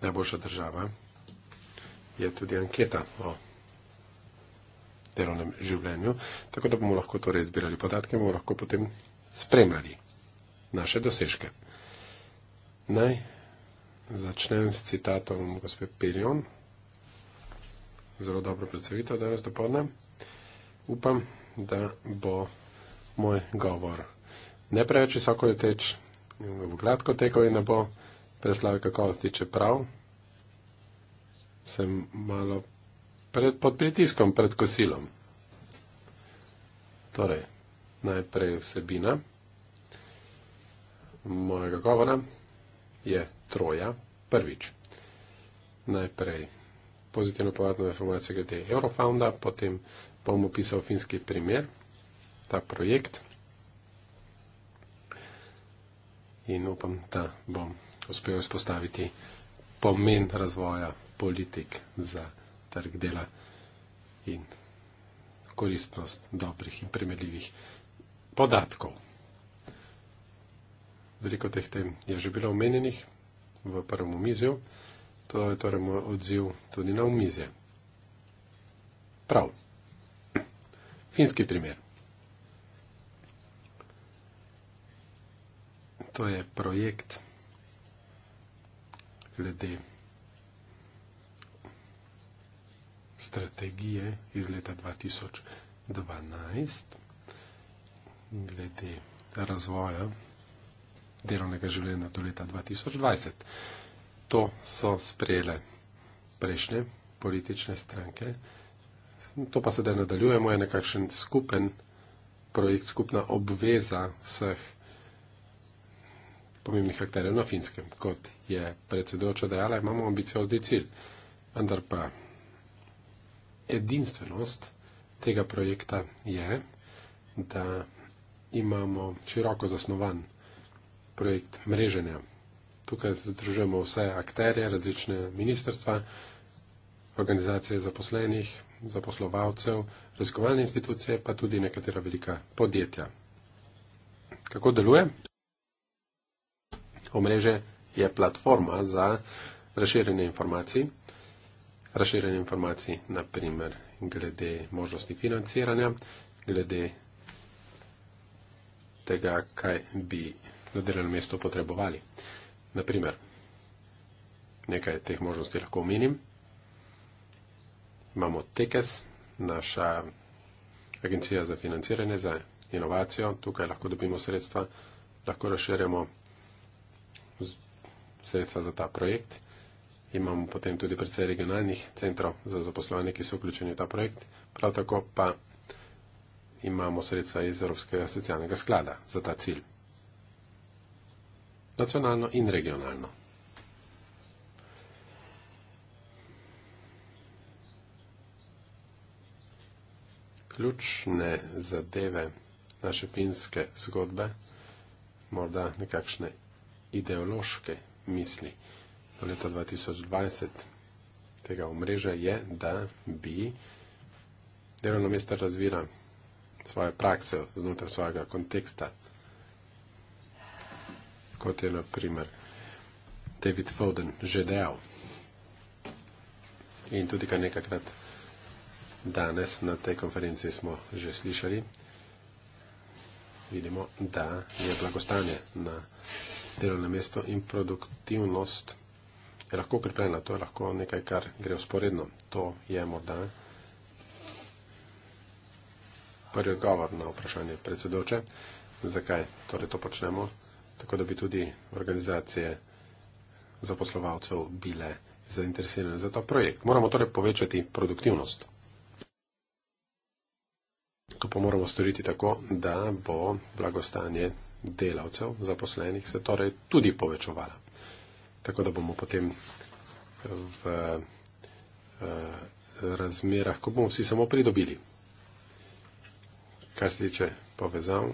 najboljša država, je tudi anketa o delovnem življenju, tako da bomo lahko torej izbirali podatke in bomo lahko potem spremljali naše dosežke. Naj začnem s citatom gospe Pirjon, zelo dobro predstavitev danes do podne. Upam, da bo moj govor ne preveč visoko leteč, da bo kratko tekel in ne bo preslave kakovosti, čeprav sem malo pred, pod pritiskom, pred kosilom. Torej, najprej vsebina mojega govora je troja prvič. Najprej pozitivno povratno informacijo glede Eurofounda, potem bom opisal finski primer, ta projekt. in upam, da bom uspel izpostaviti pomen razvoja politik za trg dela in koristnost dobrih in primerljivih podatkov. Veliko teh tem je že bilo omenjenih v prvem omizju, to je torej moj odziv tudi na omizje. Prav. Finski primer. to je projekt glede strategije iz leta 2012, glede razvoja delovnega življenja do leta 2020. To so sprejele prejšnje politične stranke. To pa sedaj nadaljujemo, je nekakšen skupen projekt, skupna obveza vseh pomembnih akterjev na finskem. Kot je predsedujoča dejala, imamo ambiciozni cilj, vendar pa edinstvenost tega projekta je, da imamo široko zasnovan projekt mreženja. Tukaj združujemo vse akterje, različne ministerstva, organizacije zaposlenih, zaposlovalcev, raziskovalne institucije, pa tudi nekatera velika podjetja. Kako deluje? Omrežje je platforma za razširjanje informacij, razširjanje informacij naprimer glede možnosti financiranja, glede tega, kaj bi na delovnem mestu potrebovali. Naprimer, nekaj teh možnosti lahko omenim. Imamo TEKES, naša agencija za financiranje, za inovacijo. Tukaj lahko dobimo sredstva, lahko razširjamo informacije sredstva za ta projekt. Imamo potem tudi predvsej regionalnih centrov za zaposlovanje, ki so vključeni v ta projekt. Prav tako pa imamo sredstva iz Evropskega socialnega sklada za ta cilj. Nacionalno in regionalno. Ključne zadeve naše finske zgodbe, morda nekakšne ideološke misli. Do leta 2020 tega omrežja je, da bi delovno mesto razvila svojo prakso znotraj svojega konteksta, kot je naprimer David Foden že dejal. In tudi kar nekakrat danes na tej konferenci smo že slišali, vidimo, da je blagostanje na delovno mesto in produktivnost je lahko pripravljena. To je lahko nekaj, kar gre usporedno. To je morda prvi odgovor na vprašanje predsedoče, zakaj torej to počnemo, tako da bi tudi organizacije zaposlovalcev bile zainteresirane za ta projekt. Moramo torej povečati produktivnost. To pa moramo storiti tako, da bo blagostanje delavcev, zaposlenih se torej tudi povečovala. Tako da bomo potem v, v eh, razmerah, ko bomo vsi samo pridobili, kar se tiče povezav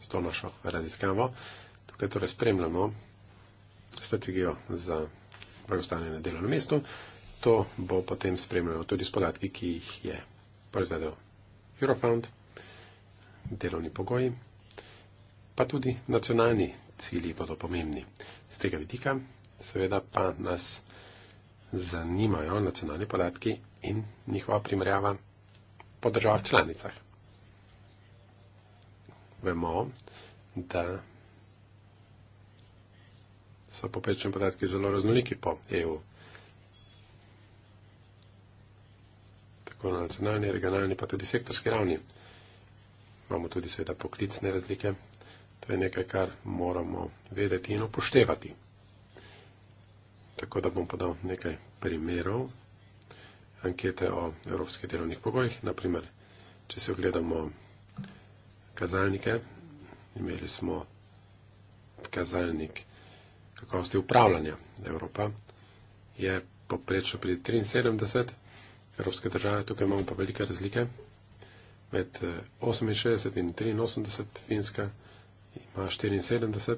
s to našo raziskavo, tukaj torej spremljamo strategijo za blagostanje na delovnem mestu, to bo potem spremljalo tudi s podatki, ki jih je proizvedel Eurofound, delovni pogoji, pa tudi nacionalni cilji bodo pomembni. Z tega vidika seveda pa nas zanimajo nacionalni podatki in njihova primerjava po državah članicah. Vemo, da so popečne podatki zelo raznoliki po EU. tako na nacionalni, regionalni, pa tudi sektorski ravni. Imamo tudi seveda poklicne razlike. To je nekaj, kar moramo vedeti in upoštevati. Tako da bom podal nekaj primerov ankete o evropskih delovnih pogojih. Naprimer, če se ogledamo kazalnike, imeli smo kazalnik kakovosti upravljanja. Evropa je poprečno pri 73 evropske države, tukaj imamo pa velike razlike. Med 68 eh, in 83 Finska ima 74,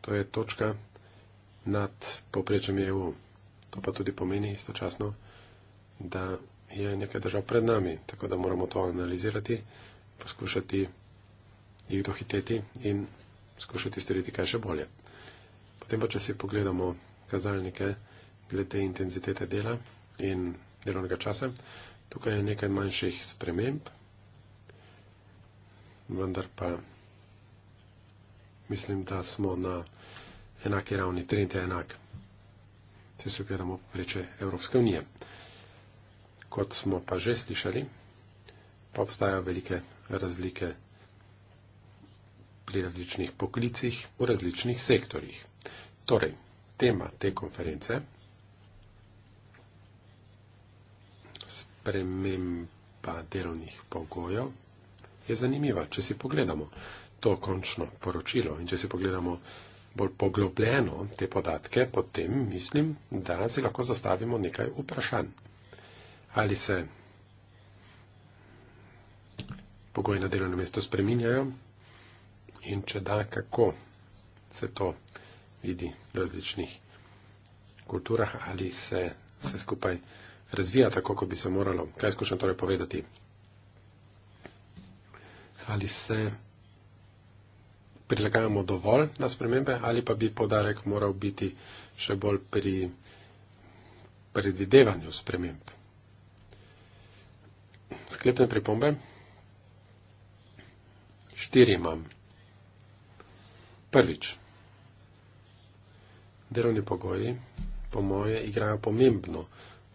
to je točka nad poprečjem EU. To pa tudi pomeni istočasno, da je nekaj držav pred nami, tako da moramo to analizirati, poskušati jih dohiteti in skušati storiti kaj še bolje. Potem pa, če si pogledamo kazalnike glede intenzitete dela in delovnega časa. Tukaj je nekaj manjših sprememb, vendar pa mislim, da smo na enaki ravni, trend je enak. Če se ogledamo preče Evropske unije. Kot smo pa že slišali, pa obstajajo velike razlike pri različnih poklicih v različnih sektorjih. Torej, tema te konference sprememba delovnih pogojev je zanimiva. Če si pogledamo to končno poročilo in če si pogledamo bolj poglobljeno te podatke, potem mislim, da se lahko zastavimo nekaj vprašanj. Ali se pogoji na delovnem mestu spreminjajo in če da, kako se to vidi v različnih kulturah ali se, se skupaj razvija tako, kot bi se moralo. Kaj skušam torej povedati? Ali se prilagajamo dovolj na spremembe, ali pa bi podarek moral biti še bolj pri predvidevanju sprememb. Sklepne pripombe. Štiri imam. Prvič. Delovni pogoji, po moje, igrajo pomembno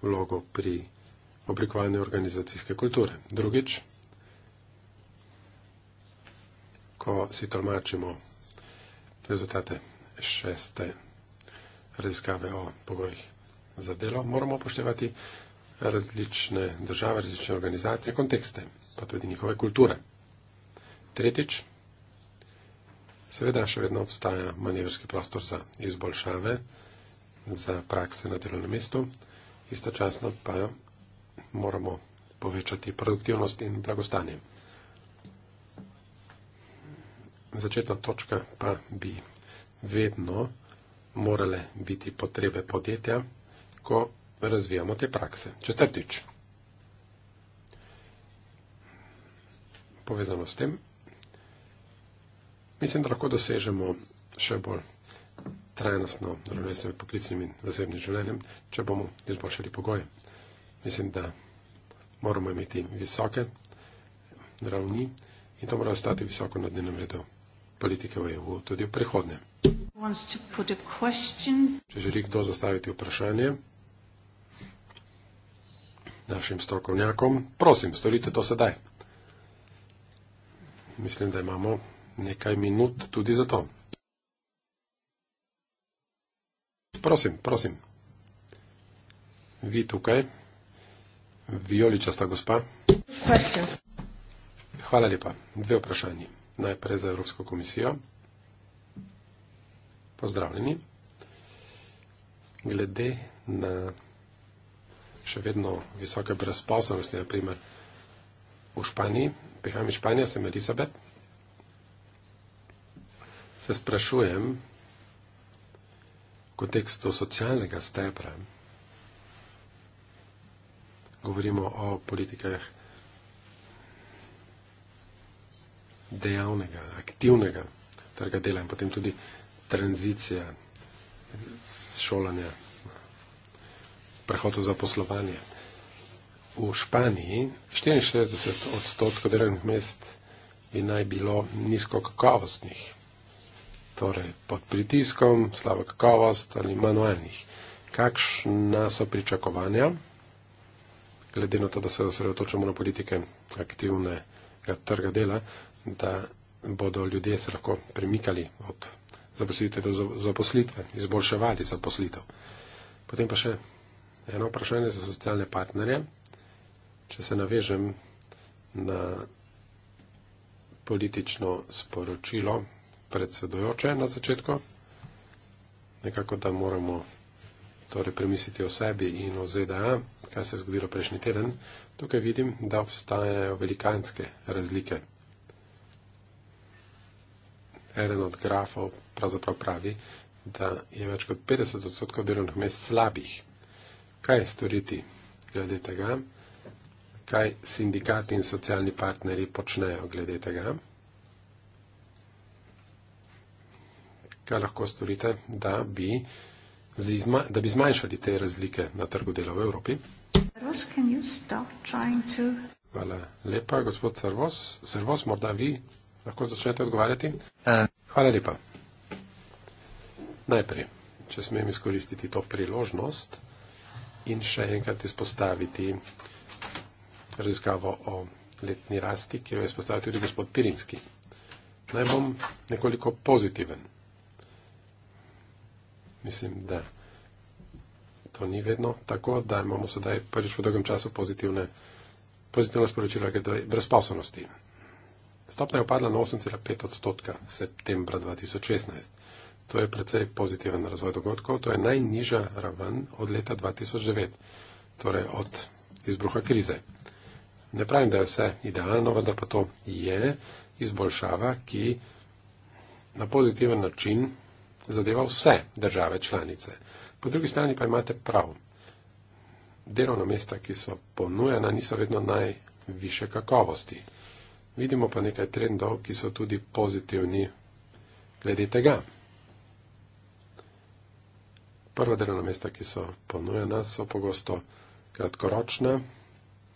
vlogo pri oblikovanju organizacijske kulture. Drugič, ko si tolmačimo rezultate šeste raziskave o pogojih za delo, moramo upoštevati različne države, različne organizacije, kontekste, pa tudi njihove kulture. Tretjič, seveda še vedno obstaja manevrski prostor za izboljšave, za prakse na delovnem mestu istočasno pa moramo povečati produktivnost in blagostanje. Začetna točka pa bi vedno morale biti potrebe podjetja, ko razvijamo te prakse. Četrtič. Povezano s tem, mislim, da lahko dosežemo še bolj trajnostno ravnovesje med poklicnim in zasebnim življenjem, če bomo izboljšali pogoje. Mislim, da moramo imeti visoke ravni in to mora ostati visoko na dnevnem redu politike v EU tudi v prihodnje. Če želi kdo zastaviti vprašanje našim strokovnjakom, prosim, storite to sedaj. Mislim, da imamo nekaj minut tudi za to. prosim, prosim. Vi tukaj, vijoličasta gospa. Question. Hvala lepa. Dve vprašanje. Najprej za Evropsko komisijo. Pozdravljeni. Glede na še vedno visoke brezposobnosti, na primer v Španiji, prihajam iz Španije, sem Elizabet, se sprašujem, kontekstu socialnega stebra. Govorimo o politikah dejavnega, aktivnega trga dela in potem tudi tranzicija šolanja, prehodov za poslovanje. V Španiji 64 odstotkov delovnih mest bi naj bilo nizkokakovostnih torej pod pritiskom, slaba kakovost ali manualnih. Kakšna so pričakovanja, glede na to, da se osredotočamo na politike aktivnega trga dela, da bodo ljudje se lahko premikali od zaposlitve do zaposlitve, izboljševali zaposlitev. Potem pa še eno vprašanje za socialne partnerje. Če se navežem na politično sporočilo, predsedujoče na začetku. Nekako, da moramo torej premisliti o sebi in o ZDA, kaj se je zgodilo prejšnji teden. Tukaj vidim, da obstajajo velikanske razlike. Eden od grafov pravzaprav pravi, da je več kot 50 odstotkov delovnih mest slabih. Kaj je storiti glede tega? Kaj sindikati in socialni partnerji počnejo glede tega? kaj lahko storite, da bi, izma, da bi zmanjšali te razlike na trgu dela v Evropi? Hvala lepa, gospod Servos. Servos, morda vi lahko začnete odgovarjati. Eh. Hvala lepa. Najprej, če smem izkoristiti to priložnost in še enkrat izpostaviti raziskavo o letni rasti, ki jo je izpostavil tudi gospod Pirinski. Naj bom nekoliko pozitiven mislim, da to ni vedno tako, da imamo sedaj prvič v dolgem času pozitivne, pozitivne sporočila glede brezposobnosti. Stopna je upadla na 8,5 odstotka septembra 2016. To je precej pozitiven razvoj dogodkov, to je najnižja raven od leta 2009, torej od izbruha krize. Ne pravim, da je vse idealno, vendar pa to je izboljšava, ki na pozitiven način zadeva vse države članice. Po drugi strani pa imate prav. Delovna mesta, ki so ponujena, niso vedno najviše kakovosti. Vidimo pa nekaj trendov, ki so tudi pozitivni glede tega. Prva delovna mesta, ki so ponujena, so pogosto kratkoročna,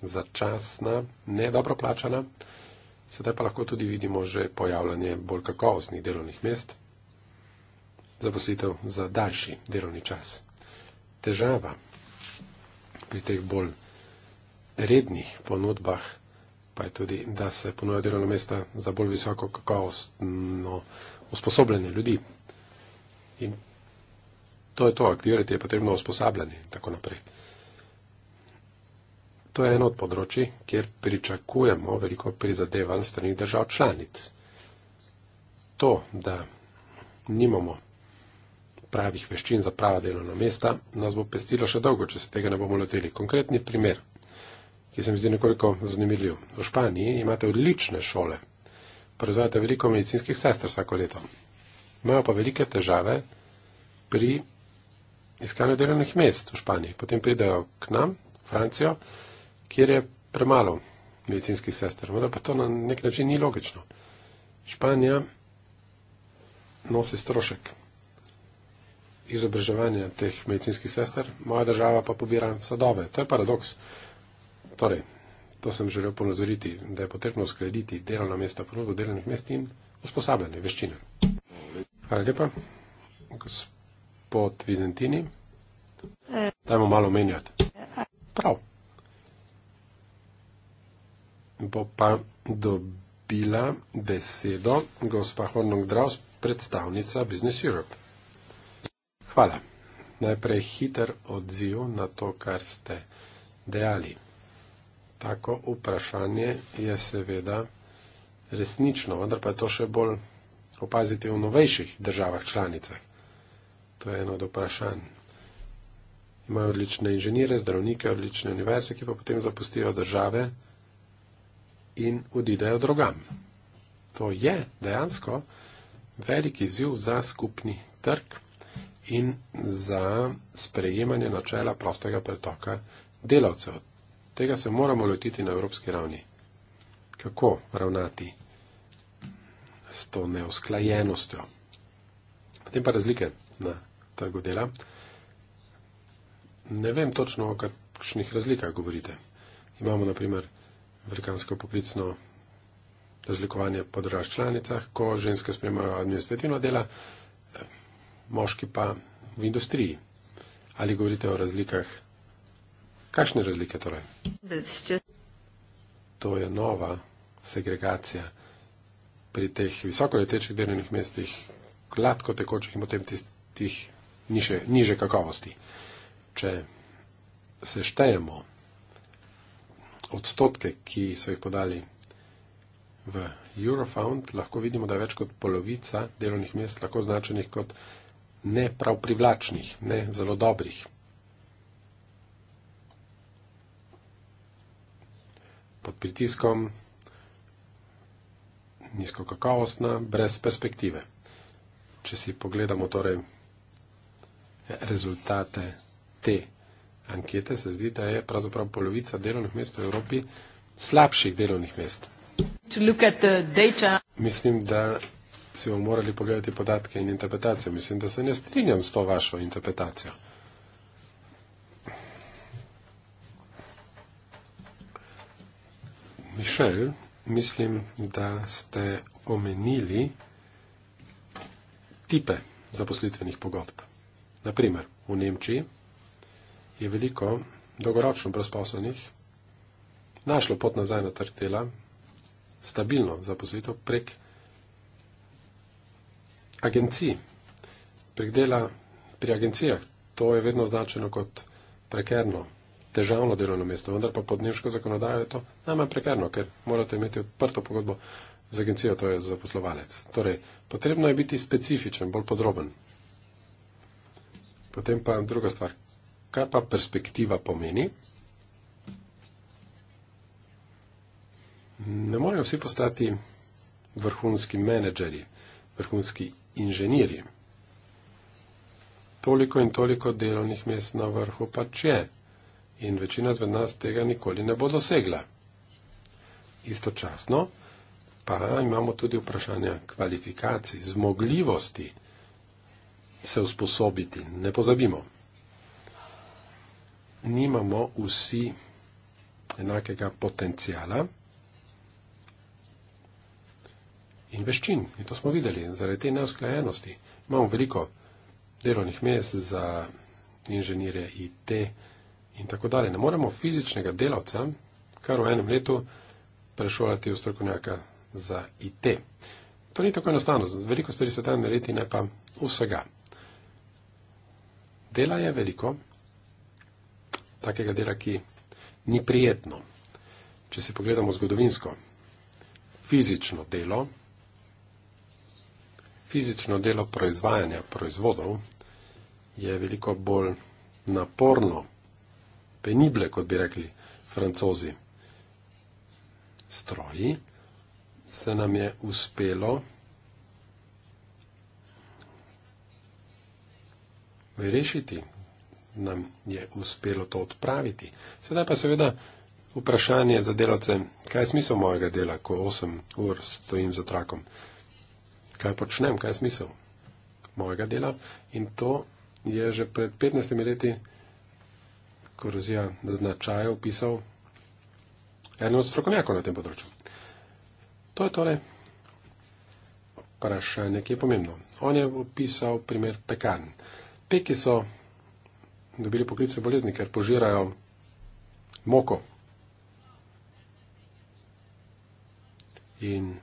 začasna, ne dobro plačana. Sedaj pa lahko tudi vidimo že pojavljanje bolj kakovostnih delovnih mest zaposlitev za daljši delovni čas. Težava pri teh bolj rednih ponudbah pa je tudi, da se ponujajo delovna mesta za bolj visoko kakovostno usposobljene ljudi. In to je to, aktivirati je potrebno usposabljanje in tako naprej. To je eno od področji, kjer pričakujemo veliko prizadevanj strani držav članic. To, da nimamo pravih veščin za prava delovna mesta, nas bo pestilo še dolgo, če se tega ne bomo lotili. Konkretni primer, ki se mi zdi nekoliko zanimiv. V Španiji imate odlične šole, proizvajate veliko medicinskih sester vsako leto. Imajo pa velike težave pri iskanju delovnih mest v Španiji. Potem pridejo k nam, Francijo, kjer je premalo medicinskih sester. Vendar pa to na nek način ni logično. Španija nosi strošek izobraževanje teh medicinskih sester, moja država pa pobira sadove. To je paradoks. Torej, to sem želel ponazoriti, da je potrebno uskladiti delovna mesta, ponudbo delovnih mest in usposabljanje veščine. Hvala lepa, gospod Vizentini. Dajmo malo menjati. Prav. Bo pa dobila besedo gospa Hornog Draus, predstavnica Business Europe. Hvala. Najprej hiter odziv na to, kar ste dejali. Tako vprašanje je seveda resnično, vendar pa je to še bolj opaziti v novejših državah članicah. To je eno od vprašanj. Imajo odlične inženire, zdravnike, odlične univerze, ki pa potem zapustijo države in odidejo drugam. To je dejansko velik izziv za skupni trg, in za sprejemanje načela prostega pretoka delavcev. Tega se moramo lotiti na evropski ravni. Kako ravnati s to neusklajenostjo? Potem pa razlike na trgu dela. Ne vem točno, o kakšnih razlikah govorite. Imamo naprimer velikansko poklicno razlikovanje po državah članicah, ko ženske spremajo administrativno delo, moški pa v industriji. Ali govorite o razlikah? Kakšne razlike torej? To je nova segregacija pri teh visokoletečih delovnih mestih, gladko tekočih in potem tistih niže, niže kakovosti. Če seštejemo odstotke, ki so jih podali v Eurofound, lahko vidimo, da več kot polovica delovnih mest lahko označenih kot ne prav privlačnih, ne zelo dobrih. Pod pritiskom nizkokakovostna, brez perspektive. Če si pogledamo torej ja, rezultate te ankete, se zdi, da je pravzaprav polovica delovnih mest v Evropi slabših delovnih mest. Mislim, da si bomo morali pogledati podatke in interpretacijo. Mislim, da se ne strinjam s to vašo interpretacijo. Mišel, mislim, da ste omenili tipe zaposlitvenih pogodb. Naprimer, v Nemčiji je veliko dolgoročno brezposlenih našlo pot nazaj na trg dela, stabilno zaposlitev prek agencij, prek dela pri agencijah. To je vedno označeno kot prekerno, težavno delovno mesto, vendar pa pod nemško zakonodajo je to najmanj prekerno, ker morate imeti odprto pogodbo z agencijo, to je zaposlovalec. Torej, potrebno je biti specifičen, bolj podroben. Potem pa druga stvar. Kaj pa perspektiva pomeni? Ne morejo vsi postati vrhunski menedžerji, vrhunski inženirji. Toliko in toliko delovnih mest na vrhu pač je in večina zved nas tega nikoli ne bo dosegla. Istočasno pa imamo tudi vprašanja kvalifikacij, zmogljivosti se usposobiti, ne pozabimo. Nimamo vsi enakega potencijala. in veščin. In to smo videli zaradi te neusklajenosti. Imamo veliko delovnih mest za inženirje IT in tako dalje. Ne moremo fizičnega delavca kar v enem letu prešolati v strokovnjaka za IT. To ni tako enostavno. Veliko stvari se da narediti, ne pa vsega. Dela je veliko, takega dela, ki ni prijetno. Če si pogledamo zgodovinsko fizično delo, fizično delo proizvajanja proizvodov je veliko bolj naporno, penible, kot bi rekli francozi. Stroji se nam je uspelo rešiti, nam je uspelo to odpraviti. Sedaj pa seveda vprašanje za delavce, kaj je smisel mojega dela, ko 8 ur stojim za trakom kaj počnem, kaj je smisel mojega dela. In to je že pred 15 leti Korozija značaja opisal eno od strokovnjakov na tem področju. To je torej vprašanje, ki je pomembno. On je opisal primer pekarn. Peki so dobili poklice bolezni, ker požirajo moko. In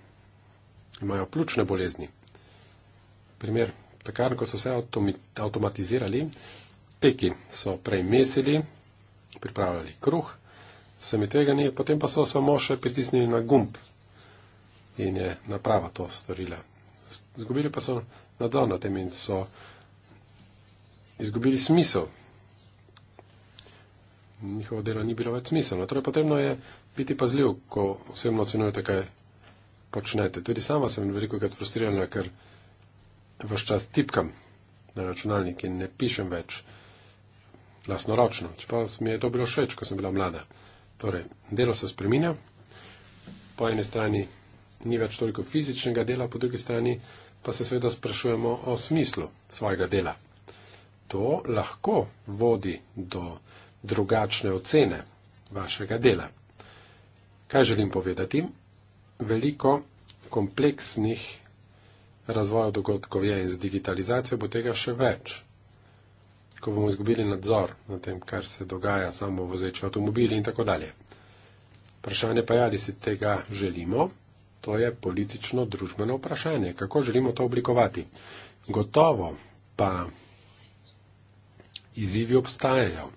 imajo pljučne bolezni. Primer, takrat, ko so se avtomatizirali, peki so prej mesili, pripravljali kruh, sami tvegani, potem pa so samo še pritisnili na gumb in je naprava to storila. Zgubili pa so nadzor nad tem in so izgubili smisel. Njihovo delo ni bilo več smiselno. Torej, potrebno je biti pazljiv, ko osebno ocenjujete, kaj počnete. Tudi sama sem veliko krat frustrirana, ker vaš čas tipkam na računalnik in ne pišem več lasnoročno. Čeprav mi je to bilo všeč, ko sem bila mlada. Torej, delo se spreminja. Po eni strani ni več toliko fizičnega dela, po drugi strani pa se seveda sprašujemo o smislu svojega dela. To lahko vodi do drugačne ocene vašega dela. Kaj želim povedati? veliko kompleksnih razvojev dogodkov je in z digitalizacijo bo tega še več. Ko bomo izgubili nadzor na tem, kar se dogaja samo v vozeči avtomobili in tako dalje. Vprašanje pa je, ali si tega želimo, to je politično-družbeno vprašanje. Kako želimo to oblikovati? Gotovo pa izzivi obstajajo.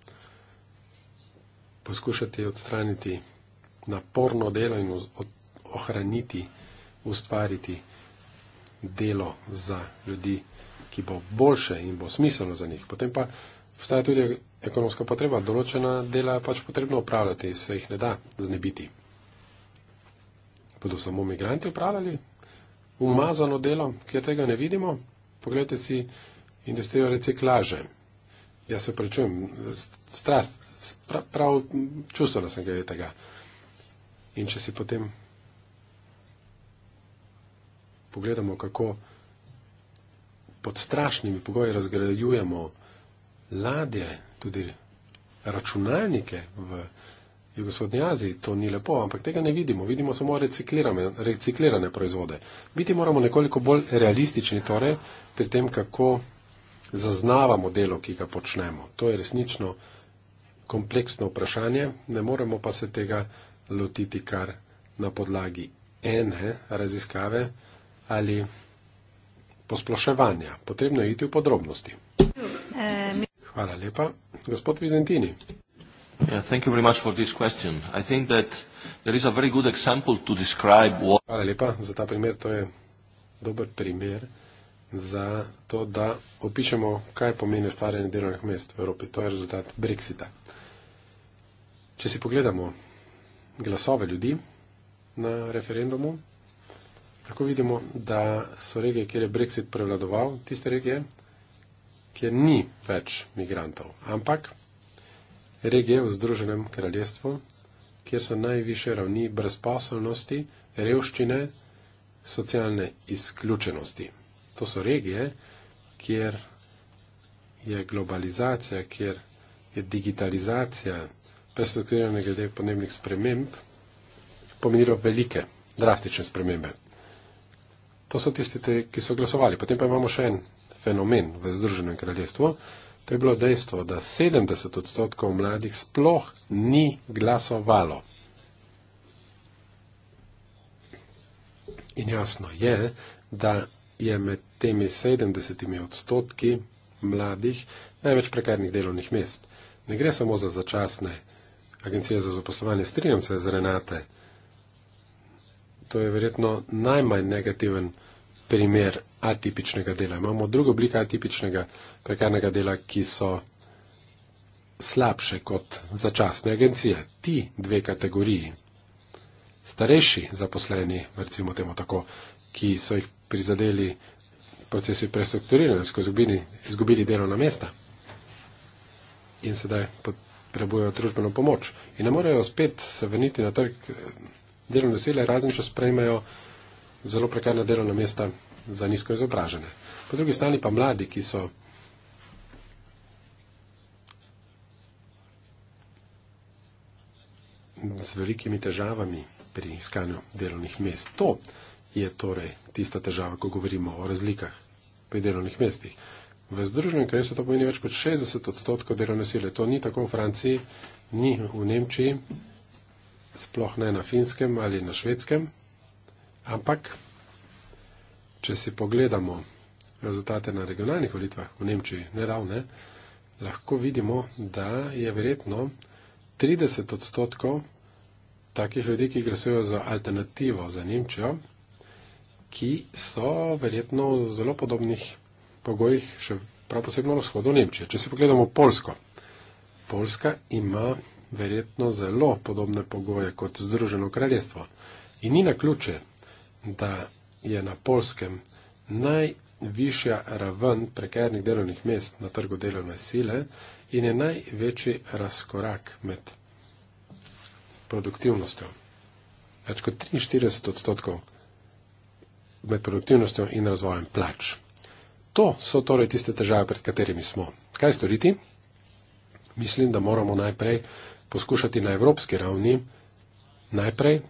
Poskušati odstraniti naporno delo in ohraniti, ustvariti delo za ljudi, ki bo boljše in bo smiselno za njih. Potem pa obstaja tudi ekonomska potreba, določena dela je pač potrebno upravljati, se jih ne da znebiti. Bodo samo migranti upravljali umazano delo, ki je tega ne vidimo. Poglejte si industrijo reciklaže. Jaz se prečujem, strast, prav, prav čustveno sem glede tega. In če si potem pogledamo, kako pod strašnimi pogoji razgrajujemo ladje, tudi računalnike v Jugoshodni Aziji, to ni lepo, ampak tega ne vidimo. Vidimo samo reciklirane, reciklirane proizvode. Biti moramo nekoliko bolj realistični torej, pri tem, kako zaznavamo delo, ki ga počnemo. To je resnično kompleksno vprašanje, ne moremo pa se tega lotiti kar na podlagi ene raziskave, ali posploševanja. Potrebno je iti v podrobnosti. Hvala lepa. Gospod Vizentini. Hvala lepa za ta primer. To je dober primer za to, da opišemo, kaj pomeni ustvarjanje delovnih mest v Evropi. To je rezultat Brexita. Če si pogledamo glasove ljudi na referendumu, lahko vidimo, da so regije, kjer je Brexit prevladoval, tiste regije, kjer ni več migrantov, ampak regije v Združenem kraljestvu, kjer so najviše ravni brezposobnosti, revščine, socialne izključenosti. To so regije, kjer je globalizacija, kjer je digitalizacija, prestrukturiranje glede podnebnih sprememb, pomenilo velike, drastične spremembe. To so tisti, te, ki so glasovali. Potem pa imamo še en fenomen v Združenem kraljestvu. To je bilo dejstvo, da 70 odstotkov mladih sploh ni glasovalo. In jasno je, da je med temi 70 odstotki mladih največ prekarnih delovnih mest. Ne gre samo za začasne agencije za zaposlovanje, strinjam se z Renate to je verjetno najmanj negativen primer atipičnega dela. Imamo drugo obliko atipičnega prekarnega dela, ki so slabše kot začasne agencije. Ti dve kategoriji, starejši zaposleni, recimo temu tako, ki so jih prizadeli procesi prestrukturiranja, ko izgubili, izgubili delovna mesta in sedaj prebujejo družbeno pomoč in ne morejo spet se vrniti na trg delovne sile, razen če sprejmejo zelo prekarna delovna mesta za nizko izobražene. Po drugi strani pa mladi, ki so z velikimi težavami pri iskanju delovnih mest. To je torej tista težava, ko govorimo o razlikah pri delovnih mestih. V Združenem kraljestvu to pomeni več kot 60 odstotkov delovne sile. To ni tako v Franciji, ni v Nemčiji, sploh ne na finskem ali na švedskem, ampak če si pogledamo rezultate na regionalnih volitvah v Nemčiji, ne ravne, lahko vidimo, da je verjetno 30 odstotkov takih ljudi, ki glasujejo za alternativo za Nemčijo, ki so verjetno v zelo podobnih pogojih še prav posebno na vzhodu Nemčije. Če si pogledamo Polsko, Polska ima verjetno zelo podobne pogoje kot Združeno kraljestvo. In ni na ključe, da je na polskem najvišja raven prekernih delovnih mest na trgu delovne sile in je največji razkorak med produktivnostjo. Več kot 43 odstotkov med produktivnostjo in razvojem plač. To so torej tiste težave, pred katerimi smo. Kaj storiti? Mislim, da moramo najprej poskušati na evropski ravni najprej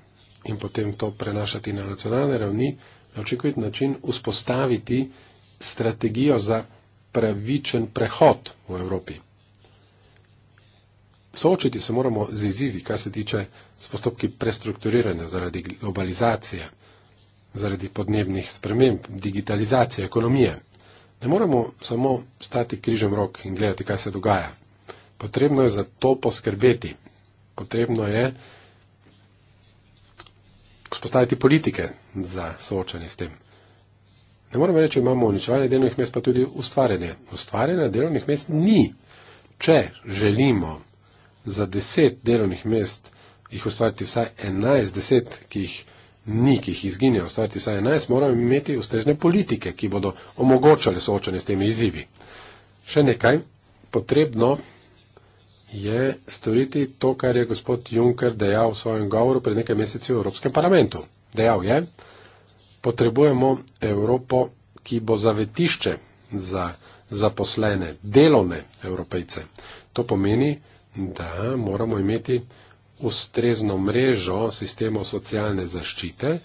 in potem to prenašati na nacionalne ravni, na očekovit način vzpostaviti strategijo za pravičen prehod v Evropi. Soočiti se moramo z izzivi, kar se tiče s postopki prestrukturiranja zaradi globalizacije, zaradi podnebnih sprememb, digitalizacije, ekonomije. Ne moramo samo stati križem rok in gledati, kaj se dogaja. Potrebno je za to poskrbeti. Potrebno je vzpostaviti politike za soočanje s tem. Ne moramo reči, da imamo uničevanje delovnih mest, pa tudi ustvarjanje. Ustvarjanje delovnih mest ni. Če želimo za deset delovnih mest jih ustvariti vsaj enajst, deset, ki jih ni, ki jih izginja, ustvariti vsaj enajst, moramo imeti ustrezne politike, ki bodo omogočale soočanje s temi izzivi. Še nekaj, potrebno je storiti to, kar je gospod Juncker dejal v svojem govoru pred nekaj meseci v Evropskem parlamentu. Dejal je, potrebujemo Evropo, ki bo zavetišče za zaposlene, delovne evropejce. To pomeni, da moramo imeti ustrezno mrežo sistemov socialne zaščite,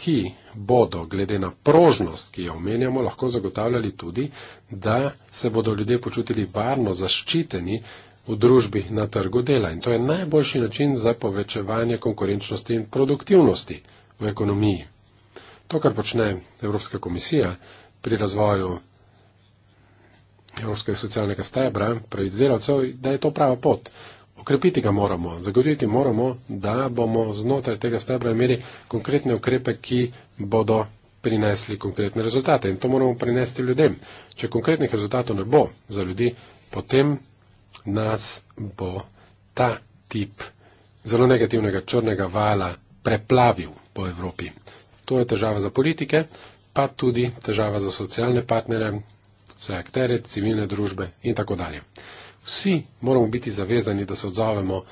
ki bodo, glede na prožnost, ki jo omenjamo, lahko zagotavljali tudi, da se bodo ljudje počutili varno, zaščiteni v družbi na trgu dela in to je najboljši način za povečevanje konkurenčnosti in produktivnosti v ekonomiji. To, kar počne Evropska komisija pri razvoju Evropskega socialnega stebra, pravic delavcev, da je to prava pot. Okrepiti ga moramo, zagotoviti moramo, da bomo znotraj tega stebra imeli konkretne ukrepe, ki bodo prinesli konkretne rezultate. In to moramo prinesti ljudem. Če konkretnih rezultatov ne bo za ljudi, potem nas bo ta tip zelo negativnega črnega vala preplavil po Evropi. To je težava za politike, pa tudi težava za socialne partnere, vse akterje, civilne družbe in tako dalje. Vsi moramo biti zavezani, da se odzovemo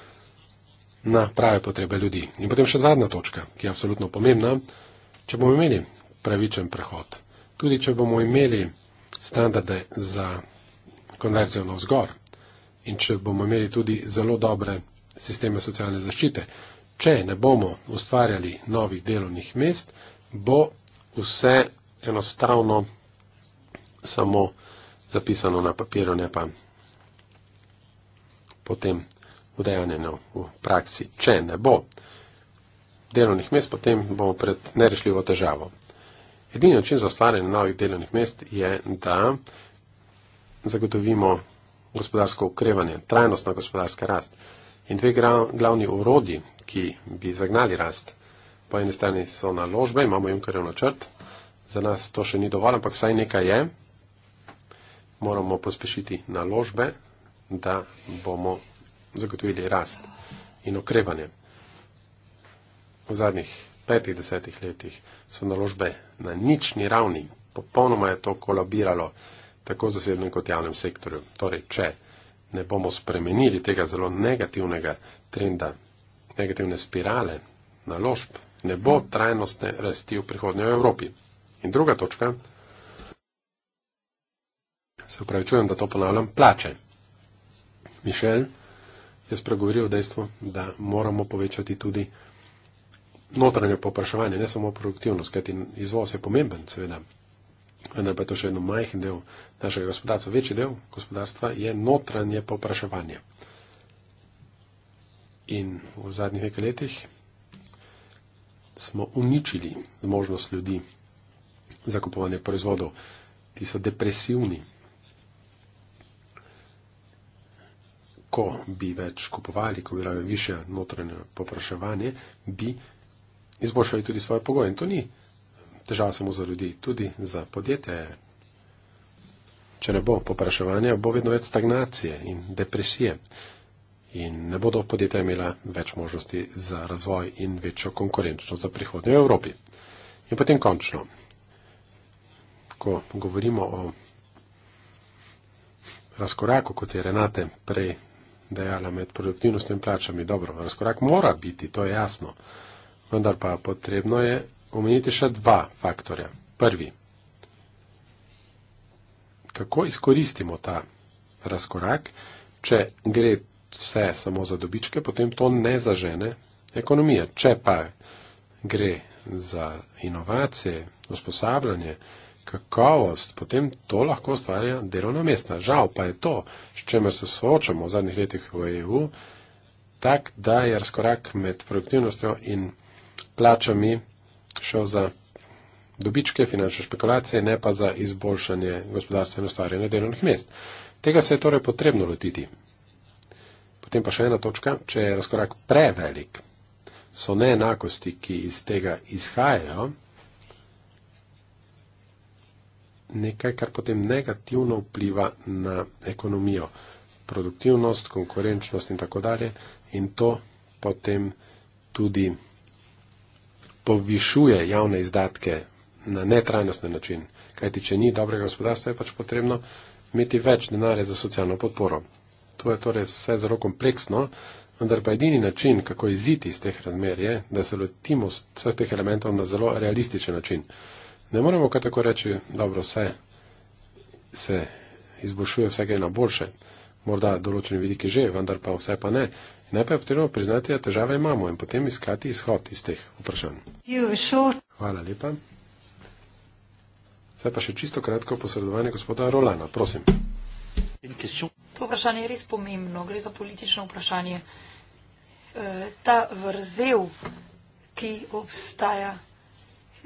na prave potrebe ljudi. In potem še zadnja točka, ki je absolutno pomembna. Če bomo imeli pravičen prehod, tudi če bomo imeli standarde za konverzijo na vzgor, in če bomo imeli tudi zelo dobre sisteme socialne zaščite, če ne bomo ustvarjali novih delovnih mest, bo vse enostavno samo zapisano na papiru, ne pa potem udejanjeno v praksi. Če ne bo delovnih mest, potem bomo pred nerešljivo težavo. Edini način za ustvarjanje novih delovnih mest je, da zagotovimo gospodarsko ukrevanje, trajnostna gospodarska rast in dve glavni urodi, ki bi zagnali rast. Po eni strani so naložbe, imamo Junkerjev načrt, za nas to še ni dovolj, ampak vsaj nekaj je. Moramo pospešiti naložbe, da bomo zagotovili rast in okrevanje. V zadnjih petih, desetih letih so naložbe na nični ravni, popolnoma je to kolabiralo tako zasebnem kot javnem sektorju. Torej, če ne bomo spremenili tega zelo negativnega trenda, negativne spirale naložb, ne bo trajnostne rasti v prihodnje v Evropi. In druga točka, se upravičujem, da to ponavljam, plače. Mišel je spregovoril o dejstvu, da moramo povečati tudi notranje popraševanje, ne samo produktivnost, kajti izvoz je pomemben, seveda, vendar pa je to še eno majhen del našega gospodarstva. Večji del gospodarstva je notranje popraševanje. In v zadnjih nekaj letih smo uničili možnost ljudi za kupovanje proizvodov, ki so depresivni. Ko bi več kupovali, ko bi imeli više notranje popraševanje, bi izboljšali tudi svoje pogoje. In to ni težava samo za ljudi, tudi za podjetje. Če ne bo popraševanja, bo vedno več stagnacije in depresije in ne bodo podjetja imela več možnosti za razvoj in večjo konkurenčnost za prihodnje v Evropi. In potem končno, ko govorimo o razkoraku, kot je Renate prej dejala med produktivnostjo in plačami, dobro, razkorak mora biti, to je jasno, vendar pa potrebno je omeniti še dva faktorja. Prvi, kako izkoristimo ta razkorak, če gre vse samo za dobičke, potem to ne zažene ekonomije. Če pa gre za inovacije, usposabljanje, kakovost, potem to lahko ustvarja delovna mesta. Žal pa je to, s čemer se soočamo v zadnjih letih v EU, tak, da je razkorak med produktivnostjo in plačami šel za dobičke, finančne špekulacije, ne pa za izboljšanje gospodarstva in ustvarjanje delovnih mest. Tega se je torej potrebno lotiti. Potem pa še ena točka, če je razkorak prevelik, so neenakosti, ki iz tega izhajajo, nekaj, kar potem negativno vpliva na ekonomijo, produktivnost, konkurenčnost in tako dalje in to potem tudi povišuje javne izdatke na netrajnostne način, kajti če ni dobrega gospodarstva, je pač potrebno imeti več denarja za socialno podporo. To je torej vse zelo kompleksno, vendar pa edini način, kako iziti iz teh razmer je, da se lotimo vseh teh elementov na zelo realističen način. Ne moremo kar tako reči, dobro, vse se izboljšuje, vse gre na boljše. Morda določeni vidiki že, vendar pa vse pa ne. Najprej je potrebno priznati, da težave imamo in potem iskati izhod iz teh vprašanj. Hvala lepa. Zdaj pa še čisto kratko posredovanje gospoda Rolana. Prosim. To vprašanje je res pomembno. Gre za politično vprašanje. E, ta vrzel, ki obstaja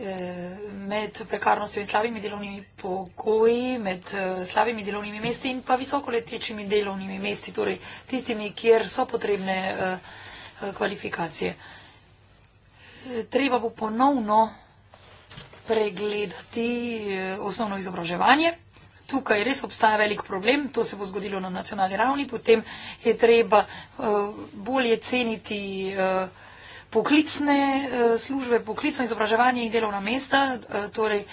Eh, med prekarnostjo in slabimi delovnimi pogoji, med eh, slabimi delovnimi mesti in pa visokoletečimi delovnimi mesti, torej tistimi, kjer so potrebne eh, kvalifikacije. Treba bo ponovno pregledati osnovno izobraževanje. Tukaj res obstaja velik problem, to se bo zgodilo na nacionalni ravni, potem je treba bolje ceniti poklicne eh, službe, poklicno izobraževanje in delovna mesta, eh, torej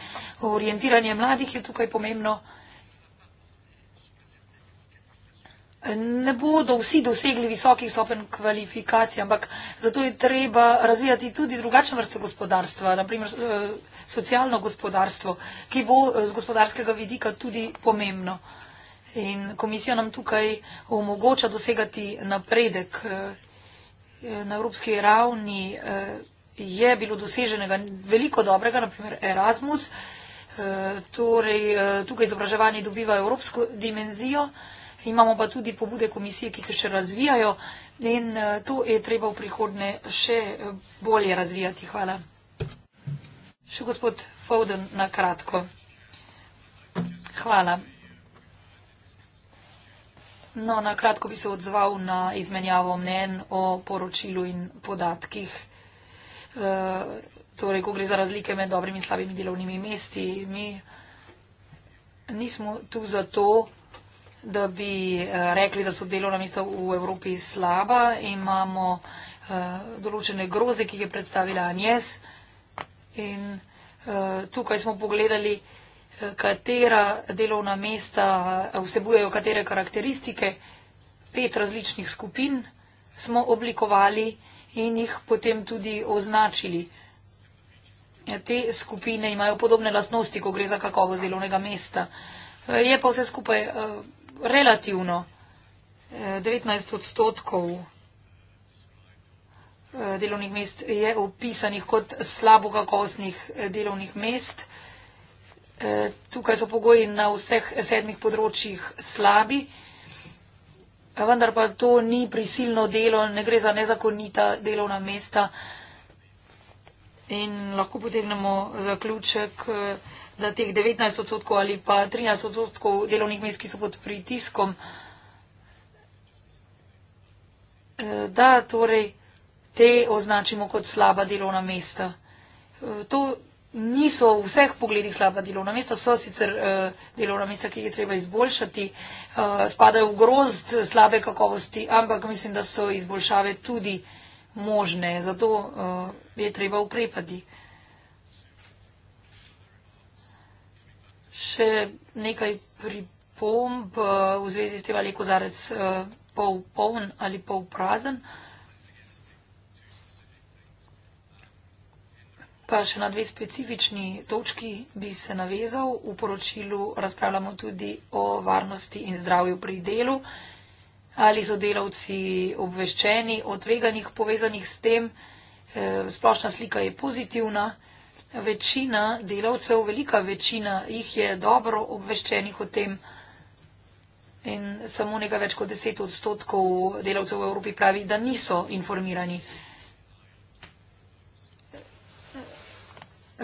orientiranje mladih je tukaj pomembno. Ne bodo vsi dosegli visokih stopen kvalifikacij, ampak zato je treba razvijati tudi drugačne vrste gospodarstva, naprimer eh, socialno gospodarstvo, ki bo z gospodarskega vidika tudi pomembno. In komisija nam tukaj omogoča dosegati napredek. Eh, na evropski ravni eh, je bilo doseženega veliko dobrega, naprimer Erasmus, eh, torej tukaj izobraževanje dobiva evropsko dimenzijo, imamo pa tudi pobude komisije, ki se še razvijajo in to je treba v prihodne še bolje razvijati. Hvala. Še gospod Fowden na kratko. Hvala. No, na kratko bi se odzval na izmenjavo mnen o poročilu in podatkih. E, torej, ko gre za razlike med dobrimi in slabimi delovnimi mesti, mi nismo tu zato, da bi e, rekli, da so delovna mesta v Evropi slaba. Imamo e, določene grozde, ki jih je predstavila Anjes. In e, tukaj smo pogledali, katera delovna mesta vsebujejo katere karakteristike. Pet različnih skupin smo oblikovali in jih potem tudi označili. Te skupine imajo podobne lastnosti, ko gre za kakovost delovnega mesta. Je pa vse skupaj eh, relativno 19 eh, odstotkov eh, delovnih mest je opisanih kot slabo kakovostnih delovnih mest. Eh, tukaj so pogoji na vseh sedmih področjih slabi, vendar pa to ni prisilno delo, ne gre za nezakonita delovna mesta in lahko potegnemo zaključek, eh, da teh 19 odstotkov ali pa 13 odstotkov delovnih mest, ki so pod pritiskom, eh, da torej te označimo kot slaba delovna mesta. To niso v vseh pogledih slaba delovna mesta, so sicer uh, delovna mesta, ki jih treba izboljšati, uh, spadajo v grozd slabe kakovosti, ampak mislim, da so izboljšave tudi možne, zato uh, je treba ukrepati. Še nekaj pripomb uh, v zvezi s tem, ali je kozarec uh, pol poln ali pol prazen. Uh, Pa še na dve specifični točki bi se navezal. V poročilu razpravljamo tudi o varnosti in zdravju pri delu. Ali so delavci obveščeni o tveganjih povezanih s tem? E, splošna slika je pozitivna. Večina delavcev, velika večina jih je dobro obveščenih o tem. In samo nekaj več kot deset odstotkov delavcev v Evropi pravi, da niso informirani.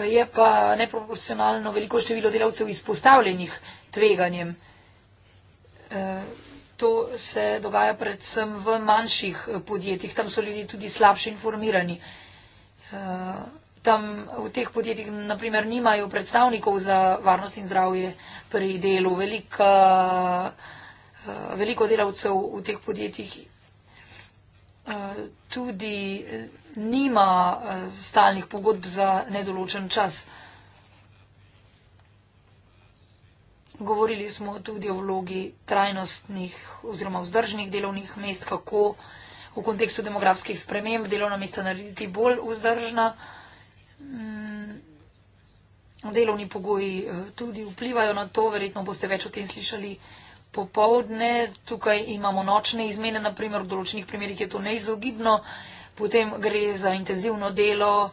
je pa neproporcionalno veliko število delavcev izpostavljenih tveganjem. E, to se dogaja predvsem v manjših podjetjih, tam so ljudje tudi slabše informirani. E, tam v teh podjetjih naprimer nimajo predstavnikov za varnost in zdravje pri delu. Velika, e, veliko delavcev v teh podjetjih tudi nima eh, stalnih pogodb za nedoločen čas. Govorili smo tudi o vlogi trajnostnih oziroma vzdržnih delovnih mest, kako v kontekstu demografskih sprememb delovna mesta narediti bolj vzdržna. Mm, delovni pogoji eh, tudi vplivajo na to, verjetno boste več o tem slišali popovdne. Tukaj imamo nočne izmene, naprimer v določenih primerih je to neizogibno potem gre za intenzivno delo,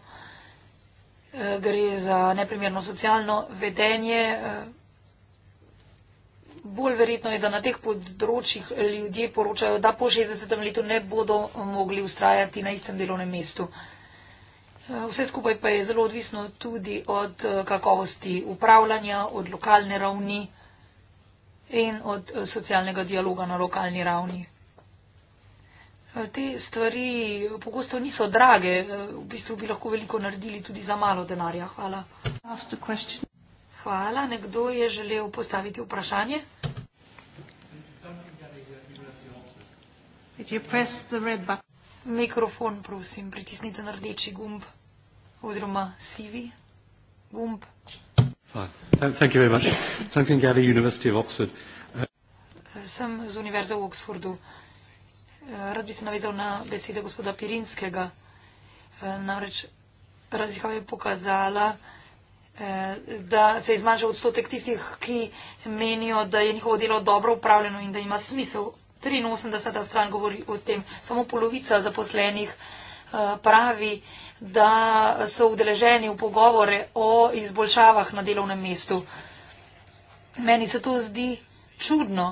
eh, gre za neprimerno socialno vedenje. Eh, bolj verjetno je, da na teh področjih ljudje poročajo, da po 60. letu ne bodo mogli ustrajati na istem delovnem mestu. Eh, vse skupaj pa je zelo odvisno tudi od kakovosti upravljanja, od lokalne ravni in od socialnega dialoga na lokalni ravni. Te stvari pogosto niso drage, eh, v bistvu bi lahko veliko naredili tudi za malo denarja. Hvala. Hvala. Nekdo je želel postaviti vprašanje. Mikrofon, prosim, pritisnite na rdeči gumb oziroma sivi gumb. Sem z univerze v Oxfordu. Rad bi se navezal na besede gospoda Pirinskega. E, namreč raziskava je pokazala, e, da se je zmanjšal odstotek tistih, ki menijo, da je njihovo delo dobro upravljeno in da ima smisel. 83. stran govori o tem. Samo polovica zaposlenih e, pravi, da so udeleženi v pogovore o izboljšavah na delovnem mestu. Meni se to zdi čudno.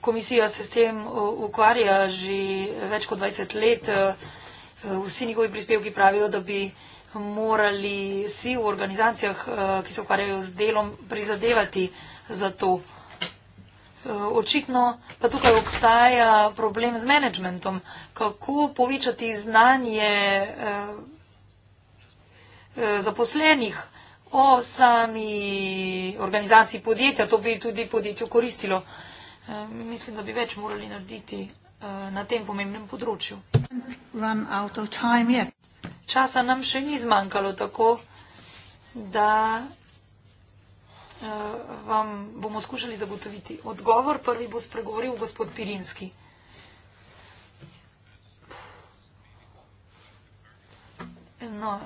Komisija se s tem uh, ukvarja že več kot 20 let. Uh, vsi njihovi prispevki pravijo, da bi morali si v organizacijah, uh, ki se ukvarjajo z delom, prizadevati za to. Očitno pa tukaj obstaja problem z menedžmentom. Kako povečati znanje zaposlenih o sami organizaciji podjetja, to bi tudi podjetju koristilo. Eh, mislim, da bi več morali narediti eh, na tem pomembnem področju. Časa nam še ni zmanjkalo tako, da eh, vam bomo skušali zagotoviti odgovor. Prvi bo spregovoril gospod Pirinski. No,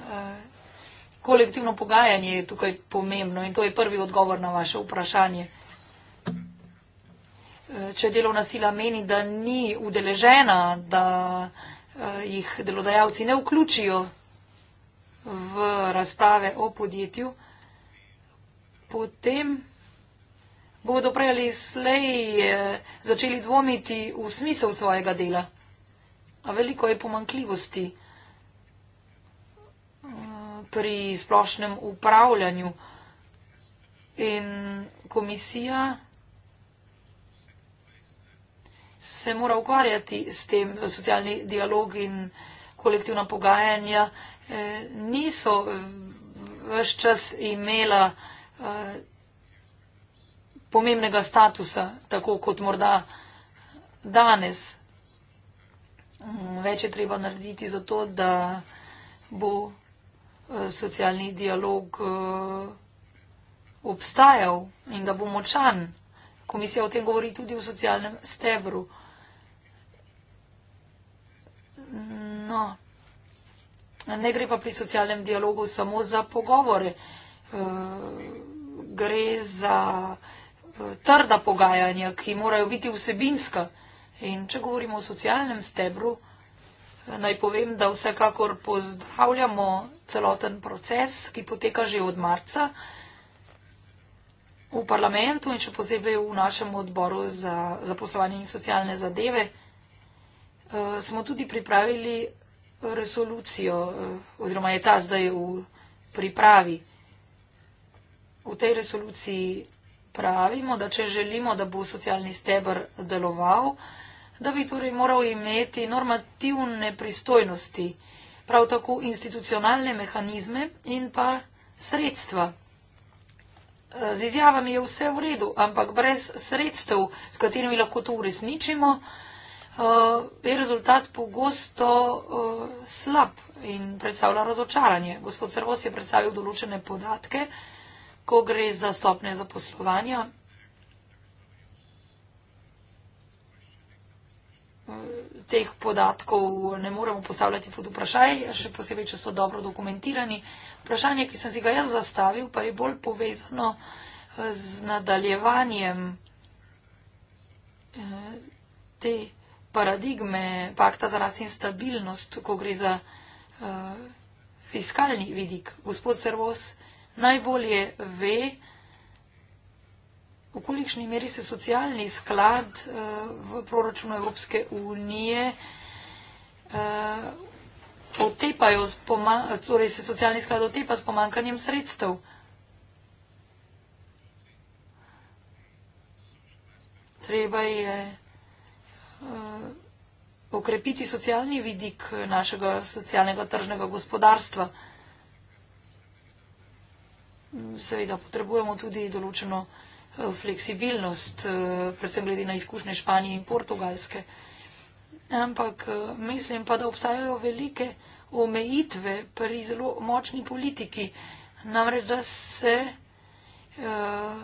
kolektivno pogajanje je tukaj pomembno in to je prvi odgovor na vaše vprašanje če delovna sila meni, da ni udeležena, da eh, jih delodajalci ne vključijo v razprave o podjetju, potem bodo prej ali slej eh, začeli dvomiti v smisel svojega dela. A veliko je pomankljivosti eh, pri splošnem upravljanju in komisija se mora ukvarjati s tem socialni dialog in kolektivna pogajanja, eh, niso vse čas imela eh, pomembnega statusa, tako kot morda danes. Več je treba narediti za to, da bo eh, socialni dialog obstajal in da bo močan. Komisija o tem govori tudi v socialnem stebru. No, ne gre pa pri socialnem dialogu samo za pogovore, eh, gre za eh, trda pogajanja, ki morajo biti vsebinska. In če govorimo o socialnem stebru, eh, naj povem, da vsekakor pozdravljamo celoten proces, ki poteka že od marca v parlamentu in še posebej v našem odboru za zaposlovanje in socialne zadeve. Smo tudi pripravili resolucijo eh, oziroma je ta zdaj v pripravi. V tej resoluciji pravimo, da če želimo, da bo socialni stebr deloval, da bi torej moral imeti normativne pristojnosti, prav tako institucionalne mehanizme in pa sredstva. Eh, z izjavami je vse v redu, ampak brez sredstev, s katerimi lahko to uresničimo, Eh, je rezultat pogosto eh, slab in predstavlja razočaranje. Gospod Srvos je predstavil določene podatke, ko gre za stopne zaposlovanja. Eh, teh podatkov ne moremo postavljati pod vprašaj, še posebej, če so dobro dokumentirani. Vprašanje, ki sem si ga jaz zastavil, pa je bolj povezano z nadaljevanjem te podatke paradigme pakta za rast in stabilnost, ko gre za uh, fiskalni vidik. Gospod Servos najbolje ve, v kolikšni meri se socialni sklad uh, v proračunu Evropske unije uh, otepajo, torej se socialni sklad otepa s pomankanjem sredstev. Treba je Eh, okrepiti socialni vidik našega socialnega tržnega gospodarstva. Mm, seveda potrebujemo tudi določeno eh, fleksibilnost, eh, predvsem glede na izkušnje Španije in Portugalske. Ampak mislim pa, da obstajajo velike omejitve pri zelo močni politiki. Namreč, da se uh,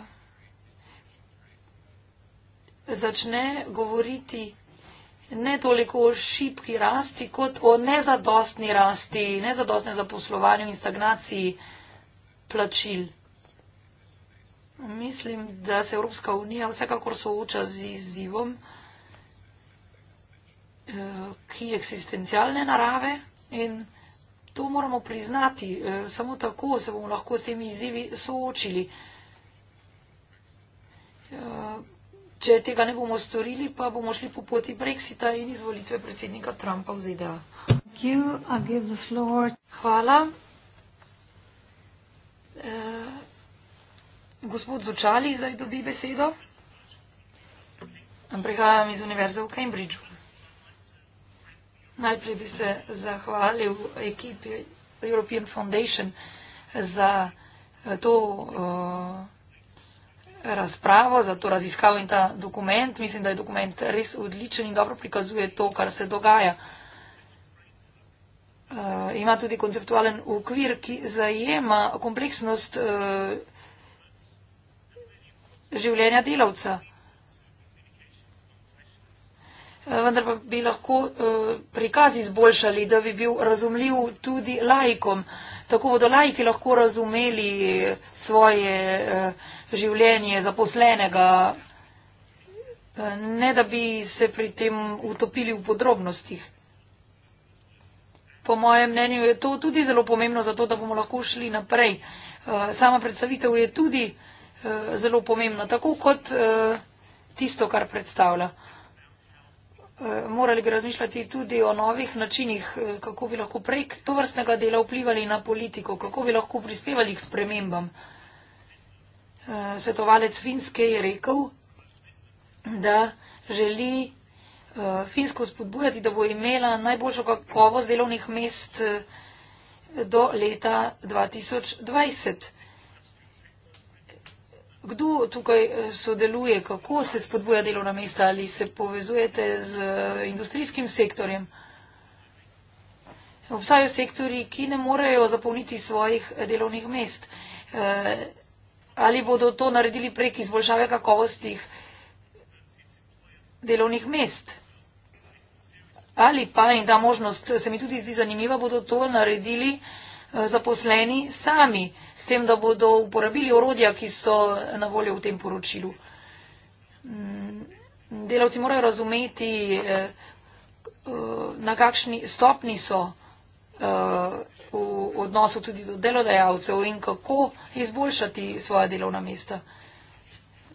začne govoriti ne toliko o šibki rasti, kot o nezadostni rasti, nezadostne zaposlovanju in stagnaciji plačil. Mislim, da se Evropska unija vsekakor sooča z izzivom, eh, ki je eksistencialne narave in to moramo priznati. Eh, samo tako se bomo lahko s temi izzivi soočili. Eh, če tega ne bomo storili, pa bomo šli po poti Brexita in izvolitve predsednika Trumpa v ZDA. Hvala. Uh, gospod Zočali zdaj dobi besedo. Prihajam iz Univerze v Cambridgeu. Najprej bi se zahvalil ekipi European Foundation za eh, to uh, razpravo, za to raziskavo in ta dokument. Mislim, da je dokument res odličen in dobro prikazuje to, kar se dogaja. Uh, ima tudi konceptualen ukvir, ki zajema kompleksnost uh, življenja delavca. Eh, vendar pa bi lahko prikaz izboljšali, da bi bil razumljiv tudi laikom. Tako bodo laiki lahko razumeli svoje življenje zaposlenega, eh, ne da bi se pri tem utopili v podrobnostih. Po mojem mnenju je to tudi zelo pomembno za to, da bomo lahko šli naprej. Eh, sama predstavitev je tudi eh, zelo pomembna, tako kot tisto, kar predstavlja. Morali bi razmišljati tudi o novih načinih, kako bi lahko prek to vrstnega dela vplivali na politiko, kako bi lahko prispevali k spremembam. Eh, svetovalec Finske je rekel, da želi eh, Finsko spodbujati, da bo imela najboljšo kakovost delovnih mest eh, do leta 2020. Kdo tukaj sodeluje, kako se spodbuja delovna mesta ali se povezujete z industrijskim sektorjem? Obstajajo sektori, ki ne morejo zapolniti svojih delovnih mest ali bodo to naredili prek izboljšave kakovostih delovnih mest. Ali pa, in ta možnost se mi tudi zdi zanimiva, bodo to naredili eh, zaposleni sami, s tem, da bodo uporabili orodja, ki so na voljo v tem poročilu. Mm, delavci morajo razumeti, eh, eh, na kakšni stopni so v odnosu tudi do delodajalcev in kako izboljšati svoje delovna mesta.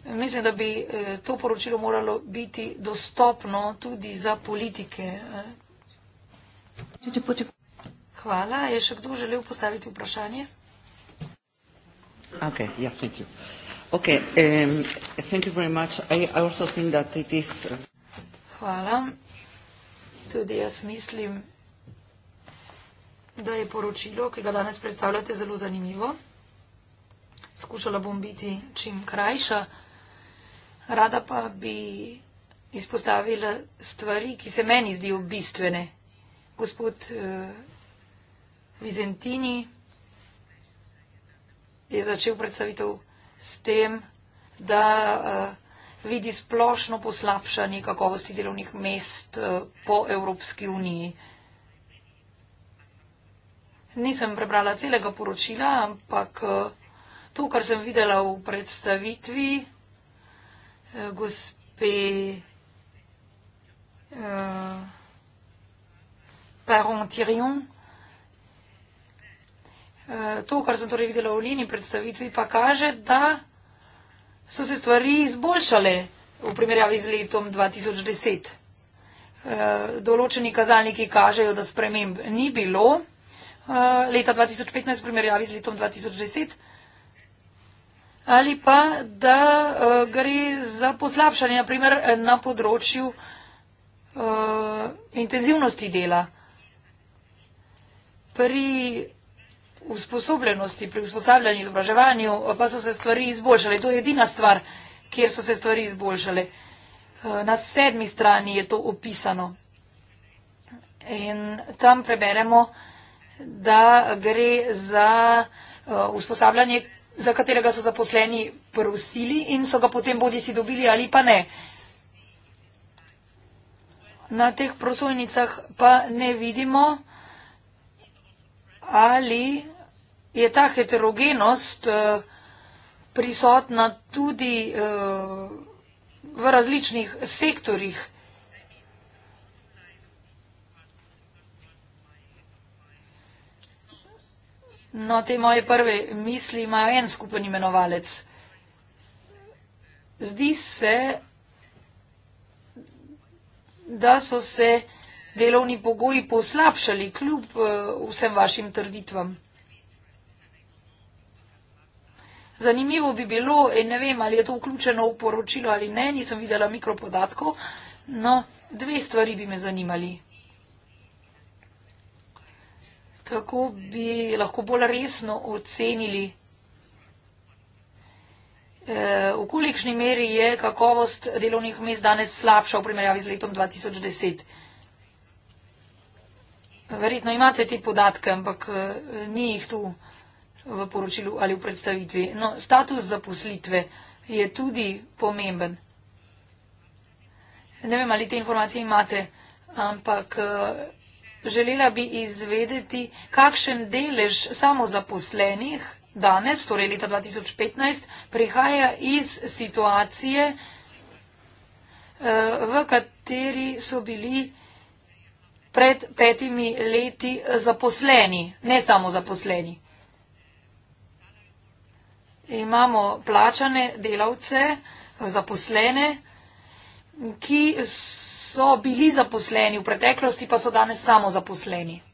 Mislim, da bi eh, to poročilo moralo biti dostopno tudi za politike. Eh. Hvala. Je še kdo želel postaviti vprašanje? Okay, yeah, thank you. Okay, um, thank you very much. I, I also think that it is. Uh, Hvala. Tudi jaz mislim da je poročilo, ki ga danes predstavljate, zelo zanimivo. Skušala bom biti čim krajša. Rada pa bi izpostavila stvari, ki se meni zdijo bistvene. Gospod eh, Vizentini je začel predstavitev s tem, da eh, vidi splošno poslabšanje kakovosti delovnih mest eh, po Evropski uniji. Nisem prebrala celega poročila, ampak eh, to, kar sem videla v predstavitvi eh, gospe uh, eh, Parent-Tirion, to, kar sem torej videla v lini predstavitvi, pa kaže, da so se stvari izboljšale v primerjavi z letom 2010. Uh, določeni kazalniki kažejo, da sprememb ni bilo. Eh, leta 2015 v primerjavi z letom 2010 ali pa, da uh, gre za poslabšanje, naprimer, na področju uh, intenzivnosti dela. Pri usposobljenosti, pri usposabljanju, izobraževanju pa so se stvari izboljšale. To je edina stvar, kjer so se stvari izboljšale. Uh, na sedmi strani je to opisano. In tam preberemo, uh, da gre za uh, usposabljanje, za katerega so zaposleni prosili in so ga potem bodi si dobili ali pa ne. Na teh prosojnicah pa ne vidimo, ali je ta heterogenost uh, prisotna tudi uh, v različnih sektorjih. No, te moje prve misli imajo en skupen imenovalec. Zdi se, da so se delovni pogoji poslabšali kljub eh, vsem vašim trditvam. Zanimivo bi bilo, in eh, ne vem, ali je to vključeno v poročilo ali ne, nisem videla mikropodatkov, no, dve stvari bi me zanimali kako bi lahko bolj resno ocenili, eh, v kolikšni meri je kakovost delovnih mest danes slabša v primerjavi z letom 2010. Verjetno imate te podatke, ampak eh, ni jih tu v poročilu ali v predstavitvi. No, status zaposlitve je tudi pomemben. Ne vem, ali te informacije imate, ampak eh, Želela bi izvedeti, kakšen delež samozaposlenih danes, torej leta 2015, prihaja iz situacije, eh, v kateri so bili pred petimi leti zaposleni, ne samo zaposleni. Imamo plačane delavce, zaposlene, ki so so bili zaposleni v preteklosti, pa so danes samo zaposleni.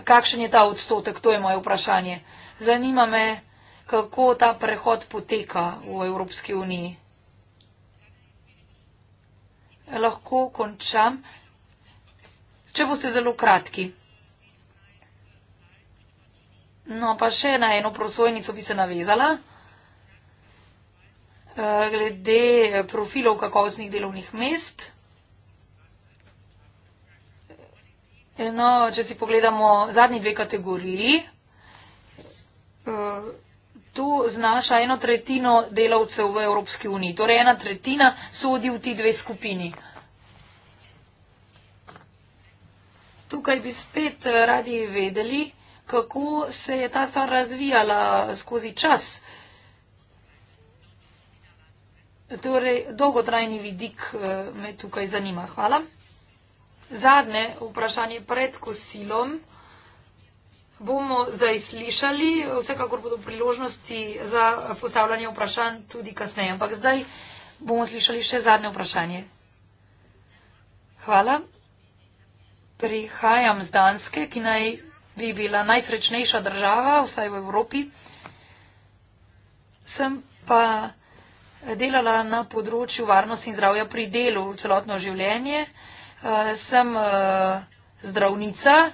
Kakšen je ta odstotek, to je moje vprašanje. Zanima me, kako ta prehod poteka v Evropski uniji. Lahko končam, če boste zelo kratki. No, pa še na eno prosojnico bi se navezala. Eh, glede eh, profilov kakovostnih delovnih mest. No, če si pogledamo zadnji dve kategoriji, eh, tu znaša eno tretjino delavcev v Evropski uniji, torej ena tretjina sodi v ti dve skupini. Tukaj bi spet eh, radi vedeli, kako se je ta stvar razvijala skozi čas. Torej, dolgotrajni vidik eh, me tukaj zanima. Hvala. Zadnje vprašanje pred kosilom bomo zdaj slišali, vsekakor bodo priložnosti za postavljanje vprašanj tudi kasneje, ampak zdaj bomo slišali še zadnje vprašanje. Hvala. Prihajam z Danske, ki naj bi bila najsrečnejša država, vsaj v Evropi. Sem pa delala na področju varnosti in zdravja pri delu celotno življenje uh, sem uh, zdravnica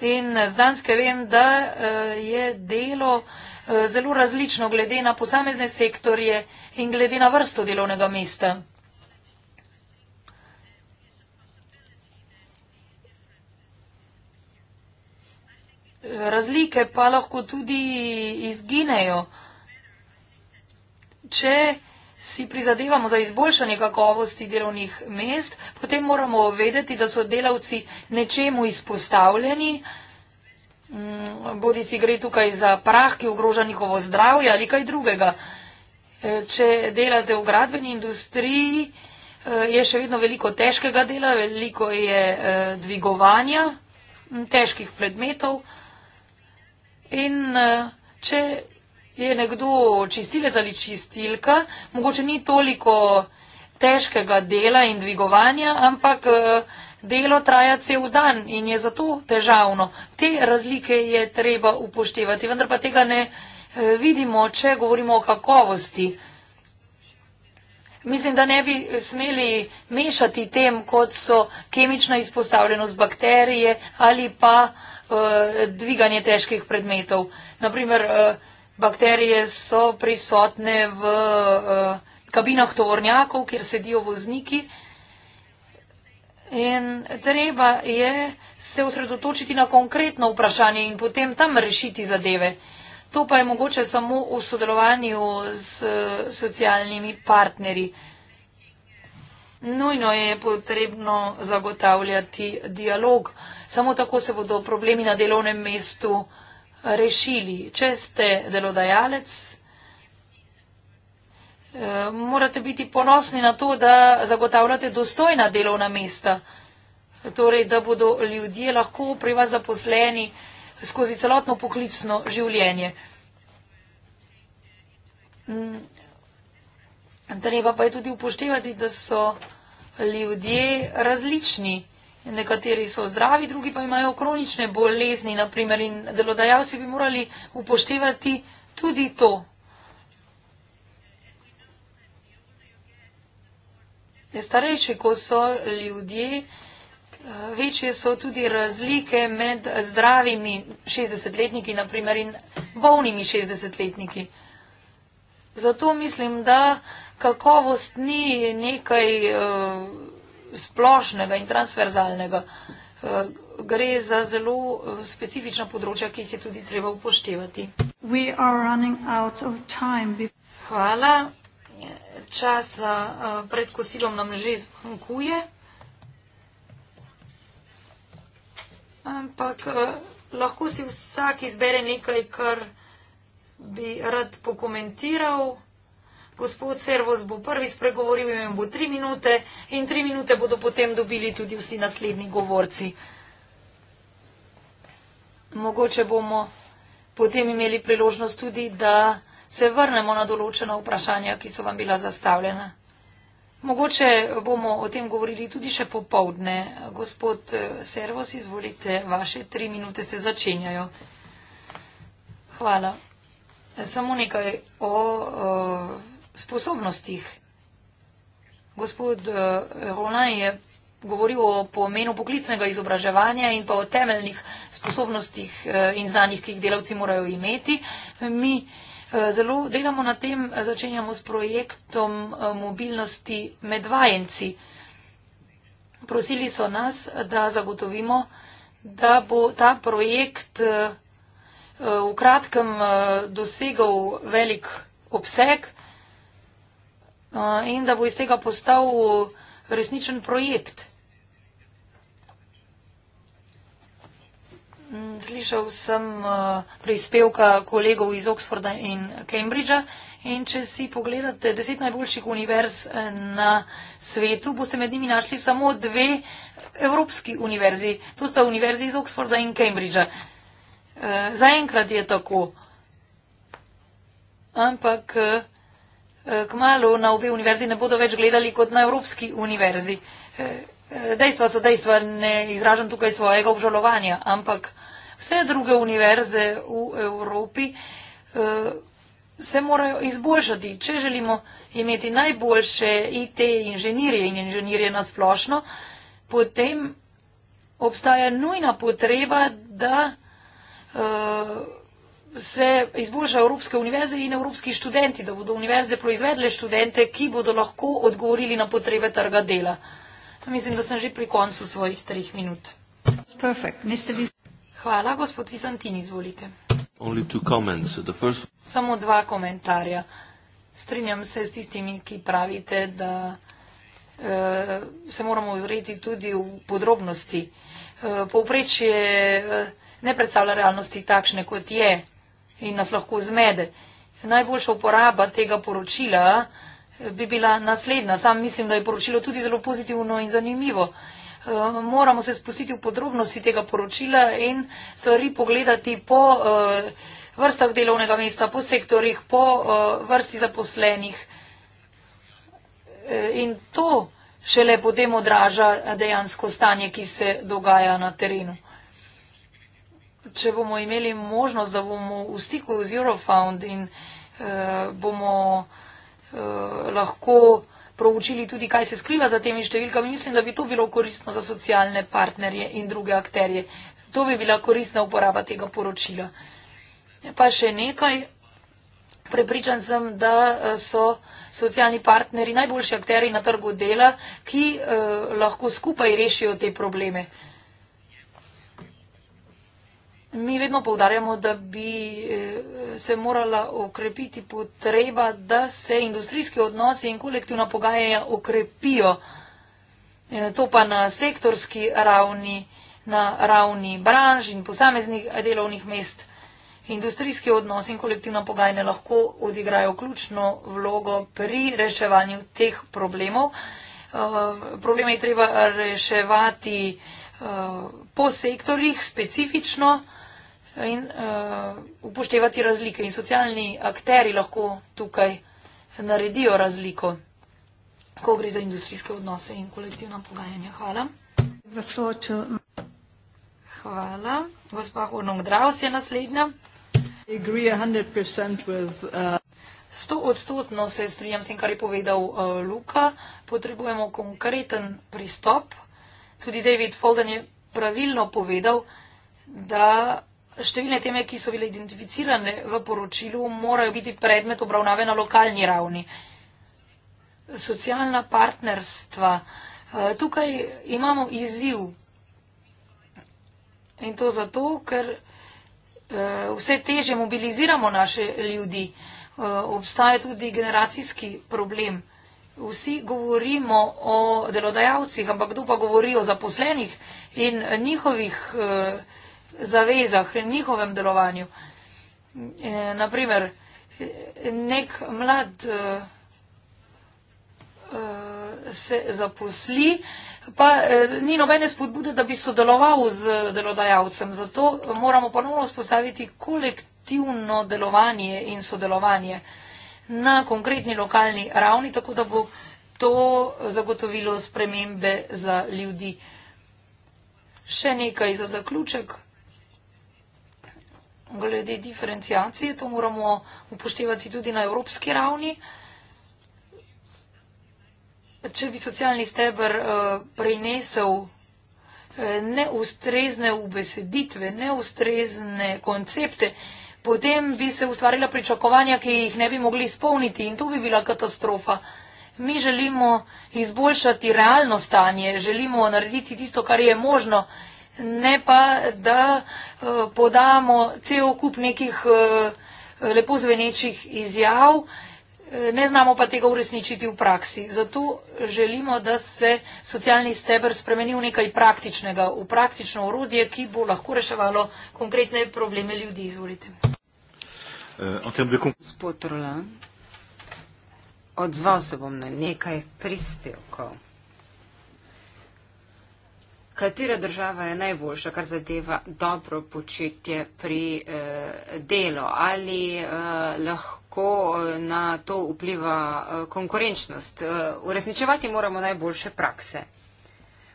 in z Danske vem, da uh, je delo uh, zelo različno glede na posamezne sektorje in glede na vrsto delovnega mesta. Razlike pa lahko tudi izginejo. Če si prizadevamo za izboljšanje kakovosti delovnih mest, potem moramo vedeti, da so delavci nečemu izpostavljeni, mm, bodi si gre tukaj za prah, ki ogroža njihovo zdravje ali kaj drugega. E, če delate v gradbeni industriji, e, je še vedno veliko težkega dela, veliko je e, dvigovanja težkih predmetov. In če je nekdo čistilec ali čistilka, mogoče ni toliko težkega dela in dvigovanja, ampak eh, delo traja cel dan in je zato težavno. Te razlike je treba upoštevati, vendar pa tega ne eh, vidimo, če govorimo o kakovosti. Mislim, da ne bi smeli mešati tem, kot so kemična izpostavljenost bakterije ali pa eh, dviganje težkih predmetov. Naprimer, eh, Bakterije so prisotne v eh, kabinah tovornjakov, kjer sedijo vozniki. In treba je se osredotočiti na konkretno vprašanje in potem tam rešiti zadeve. To pa je mogoče samo v sodelovanju z eh, socialnimi partnerji. Nujno je potrebno zagotavljati dialog. Samo tako se bodo problemi na delovnem mestu rešili rešili. Če ste delodajalec, eh, morate biti ponosni na to, da zagotavljate dostojna delovna mesta, torej da bodo ljudje lahko pri vas zaposleni skozi celotno poklicno življenje. Mm, treba pa je tudi upoštevati, da so ljudje različni nekateri so zdravi, drugi pa imajo kronične bolezni, naprimer, in delodajalci bi morali upoštevati tudi to. Starejši, ko so ljudje, eh, večje so tudi razlike med zdravimi 60-letniki, naprimer, in bolnimi 60-letniki. Zato mislim, da kakovost ni nekaj. Uh, splošnega in transverzalnega. Eh, gre za zelo eh, specifična področja, ki jih je tudi treba upoštevati. Hvala. Čas eh, pred kosilom nam že zmanjkuje. Ampak lahko si vsak izbere nekaj, kar bi rad pokomentiral. Gospod Servos bo prvi spregovoril, imel bo tri minute in tri minute bodo potem dobili tudi vsi naslednji govorci. Mogoče bomo potem imeli priložnost tudi, da se vrnemo na določena vprašanja, ki so vam bila zastavljena. Mogoče bomo o tem govorili tudi še popovdne. Gospod eh, Servos, izvolite, vaše tri minute se začenjajo. Hvala. Samo nekaj o. o eh, sposobnostih. Gospod eh, Ronaj je govoril o pomenu poklicnega izobraževanja in pa o temeljnih sposobnostih eh, in znanjih, ki jih delavci morajo imeti. Mi eh, zelo delamo na tem, začenjamo s projektom mobilnosti med vajenci. Prosili so nas, da zagotovimo, da bo ta projekt v kratkem dosegal velik obseg. No, in da bo iz tega postal resničen projekt. Mm, slišal sem uh, prispevka kolegov iz Oxforda in Cambridgea in če si pogledate deset najboljših univerz eh, na svetu, boste med njimi našli samo dve evropski univerzi. To sta univerzi iz Oxforda in Cambridgea. Eh, zaenkrat je tako. Ampak eh, Eh, kmalo na obe univerzi ne bodo več gledali kot na Evropski univerzi. Eh, eh, dejstva so dejstva, ne izražam tukaj svojega obžalovanja, ampak vse druge univerze v Evropi se morajo izboljšati. Če želimo imeti najboljše IT inženirje in inženirje na splošno, potem obstaja nujna potreba, da uh, se izboljšajo evropske univerze in evropski študenti, da bodo univerze proizvedle študente, ki bodo lahko odgovorili na potrebe trga dela. Mislim, da sem že pri koncu svojih treh minut. Hvala, gospod Vizantin, izvolite. First... Samo dva komentarja. Strinjam se s tistimi, ki pravite, da uh, se moramo ozreti tudi v podrobnosti. Uh, Povprečje uh, ne predstavlja realnosti takšne, kot je in nas lahko zmede. Najboljša uporaba tega poročila eh, bi bila naslednja. Sam mislim, da je poročilo tudi zelo pozitivno in zanimivo. Eh, moramo se spustiti v podrobnosti tega poročila in stvari pogledati po eh, vrstah delovnega mesta, po sektorjih, po vrsti zaposlenih. In to šele potem odraža dejansko stanje, ki se dogaja na terenu če bomo imeli možnost, da bomo v stiku z Eurofound in eh, bomo eh, lahko proučili tudi, kaj se skriva za temi številkami, mislim, da bi to bilo koristno za socialne partnerje in druge akterje. To bi bila koristna uporaba tega poročila. Pa še nekaj. Prepričan sem, da eh, so socialni partneri najboljši akteri na trgu dela, ki eh, lahko skupaj rešijo te probleme. Mi vedno povdarjamo, da bi eh, se morala okrepiti potreba, da se industrijski odnosi in kolektivna pogajanja okrepijo. Eh, to pa na sektorski ravni, na ravni branž in posameznih delovnih mest. Industrijski odnosi in kolektivna pogajanja lahko odigrajo ključno vlogo pri reševanju teh problemov. Eh, probleme je treba reševati po sektorjih specifično in uh, upoštevati razlike. In socialni akteri lahko tukaj naredijo razliko, ko gre za industrijske odnose in kolektivna pogajanja. Hvala. Hvala. Gospa Hornog Draus je naslednja. Uh, Sto odstotno se strinjam s tem, kar je povedal uh, Luka. Potrebujemo konkreten pristop. Tudi David Folden je pravilno povedal, da Številne teme, ki so bile identificirane v poročilu, morajo biti predmet obravnave na lokalni ravni. Socialna partnerstva. Eh, tukaj imamo izziv. In to zato, ker eh, vse teže mobiliziramo naše ljudi. Eh, obstaja tudi generacijski problem. Vsi govorimo o delodajalcih, ampak kdo pa govori o zaposlenih in njihovih zavezah, v njihovem delovanju. E, naprimer, nek mlad e, e, se zaposli, pa e, ni nobene spodbude, da bi sodeloval z delodajalcem. Zato moramo ponovno spostaviti kolektivno delovanje in sodelovanje na konkretni lokalni ravni, tako da bo to zagotovilo spremembe za ljudi. Še nekaj za zaključek glede diferencijacije, to moramo upoštevati tudi na evropski ravni. Če bi socialni steber eh, prenesel eh, neustrezne ubeseditve, neustrezne koncepte, potem bi se ustvarila pričakovanja, ki jih ne bi mogli izpolniti in to bi bila katastrofa. Mi želimo izboljšati realno stanje, želimo narediti tisto, kar je možno ne pa da eh, podamo cel kup nekih eh, lepo zvenečih izjav, eh, ne znamo pa tega uresničiti v praksi. Zato želimo, da se socialni steber spremeni v nekaj praktičnega, v praktično urodje, ki bo lahko reševalo konkretne probleme ljudi. Izvolite. Gospod Rolan, odzval se bom na nekaj prispevkov. Katera država je najboljša, kar zadeva dobro početje pri eh, delu? Ali eh, lahko eh, na to vpliva eh, konkurenčnost? Eh, uresničevati moramo najboljše prakse.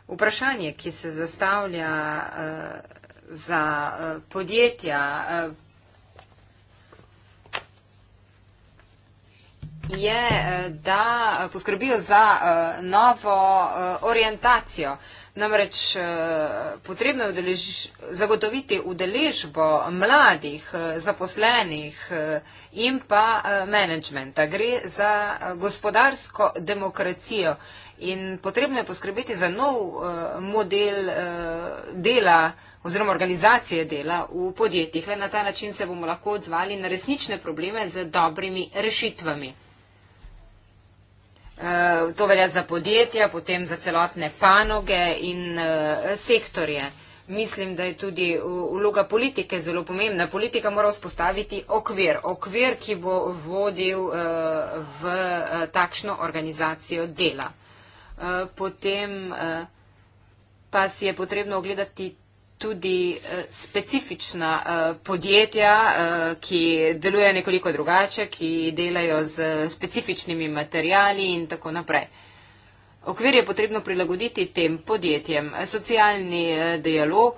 Vprašanje, ki se zastavlja eh, za eh, podjetja, eh, je, eh, da poskrbijo za eh, novo eh, orientacijo. Namreč eh, potrebno je zagotoviti udeležbo mladih, eh, zaposlenih eh, in pa menedžmenta. Gre za gospodarsko demokracijo in potrebno je poskrbeti za nov model dela oziroma organizacije dela v podjetjih. Le na ta način se bomo lahko odzvali na resnične probleme z dobrimi rešitvami. Eh, to velja za podjetja, potem za celotne panoge in eh, sektorje. Mislim, da je tudi eh, vloga politike zelo pomembna. Politika mora vzpostaviti okvir, okvir, ki bo vodil v takšno organizacijo dela. Potem pa si je potrebno ogledati tudi eh, specifična eh, podjetja, eh, ki delujejo nekoliko drugače, ki delajo z specifičnimi materijali in tako naprej. Okvir je potrebno prilagoditi tem podjetjem. Socialni dialog,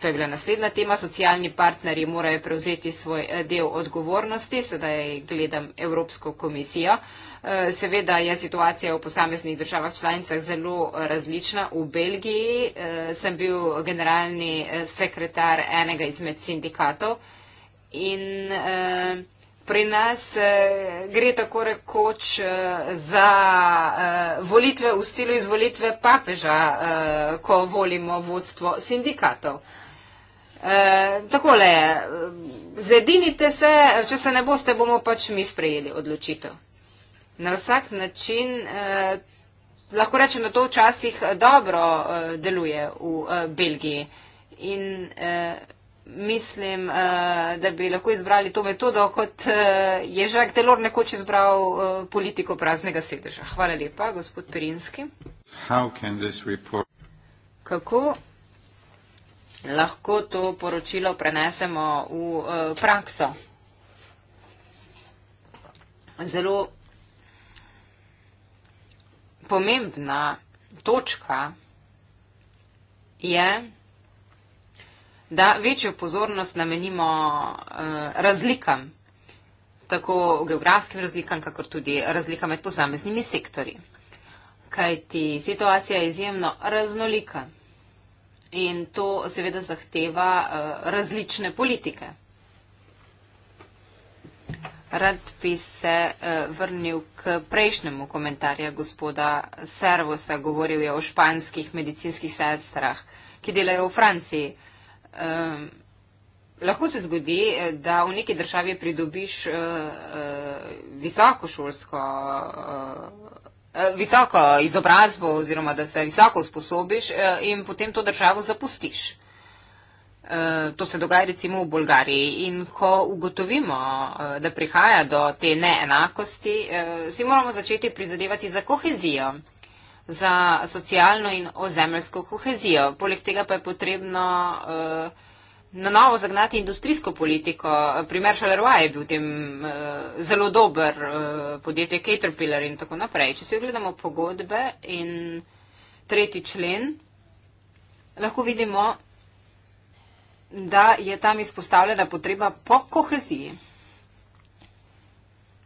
to je bila naslednja tema, socialni partnerji morajo prevzeti svoj del odgovornosti, sedaj gledam Evropsko komisijo. Eh, seveda je situacija v posameznih državah članicah zelo različna. V Belgiji eh, sem bil generalni eh, sekretar enega izmed sindikatov in pri nas gre tako rekoč za volitve v stilu izvolitve papeža, ko volimo vodstvo sindikatov. E, takole, zedinite se, če se ne boste, bomo pač mi sprejeli odločitev na vsak način, eh, lahko rečem, da to včasih eh, dobro eh, deluje v eh, Belgiji. In eh, mislim, eh, da bi lahko izbrali to metodo, kot eh, je Žak Delor nekoč izbral eh, politiko praznega sedeža. Hvala lepa, gospod Perinski. Kako lahko to poročilo prenesemo v eh, prakso? Zelo pomembna točka je, da večjo pozornost namenimo uh, razlikam, tako geografskim razlikam, kakor tudi razlikam med posameznimi sektorji. Kaj ti situacija je izjemno raznolika in to seveda zahteva uh, različne politike. Rad bi se uh, vrnil k prejšnjemu komentarju gospoda Servosa, govoril je o španskih medicinskih sestrah, ki delajo v Franciji. Um, lahko se zgodi, eh, da v neki državi pridobiš uh, eh, uh, visoko šolsko, uh, uh, visoko izobrazbo oziroma da se visoko usposobiš uh, in potem to državo zapustiš. Eh, to se dogaja recimo v Bolgariji. In ko ugotovimo, eh, da prihaja do te neenakosti, eh, si moramo začeti prizadevati za kohezijo, za socialno in ozemljsko kohezijo. Poleg tega pa je potrebno na novo zagnati industrijsko politiko. Primer Šalerva je bil tem zelo dober, podjetje Caterpillar in tako naprej. Če si ogledamo pogodbe in tretji člen, lahko vidimo, da je tam izpostavljena potreba po koheziji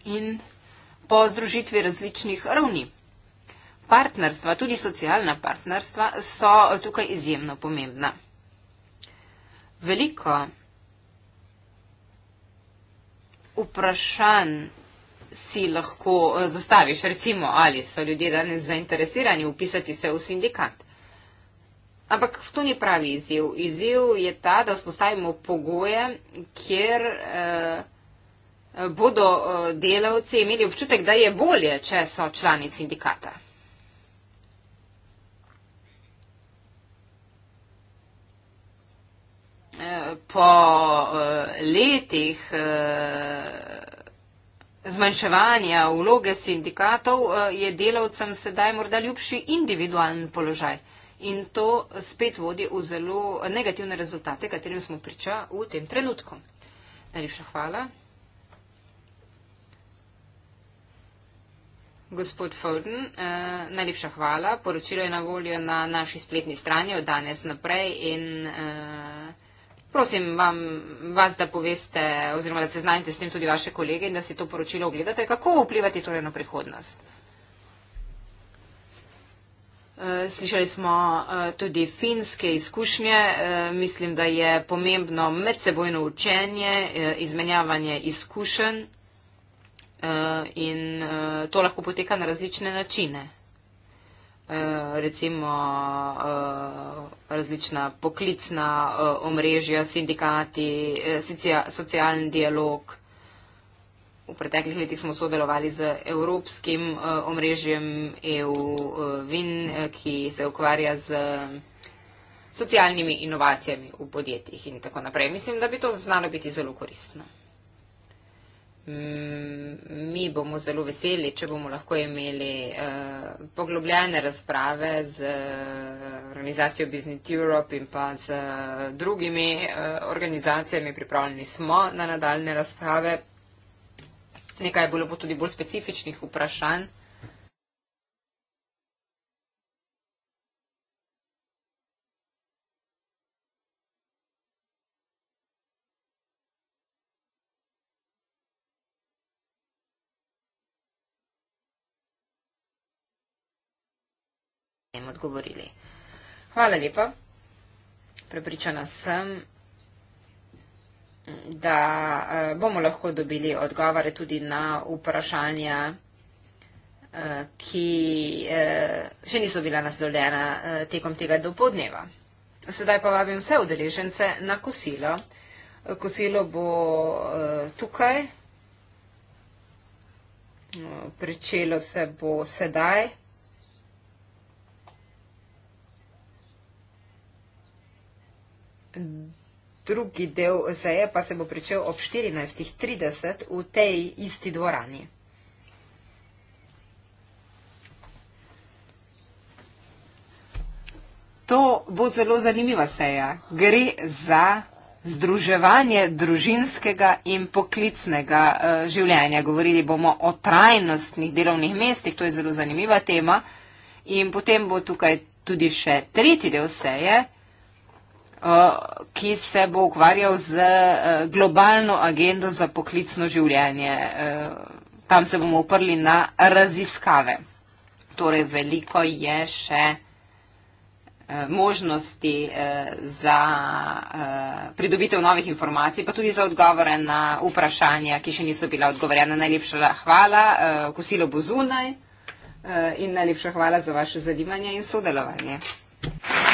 in po združitvi različnih ravni. Partnerstva, tudi socialna partnerstva, so tukaj izjemno pomembna. Veliko vprašanj si lahko eh, zastaviš, recimo, ali so ljudje danes zainteresirani upisati se v sindikat. Ampak to ni pravi izziv. Izziv je ta, da vzpostavimo pogoje, kjer eh, bodo eh, delavci imeli občutek, da je bolje, če so člani sindikata. Eh, po eh, letih eh, zmanjševanja vloge sindikatov je delavcem sedaj morda ljubši individualen položaj. In to spet vodi v zelo negativne rezultate, katerim smo priča v tem trenutku. Najlepša hvala. Gospod Foden, eh, najlepša hvala. Poročilo je na voljo na naši spletni strani od danes naprej in eh, prosim vam, vas, da poveste oziroma da se znanjite s tem tudi vaše kolege in da si to poročilo ogledate, kako vplivati torej na prihodnost. Slišali smo eh, tudi finske izkušnje. Eh, mislim, da je pomembno medsebojno učenje, eh, izmenjavanje izkušenj in to lahko poteka na različne načine. Recimo različna poklicna omrežja, sindikati, socialni dialog. V preteklih letih smo sodelovali z evropskim uh, omrežjem EU-VIN, eh, uh, eh, ki se ukvarja z socialnimi inovacijami v podjetjih in tako naprej. Mislim, da bi to znalo biti zelo koristno. Mm, mi bomo zelo veseli, če bomo lahko imeli uh, poglobljene razprave z uh, organizacijo Business Europe in pa z uh, drugimi uh, organizacijami. Pripravljeni smo na nadaljne razprave nekaj je bilo tudi bolj specifičnih vprašanj. Hvala lepa. Prepričana sem da eh, bomo lahko dobili odgovore tudi na vprašanja, eh, ki eh, še niso bila naslovljena tekom tega dopodneva. Sedaj pa vabim vse udeležence na kosilo. Kosilo bo tukaj. Pričelo se bo sedaj. Mm drugi del seje pa se bo pričel ob 14.30 v tej isti dvorani. To bo zelo zanimiva seja. Gre za združevanje družinskega in poklicnega uh, življenja. Govorili bomo o trajnostnih delovnih mestih, to je zelo zanimiva tema. In potem bo tukaj tudi še tretji del seje, ki se bo ukvarjal z e, globalno agendo za poklicno življenje. E, tam se bomo uprli na raziskave. Torej, veliko je še e, možnosti za pridobitev novih informacij, pa tudi za odgovore na vprašanja, ki še niso bila odgovorjena. Najlepša hvala, kosilo bo zunaj in najlepša hvala za vaše zanimanje in sodelovanje. Thank you.